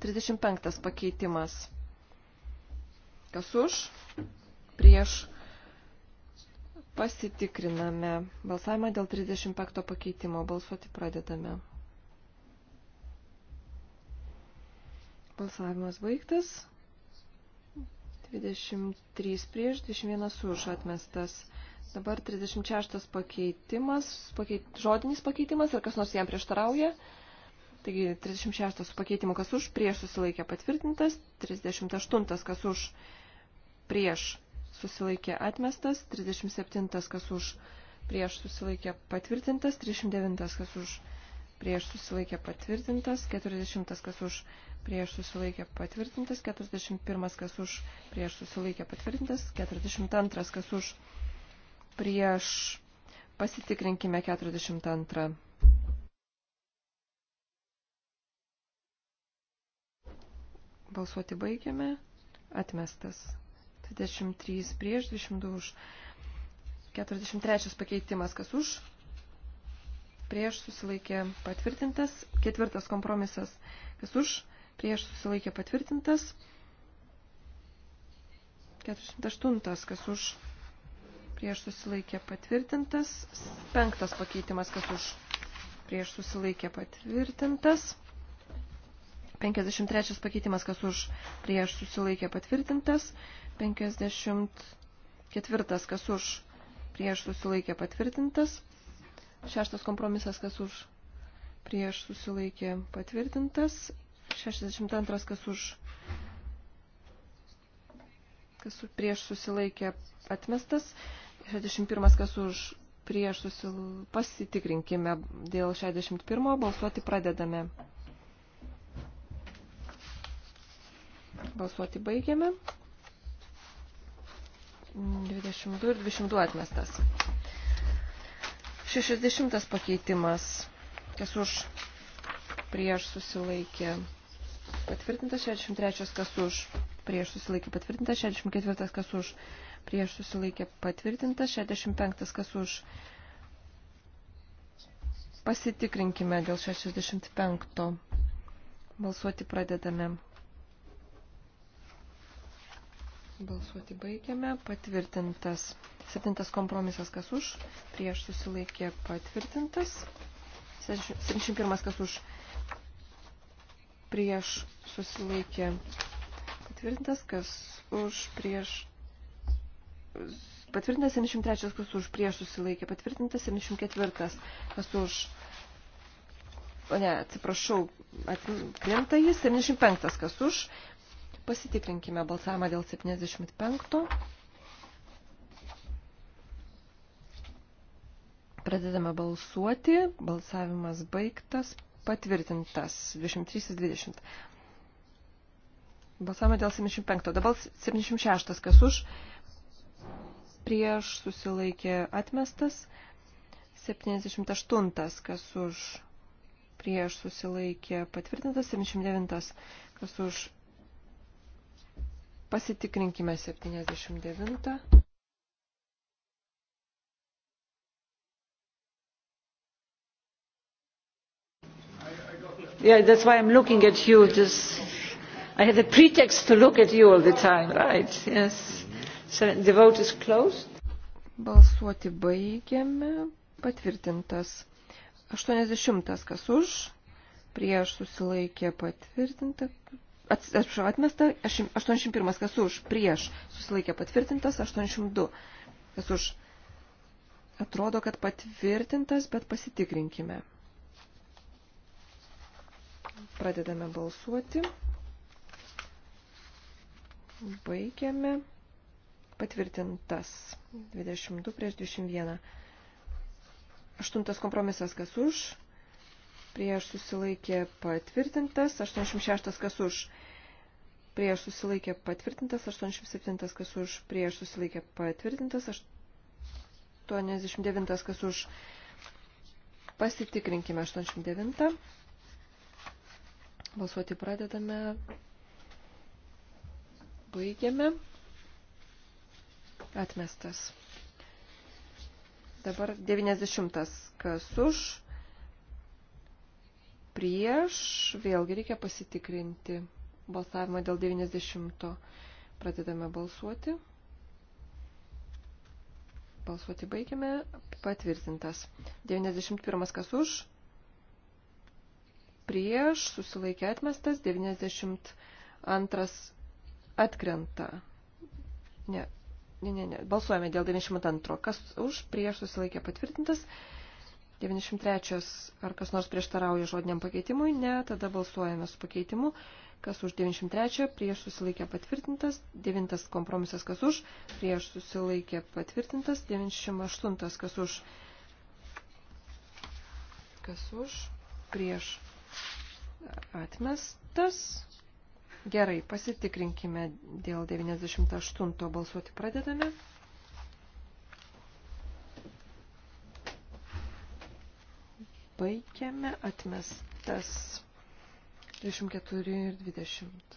35 pakeitimas. Kas už? Prieš pasitikriname. Balsavimą dėl 35 pakeitimo. Balsuoti pradedame. Balsavimas baigtas. 23 prieš, 21 už atmestas. Dabar 36 pakeitimas, pakeit, žodinis pakeitimas, ar kas nors jam prieštarauja. Taigi 36 su pakeitimu kas už, prieš susilaikė patvirtintas, 38 kas už, prieš susilaikė atmestas, 37 kas už, prieš susilaikė patvirtintas, 39 kas už, prieš susilaikė patvirtintas, 40 kas už, prieš susilaikė patvirtintas, 41 kas už, prieš susilaikė patvirtintas, 42 kas už, prieš pasitikrinkime 42. Balsuoti baigiame. Atmestas. 23 prieš, 22 už. 43 pakeitimas, kas už. Prieš susilaikė patvirtintas. Ketvirtas kompromisas, kas už. Prieš susilaikė patvirtintas. 48, kas už. Prieš susilaikė patvirtintas. Penktas pakeitimas, kas už. Prieš susilaikė patvirtintas. 53 pakeitimas, kas už prieš susilaikė patvirtintas. 54 kas už prieš susilaikė patvirtintas. Šeštas kompromisas, kas už prieš susilaikė patvirtintas. 62 kas už kas prieš susilaikė atmestas. 61 kas už prieš susil... pasitikrinkime dėl 61 balsuoti pradedame. Balsuoti baigiame. 22 ir 202 atmestas. 60 pakeitimas. Kas už prieš susilaikė patvirtintas 63, kas už prieš susilaikė patvirtintas 64, kas už prieš susilaikė patvirtintas 65, kas už pasitikrinkime dėl 65. Balsuoti pradedame. Balsuoti baigiame. Patvirtintas. Septintas kompromisas kas už. Prieš susilaikė patvirtintas. 71 kas už. Prieš susilaikė patvirtintas. Kas už. Prieš. Patvirtintas 73 kas už. Prieš susilaikė patvirtintas. 74 kas už. O ne, atsiprašau, atkrinta jis. 75 kas už. Pasitikrinkime balsavimą dėl 75. Pradedame balsuoti. Balsavimas baigtas. Patvirtintas. 23.20. Balsavimą dėl 75. Dabar 76. Kas už? Prieš susilaikė atmestas. 78. Kas už? Prieš susilaikė patvirtintas. 79. Kas už? Pasitikrinkime 79. Yeah, that's why I'm looking at you. Just, I had a pretext to look at you all the time, right? Yes. So the vote is closed. Balsuoti baigiame. Patvirtintas. 80 kas už. Prieš susilaikė patvirtinta atsiprašau, atmesta, 81 kas už, prieš, susilaikė patvirtintas, 82 kas už. Atrodo, kad patvirtintas, bet pasitikrinkime. Pradedame balsuoti. Baigiame. Patvirtintas. 22 prieš 21. Aštuntas kompromisas kas už. Prieš susilaikė patvirtintas. 86 kas už prieš susilaikė patvirtintas, 87 kas už prieš susilaikė patvirtintas, 89 kas už pasitikrinkime 89. Balsuoti pradedame, baigiame, atmestas. Dabar 90 kas už, prieš, vėlgi reikia pasitikrinti balsavimą dėl 90. Pradedame balsuoti. Balsuoti baigiame. Patvirtintas. 91. Kas už? Prieš. Susilaikė atmestas. 92. Atkrenta. Ne. Ne, ne, ne. Balsuojame dėl 92. Kas už? Prieš susilaikė patvirtintas. 93. Ar kas nors prieštarauja žodiniam pakeitimui? Ne. Tada balsuojame su pakeitimu. Kas už 93. Prieš susilaikė patvirtintas. 9. Kompromisas kas už. Prieš susilaikė patvirtintas. 98. Kas už. Kas už. Prieš atmestas. Gerai, pasitikrinkime dėl 98 balsuoti pradedame. Baigiame atmestas 24 ir 20.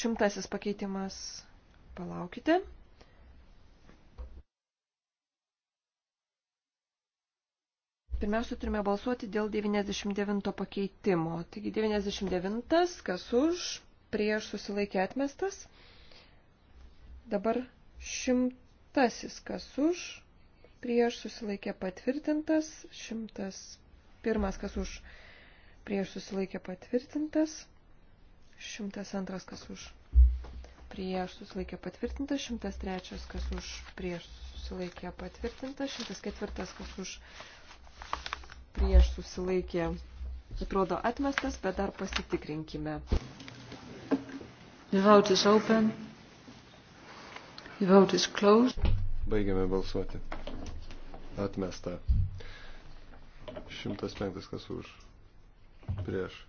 Šimtasis pakeitimas. Palaukite. Pirmiausia, turime balsuoti dėl 99 pakeitimo. Taigi 99, kas už, prieš susilaikė atmestas. Dabar Šimtasis kas už, prieš susilaikė patvirtintas. Šimtas pirmas kas už, prieš susilaikė patvirtintas. Šimtas antras kas už, prieš susilaikė patvirtintas. Šimtas trečias kas už, prieš susilaikė patvirtintas. Šimtas ketvirtas kas už, prieš susilaikė patvirtintas atrodo atmestas, bet dar pasitikrinkime. The vote is open. Baigiame balsuoti. Atmesta. 105 kas už. Prieš.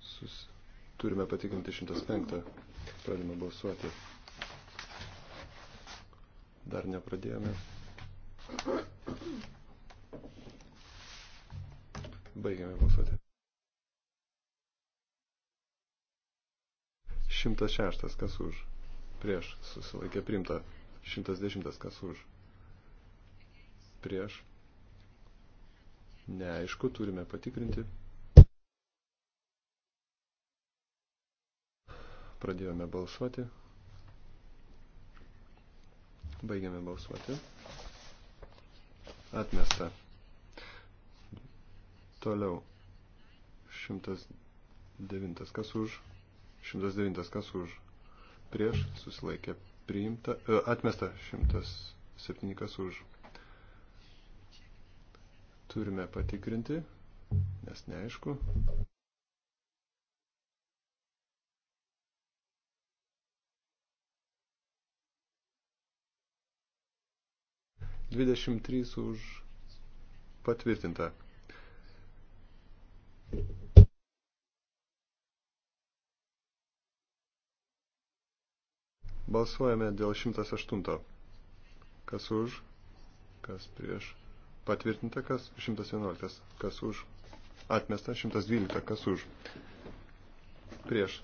Sus... Turime patikinti 105. Pradėjome balsuoti. Dar nepradėjome. Baigiame balsuoti. 106 kas už prieš susilaikė priimta. 110 kas už prieš. Neaišku, turime patikrinti. Pradėjome balsuoti. Baigiame balsuoti. Atmesta. Toliau. 109 kas už. 109 kas už prieš susilaikė priimta, e, atmesta 107 kas už. Turime patikrinti, nes neaišku. Dvidešimt trys už patvirtinta. Balsuojame dėl 108. Kas už, kas prieš. Patvirtinta, kas 111. Kas už. Atmesta 112. Kas už. Prieš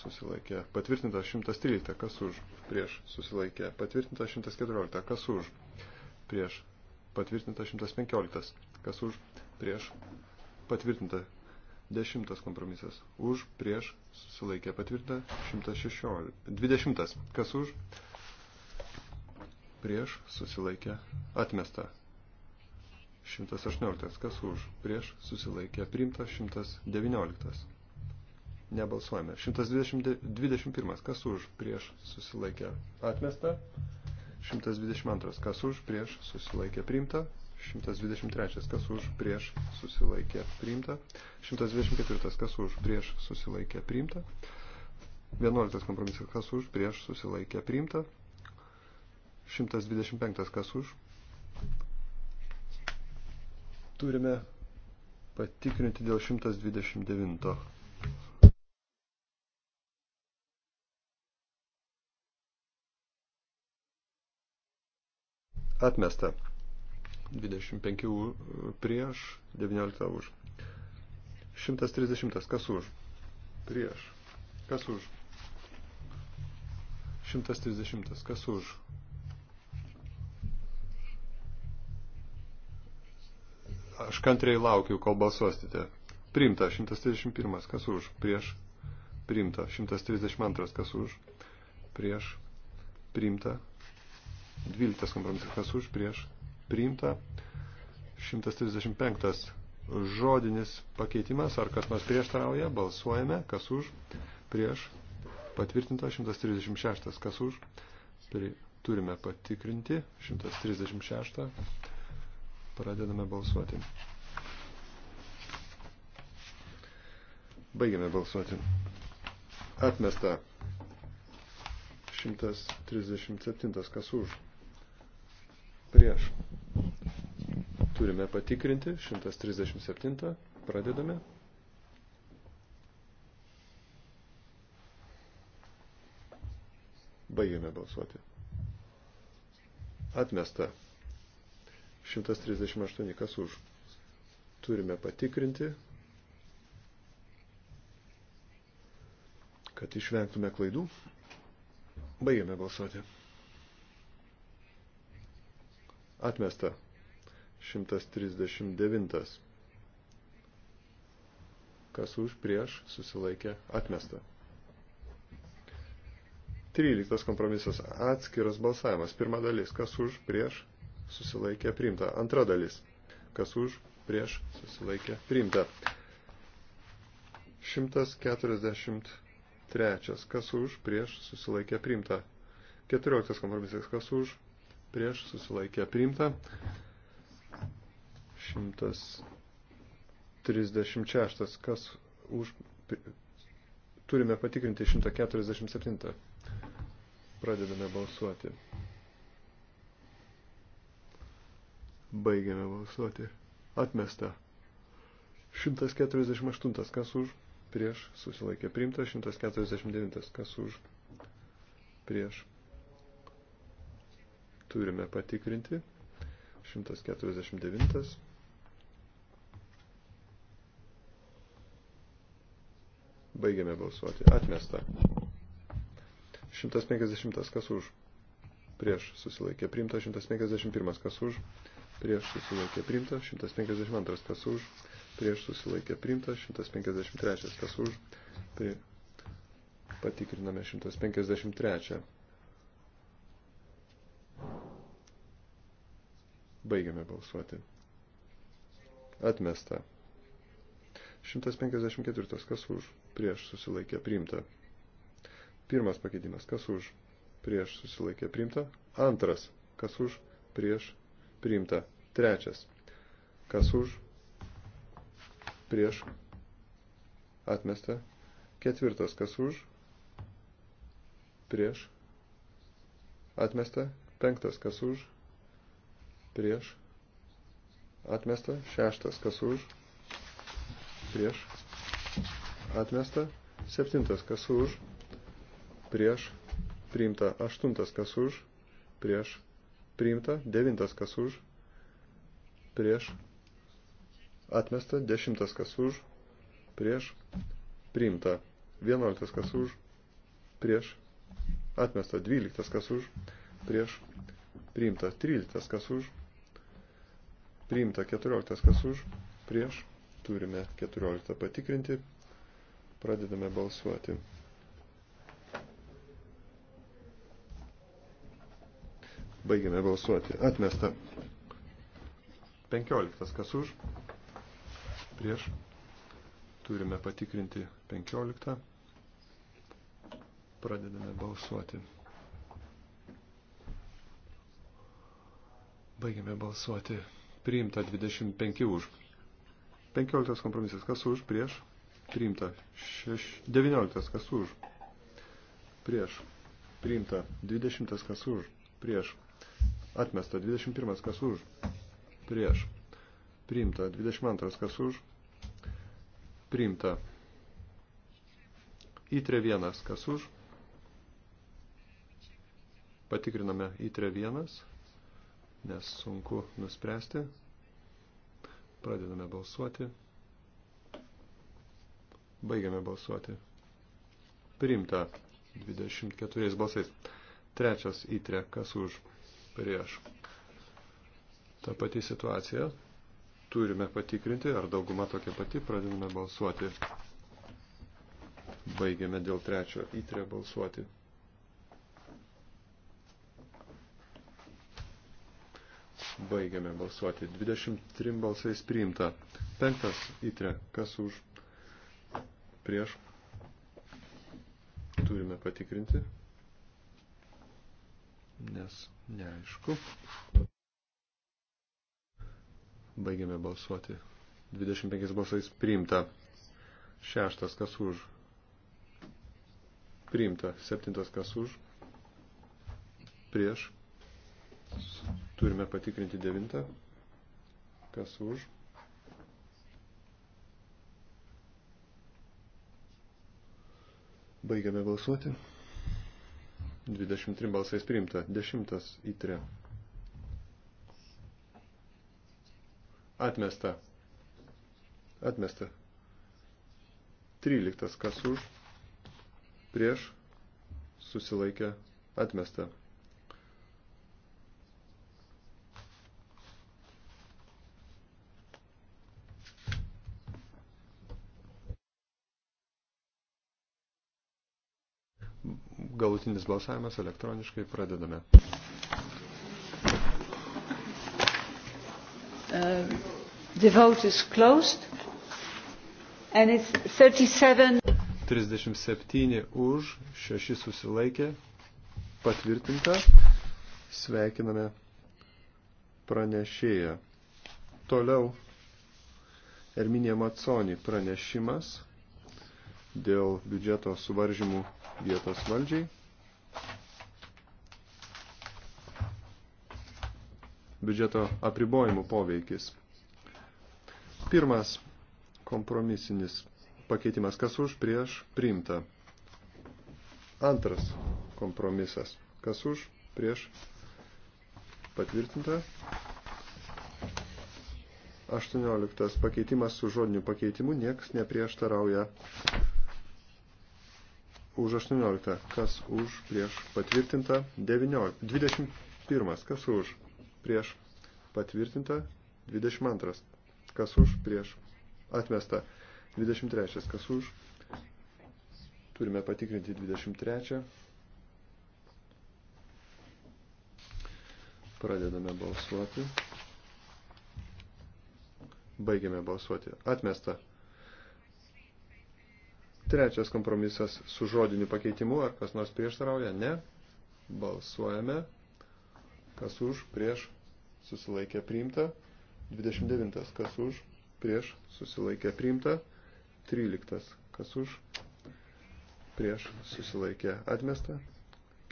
susilaikė. Patvirtinta 113. Kas už. Prieš susilaikė. Patvirtinta 114. Kas už. Prieš. Patvirtinta 115. Kas už. Prieš. Patvirtinta Dešimtas kompromisas. Už, prieš, susilaikė patvirtinta. 116. 20. Kas už? Prieš, susilaikė atmesta. 118. Kas už? Prieš, susilaikė priimta. 119. Nebalsuojame. 121. Kas už? Prieš, susilaikė atmesta. 122. Kas už? Prieš, susilaikė priimta. 123. Kas už prieš susilaikė priimta. 124. Kas už prieš susilaikė priimta. 11. Kompromisas. Kas už prieš susilaikė priimta. 125. Kas už. Turime patikrinti dėl 129. Atmesta. 25 prieš, 19 už. 130. Kas už? Prieš. Kas už? 130. Kas už? Aš kantriai laukiu, kol balsuosite. Priimta 131. Kas už? Prieš. Priimta 132. Kas už? Prieš. Priimta. 12 kompromisas. Kas už? Prieš priimta. 135 žodinis pakeitimas, ar kas nors prieštarauja, balsuojame, kas už, prieš, patvirtinta 136, kas už, pri, turime patikrinti 136, pradedame balsuoti. Baigiame balsuoti. Atmesta 137, kas už prieš. Turime patikrinti 137. Pradedame. Baigiame balsuoti. Atmesta. 138 kas už. Turime patikrinti, kad išvengtume klaidų. Baigiame balsuoti. Atmesta. 139. Kas už prieš susilaikė atmesta. 13 kompromisas atskiras balsavimas. Pirma dalis. Kas už prieš susilaikė priimta. Antra dalis. Kas už prieš susilaikė priimta. 143. Kas už prieš susilaikė priimta. 14 kompromisas. Kas už prieš susilaikė priimta. 136. Kas už... Turime patikrinti 147. Pradedame balsuoti. Baigiame balsuoti. Atmesta. 148. Kas už? Prieš susilaikė priimta. 149. Kas už? Prieš turime patikrinti. 149. Baigiame balsuoti. Atmesta. 150. Kas už? Prieš susilaikė primta. 151. Kas už? Prieš susilaikė primta. 152. Kas už? Prieš susilaikė primta. 153. Kas už? Prie... Patikriname 153. Baigiame balsuoti. Atmesta. 154. Kas už? Prieš susilaikė priimta. Pirmas pakeitimas. Kas už? Prieš susilaikė priimta. Antras. Kas už? Prieš priimta. Trečias. Kas už? Prieš atmesta. Ketvirtas. Kas už? Prieš atmesta. Penktas. Kas už? prieš, atmesta, šeštas, kas už, prieš, atmesta, septintas, kas už, prieš, priimta, aštuntas, kas už, prieš, priimta, devintas, kas už, prieš, atmesta, dešimtas, kas už, prieš, priimta, vienuoliktas, kas už, prieš, atmesta, dvyliktas, kas už, prieš, priimta, tryliktas, kas už, Priimta 14 kas už, prieš, turime 14 patikrinti, pradedame balsuoti. Baigiame balsuoti. Atmesta. 15 kas už, prieš, turime patikrinti 15, pradedame balsuoti. Baigiame balsuoti priimta 25 už. 15 kompromisas, kas už, prieš, priimta. 6, 19, kas už, prieš, priimta. 20, kas už, prieš, atmesta. 21, kas už, prieš, priimta. 22, kas už, priimta. Įtre 1, kas už, patikriname įtre 1 nes sunku nuspręsti. Pradedame balsuoti. Baigiame balsuoti. Priimta 24 balsais. Trečias įtrė, kas už prieš. Ta pati situacija. Turime patikrinti, ar dauguma tokia pati, pradedame balsuoti. Baigiame dėl trečio įtrė balsuoti. Baigiame balsuoti. 23 balsais priimta. Penktas įtre. Kas už? Prieš. Turime patikrinti. Nes neaišku. Baigiame balsuoti. 25 balsais priimta. Šeštas kas už. Priimta. Septintas kas už. Prieš. Turime patikrinti devintą. Kas už? Baigiame balsuoti. 23 balsais priimta. 10 į 3. Atmesta. Atmesta. 13. Kas už? Prieš. Susilaikę. Atmesta. galutinis balsavimas elektroniškai pradedame. Uh, the vote is closed and it's 37 37 už, 6 susilaikė, patvirtinta. Sveikiname pranešėją. Toliau Erminė Maconi pranešimas dėl biudžeto suvaržymų vietos valdžiai. Biudžeto apribojimų poveikis. Pirmas kompromisinis pakeitimas, kas už prieš priimta. Antras kompromisas, kas už prieš patvirtinta. 18 pakeitimas su žodiniu pakeitimu, nieks neprieštarauja už 18, kas už prieš patvirtinta, 19, 21, kas už prieš patvirtinta, 22, kas už prieš atmesta, 23, kas už. Turime patikrinti 23. Pradedame balsuoti. Baigiame balsuoti. Atmesta. Trečias kompromisas su žodiniu pakeitimu, ar kas nors prieštarauja? Ne. Balsuojame. Kas už, prieš, susilaikė priimta. 29. Kas už, prieš, susilaikė priimta. 13. Kas už, prieš, susilaikė atmesta.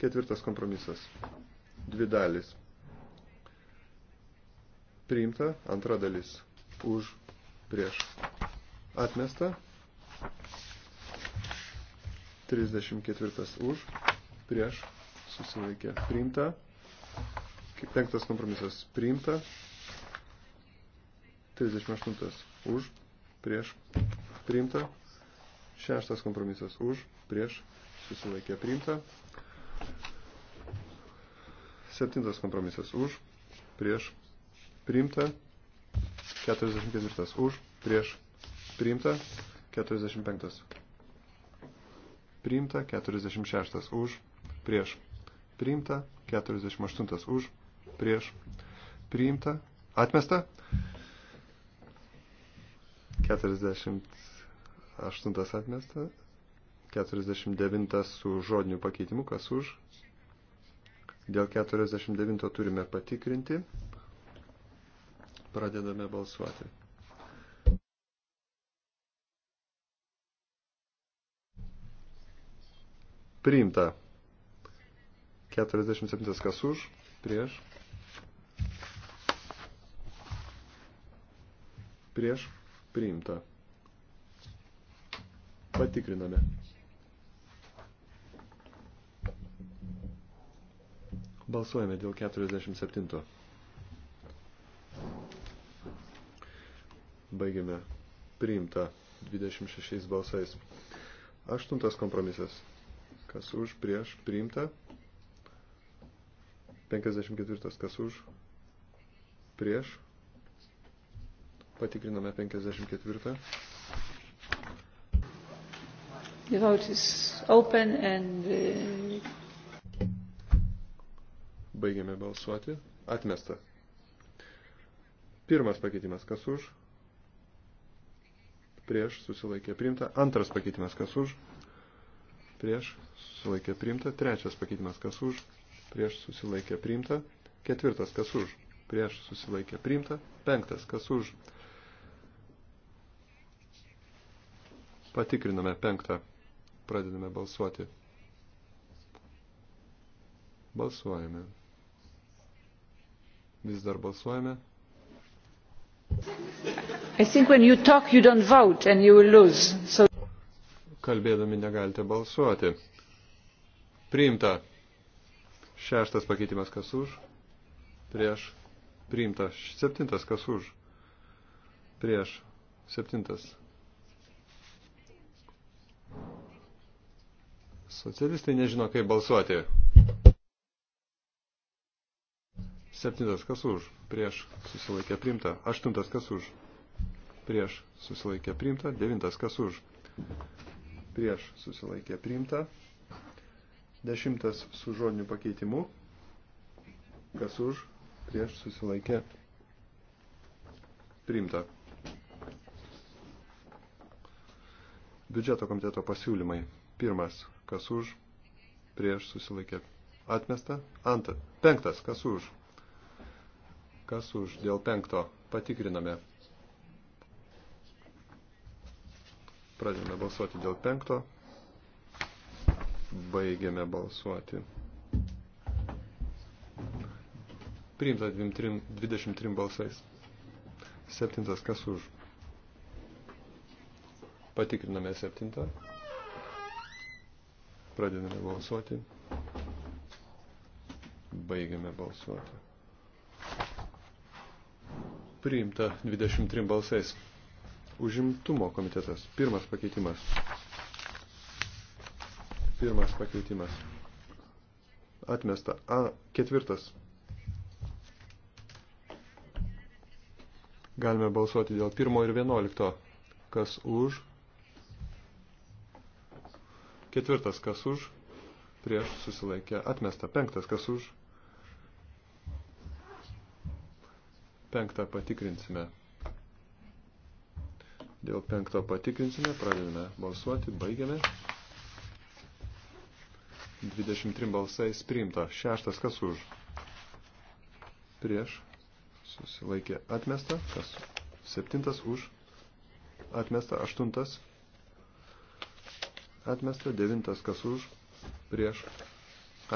Ketvirtas kompromisas. Dvi dalis. Priimta. Antra dalis. Už, prieš. Atmesta. 34 už, prieš, susilaikė, priimta. Penktas kompromisas priimta. 38 už, prieš, priimta. Šeštas kompromisas už, prieš, susilaikė, priimta. Septintas kompromisas už, prieš, priimta. 44 už, prieš, priimta. 45 priimta 46 už, prieš, priimta 48 už, prieš, priimta, atmesta 48 atmesta, 49 su žodiniu pakeitimu, kas už. Dėl 49 turime patikrinti. Pradedame balsuoti. Priimta. 47 kas už, prieš. Prieš, priimta. Patikriname. Balsuojame dėl 47. Baigiame. Priimta 26 balsais. Aštuntas kompromisas kas už, prieš, priimta. 54, kas už, prieš. Patikriname 54. The vote is open and... Uh... Baigiame balsuoti. Atmesta. Pirmas pakeitimas, kas už, prieš, susilaikė, priimta. Antras pakeitimas, kas už, prieš susilaikė priimta. Trečias pakeitimas, kas už, prieš susilaikė priimta. Ketvirtas, kas už, prieš susilaikė priimta. Penktas, kas už. Patikriname penktą. Pradedame balsuoti. Balsuojame. Vis dar balsuojame. I think when you talk you don't vote and you will lose. So kalbėdami negalite balsuoti. Priimta. Šeštas pakeitimas kas už. Prieš. Priimta. Septintas kas už. Prieš. Septintas. Socialistai nežino, kaip balsuoti. Septintas kas už. Prieš. Susilaikė priimta. Aštuntas kas už. Prieš. Susilaikė priimta. Devintas kas už prieš susilaikė priimta. Dešimtas su žodiniu pakeitimu, kas už, prieš susilaikė priimta. Biudžeto komiteto pasiūlymai. Pirmas, kas už, prieš susilaikė atmesta. Ant, penktas, kas už. Kas už, dėl penkto patikriname. Pradėjome balsuoti dėl penkto. Baigėme balsuoti. Priimta 23 balsais. Septintas kas už? Patikriname septintą. Pradedame balsuoti. Baigiame balsuoti. Priimta 23 balsais. Užimtumo komitetas. Pirmas pakeitimas. Pirmas pakeitimas. Atmesta. A. Ketvirtas. Galime balsuoti dėl pirmo ir vienuolikto. Kas už? Ketvirtas, kas už? Prieš susilaikė. Atmesta. Penktas, kas už? Penktą patikrinsime. Dėl penkto patikrinsime, pradedame balsuoti, baigiame. 23 balsais priimta. Šeštas kas už? Prieš. Susilaikė atmesta. Kas? Septintas už. Atmesta. Aštuntas. Atmesta. Devintas kas už? Prieš.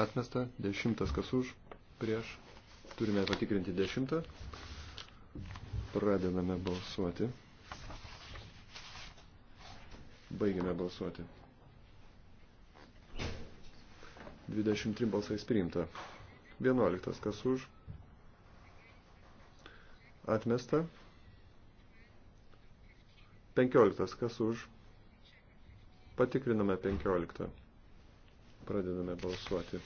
Atmesta. Dešimtas kas už? Prieš. Turime patikrinti dešimtą. Pradedame balsuoti. Baigiame balsuoti. 23 balsais priimta. 11. Kas už? Atmesta. 15. Kas už? Patikriname 15. Pradedame balsuoti.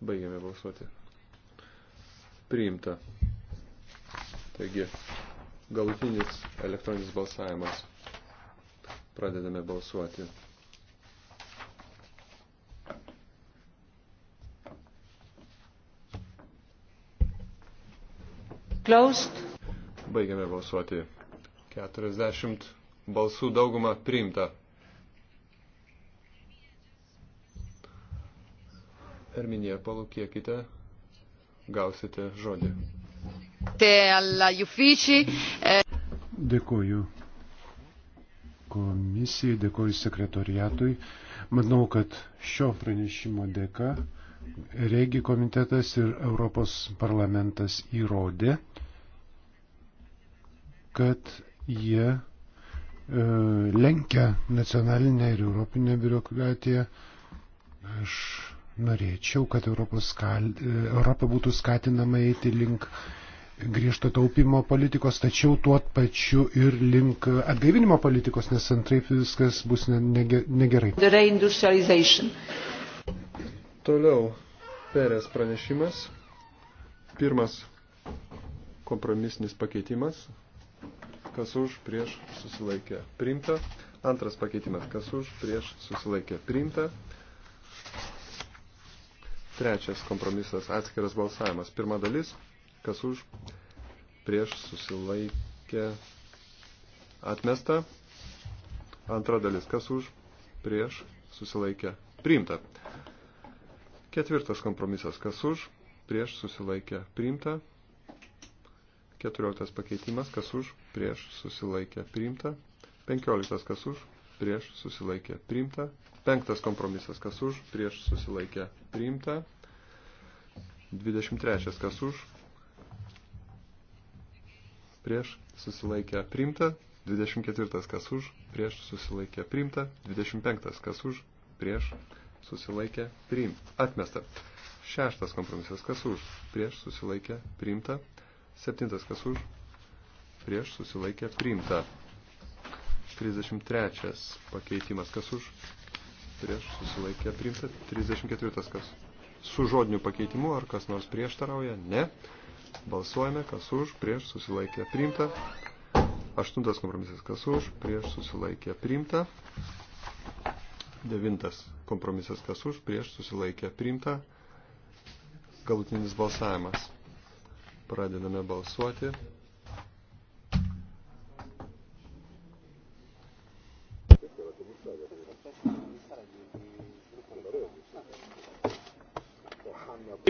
Baigiame balsuoti. Priimta. Taigi, galutinis elektroninis balsavimas. Pradedame balsuoti. Closed. Baigiame balsuoti. 40 balsų daugumą priimta. Erminė, palūkėkite, gausite žodį. Eh. Dėkuoju komisijai, dėkuoju sekretoriatui. Manau, kad šio pranešimo dėka Regi komitetas ir Europos parlamentas įrodė, kad jie e, lenkia nacionalinę ir europinę biurokratiją. Aš norėčiau, kad Europos skal, e, Europa būtų skatinama eiti link griežto taupimo politikos, tačiau tuo pačiu ir link atgaivinimo politikos, nes antraip viskas bus negerai. Toliau perės pranešimas. Pirmas kompromisinis pakeitimas. Kas už prieš susilaikė priimta. Antras pakeitimas. Kas už prieš susilaikė priimta. Trečias kompromisas atskiras balsavimas. Pirma dalis Kas už? Prieš susilaikė atmesta. Antra dalis. Kas už? Prieš susilaikė priimta. Ketvirtas kompromisas. Kas už? Prieš susilaikė priimta. Keturioliktas pakeitimas. Kas už? Prieš susilaikė priimta. Penkioliktas. Kas už? Prieš susilaikė priimta. Penktas kompromisas. Kas už? Prieš susilaikė priimta. 23. Kas už, prieš susilaikę primta, 24 kas už, prieš susilaikę primta, 25 kas už, prieš susilaikę priimta, atmesta. Šeštas kompromisas kas už, prieš susilaikę priimta, septintas kas už, prieš susilaikę priimta. 33 pakeitimas kas už, prieš susilaikę priimta, 34 kas su žodiniu pakeitimu, ar kas nors prieštarauja, ne. Balsuojame, kas už, prieš susilaikė priimta. Aštuntas kompromisas, kas už, prieš susilaikė priimta. Devintas kompromisas, kas už, prieš susilaikė priimta. Galutinis balsavimas. Pradedame balsuoti.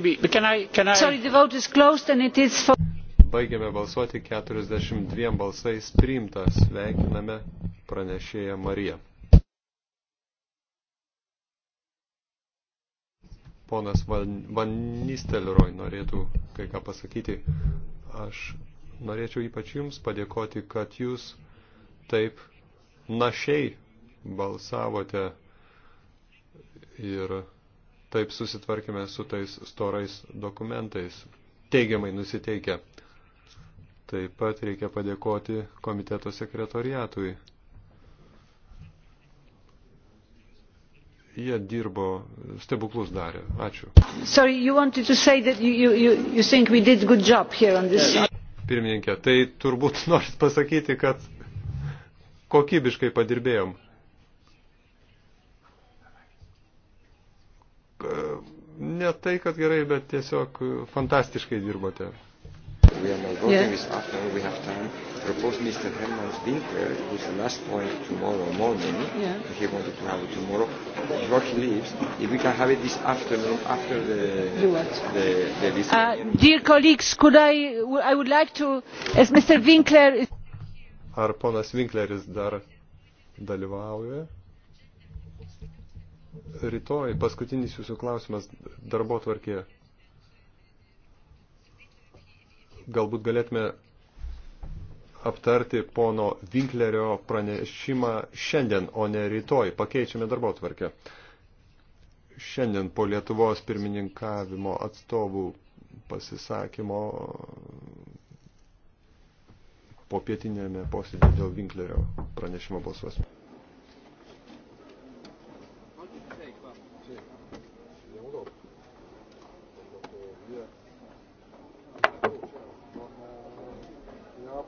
maybe can I, can I... Sorry, the vote is closed and it is for... Baigėme balsuoti 42 balsais priimta. Sveikiname pranešėją Mariją. Ponas Van, Van Nistelroj norėtų kai ką pasakyti. Aš norėčiau ypač Jums padėkoti, kad Jūs taip našiai balsavote ir Taip susitvarkime su tais storais dokumentais, teigiamai nusiteikę. Taip pat reikia padėkoti komiteto sekretoriatui. Jie dirbo, stebuklus darė. Ačiū. Sorry, you wanted to say that you, you, you think we did good job here on this. Pirmininkė, tai turbūt norit pasakyti, kad kokybiškai padirbėjom. ne tai, kad gerai, bet tiesiog fantastiškai dirbote. We are now voting yeah. this afternoon. We have time. Proposed Mr. Herman Winkler, who's the last point tomorrow morning. Yeah. He wanted to have it tomorrow. Before he leaves, if we can have it this afternoon after the Do what? the, the listening. uh, Dear colleagues, could I? I would like to, as Mr. Winkler. Is... Ar ponas Winkleris dar dalyvauja? rytoj paskutinis jūsų klausimas darbo tvarkėje. Galbūt galėtume aptarti pono Winklerio pranešimą šiandien, o ne rytoj. Pakeičiame darbo tvarkę. Šiandien po Lietuvos pirmininkavimo atstovų pasisakymo po pietinėme posėdėje dėl Winklerio pranešimo balsuosime.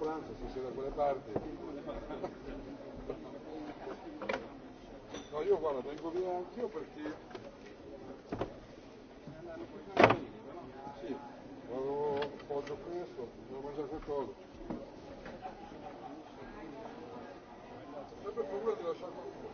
Franza, se sei da quelle parti. No, io guarda, vengo via anch'io perché... Sì, vado, poggio questo, devo mangiare qualcosa. Sempre paura di lasciare qualcosa.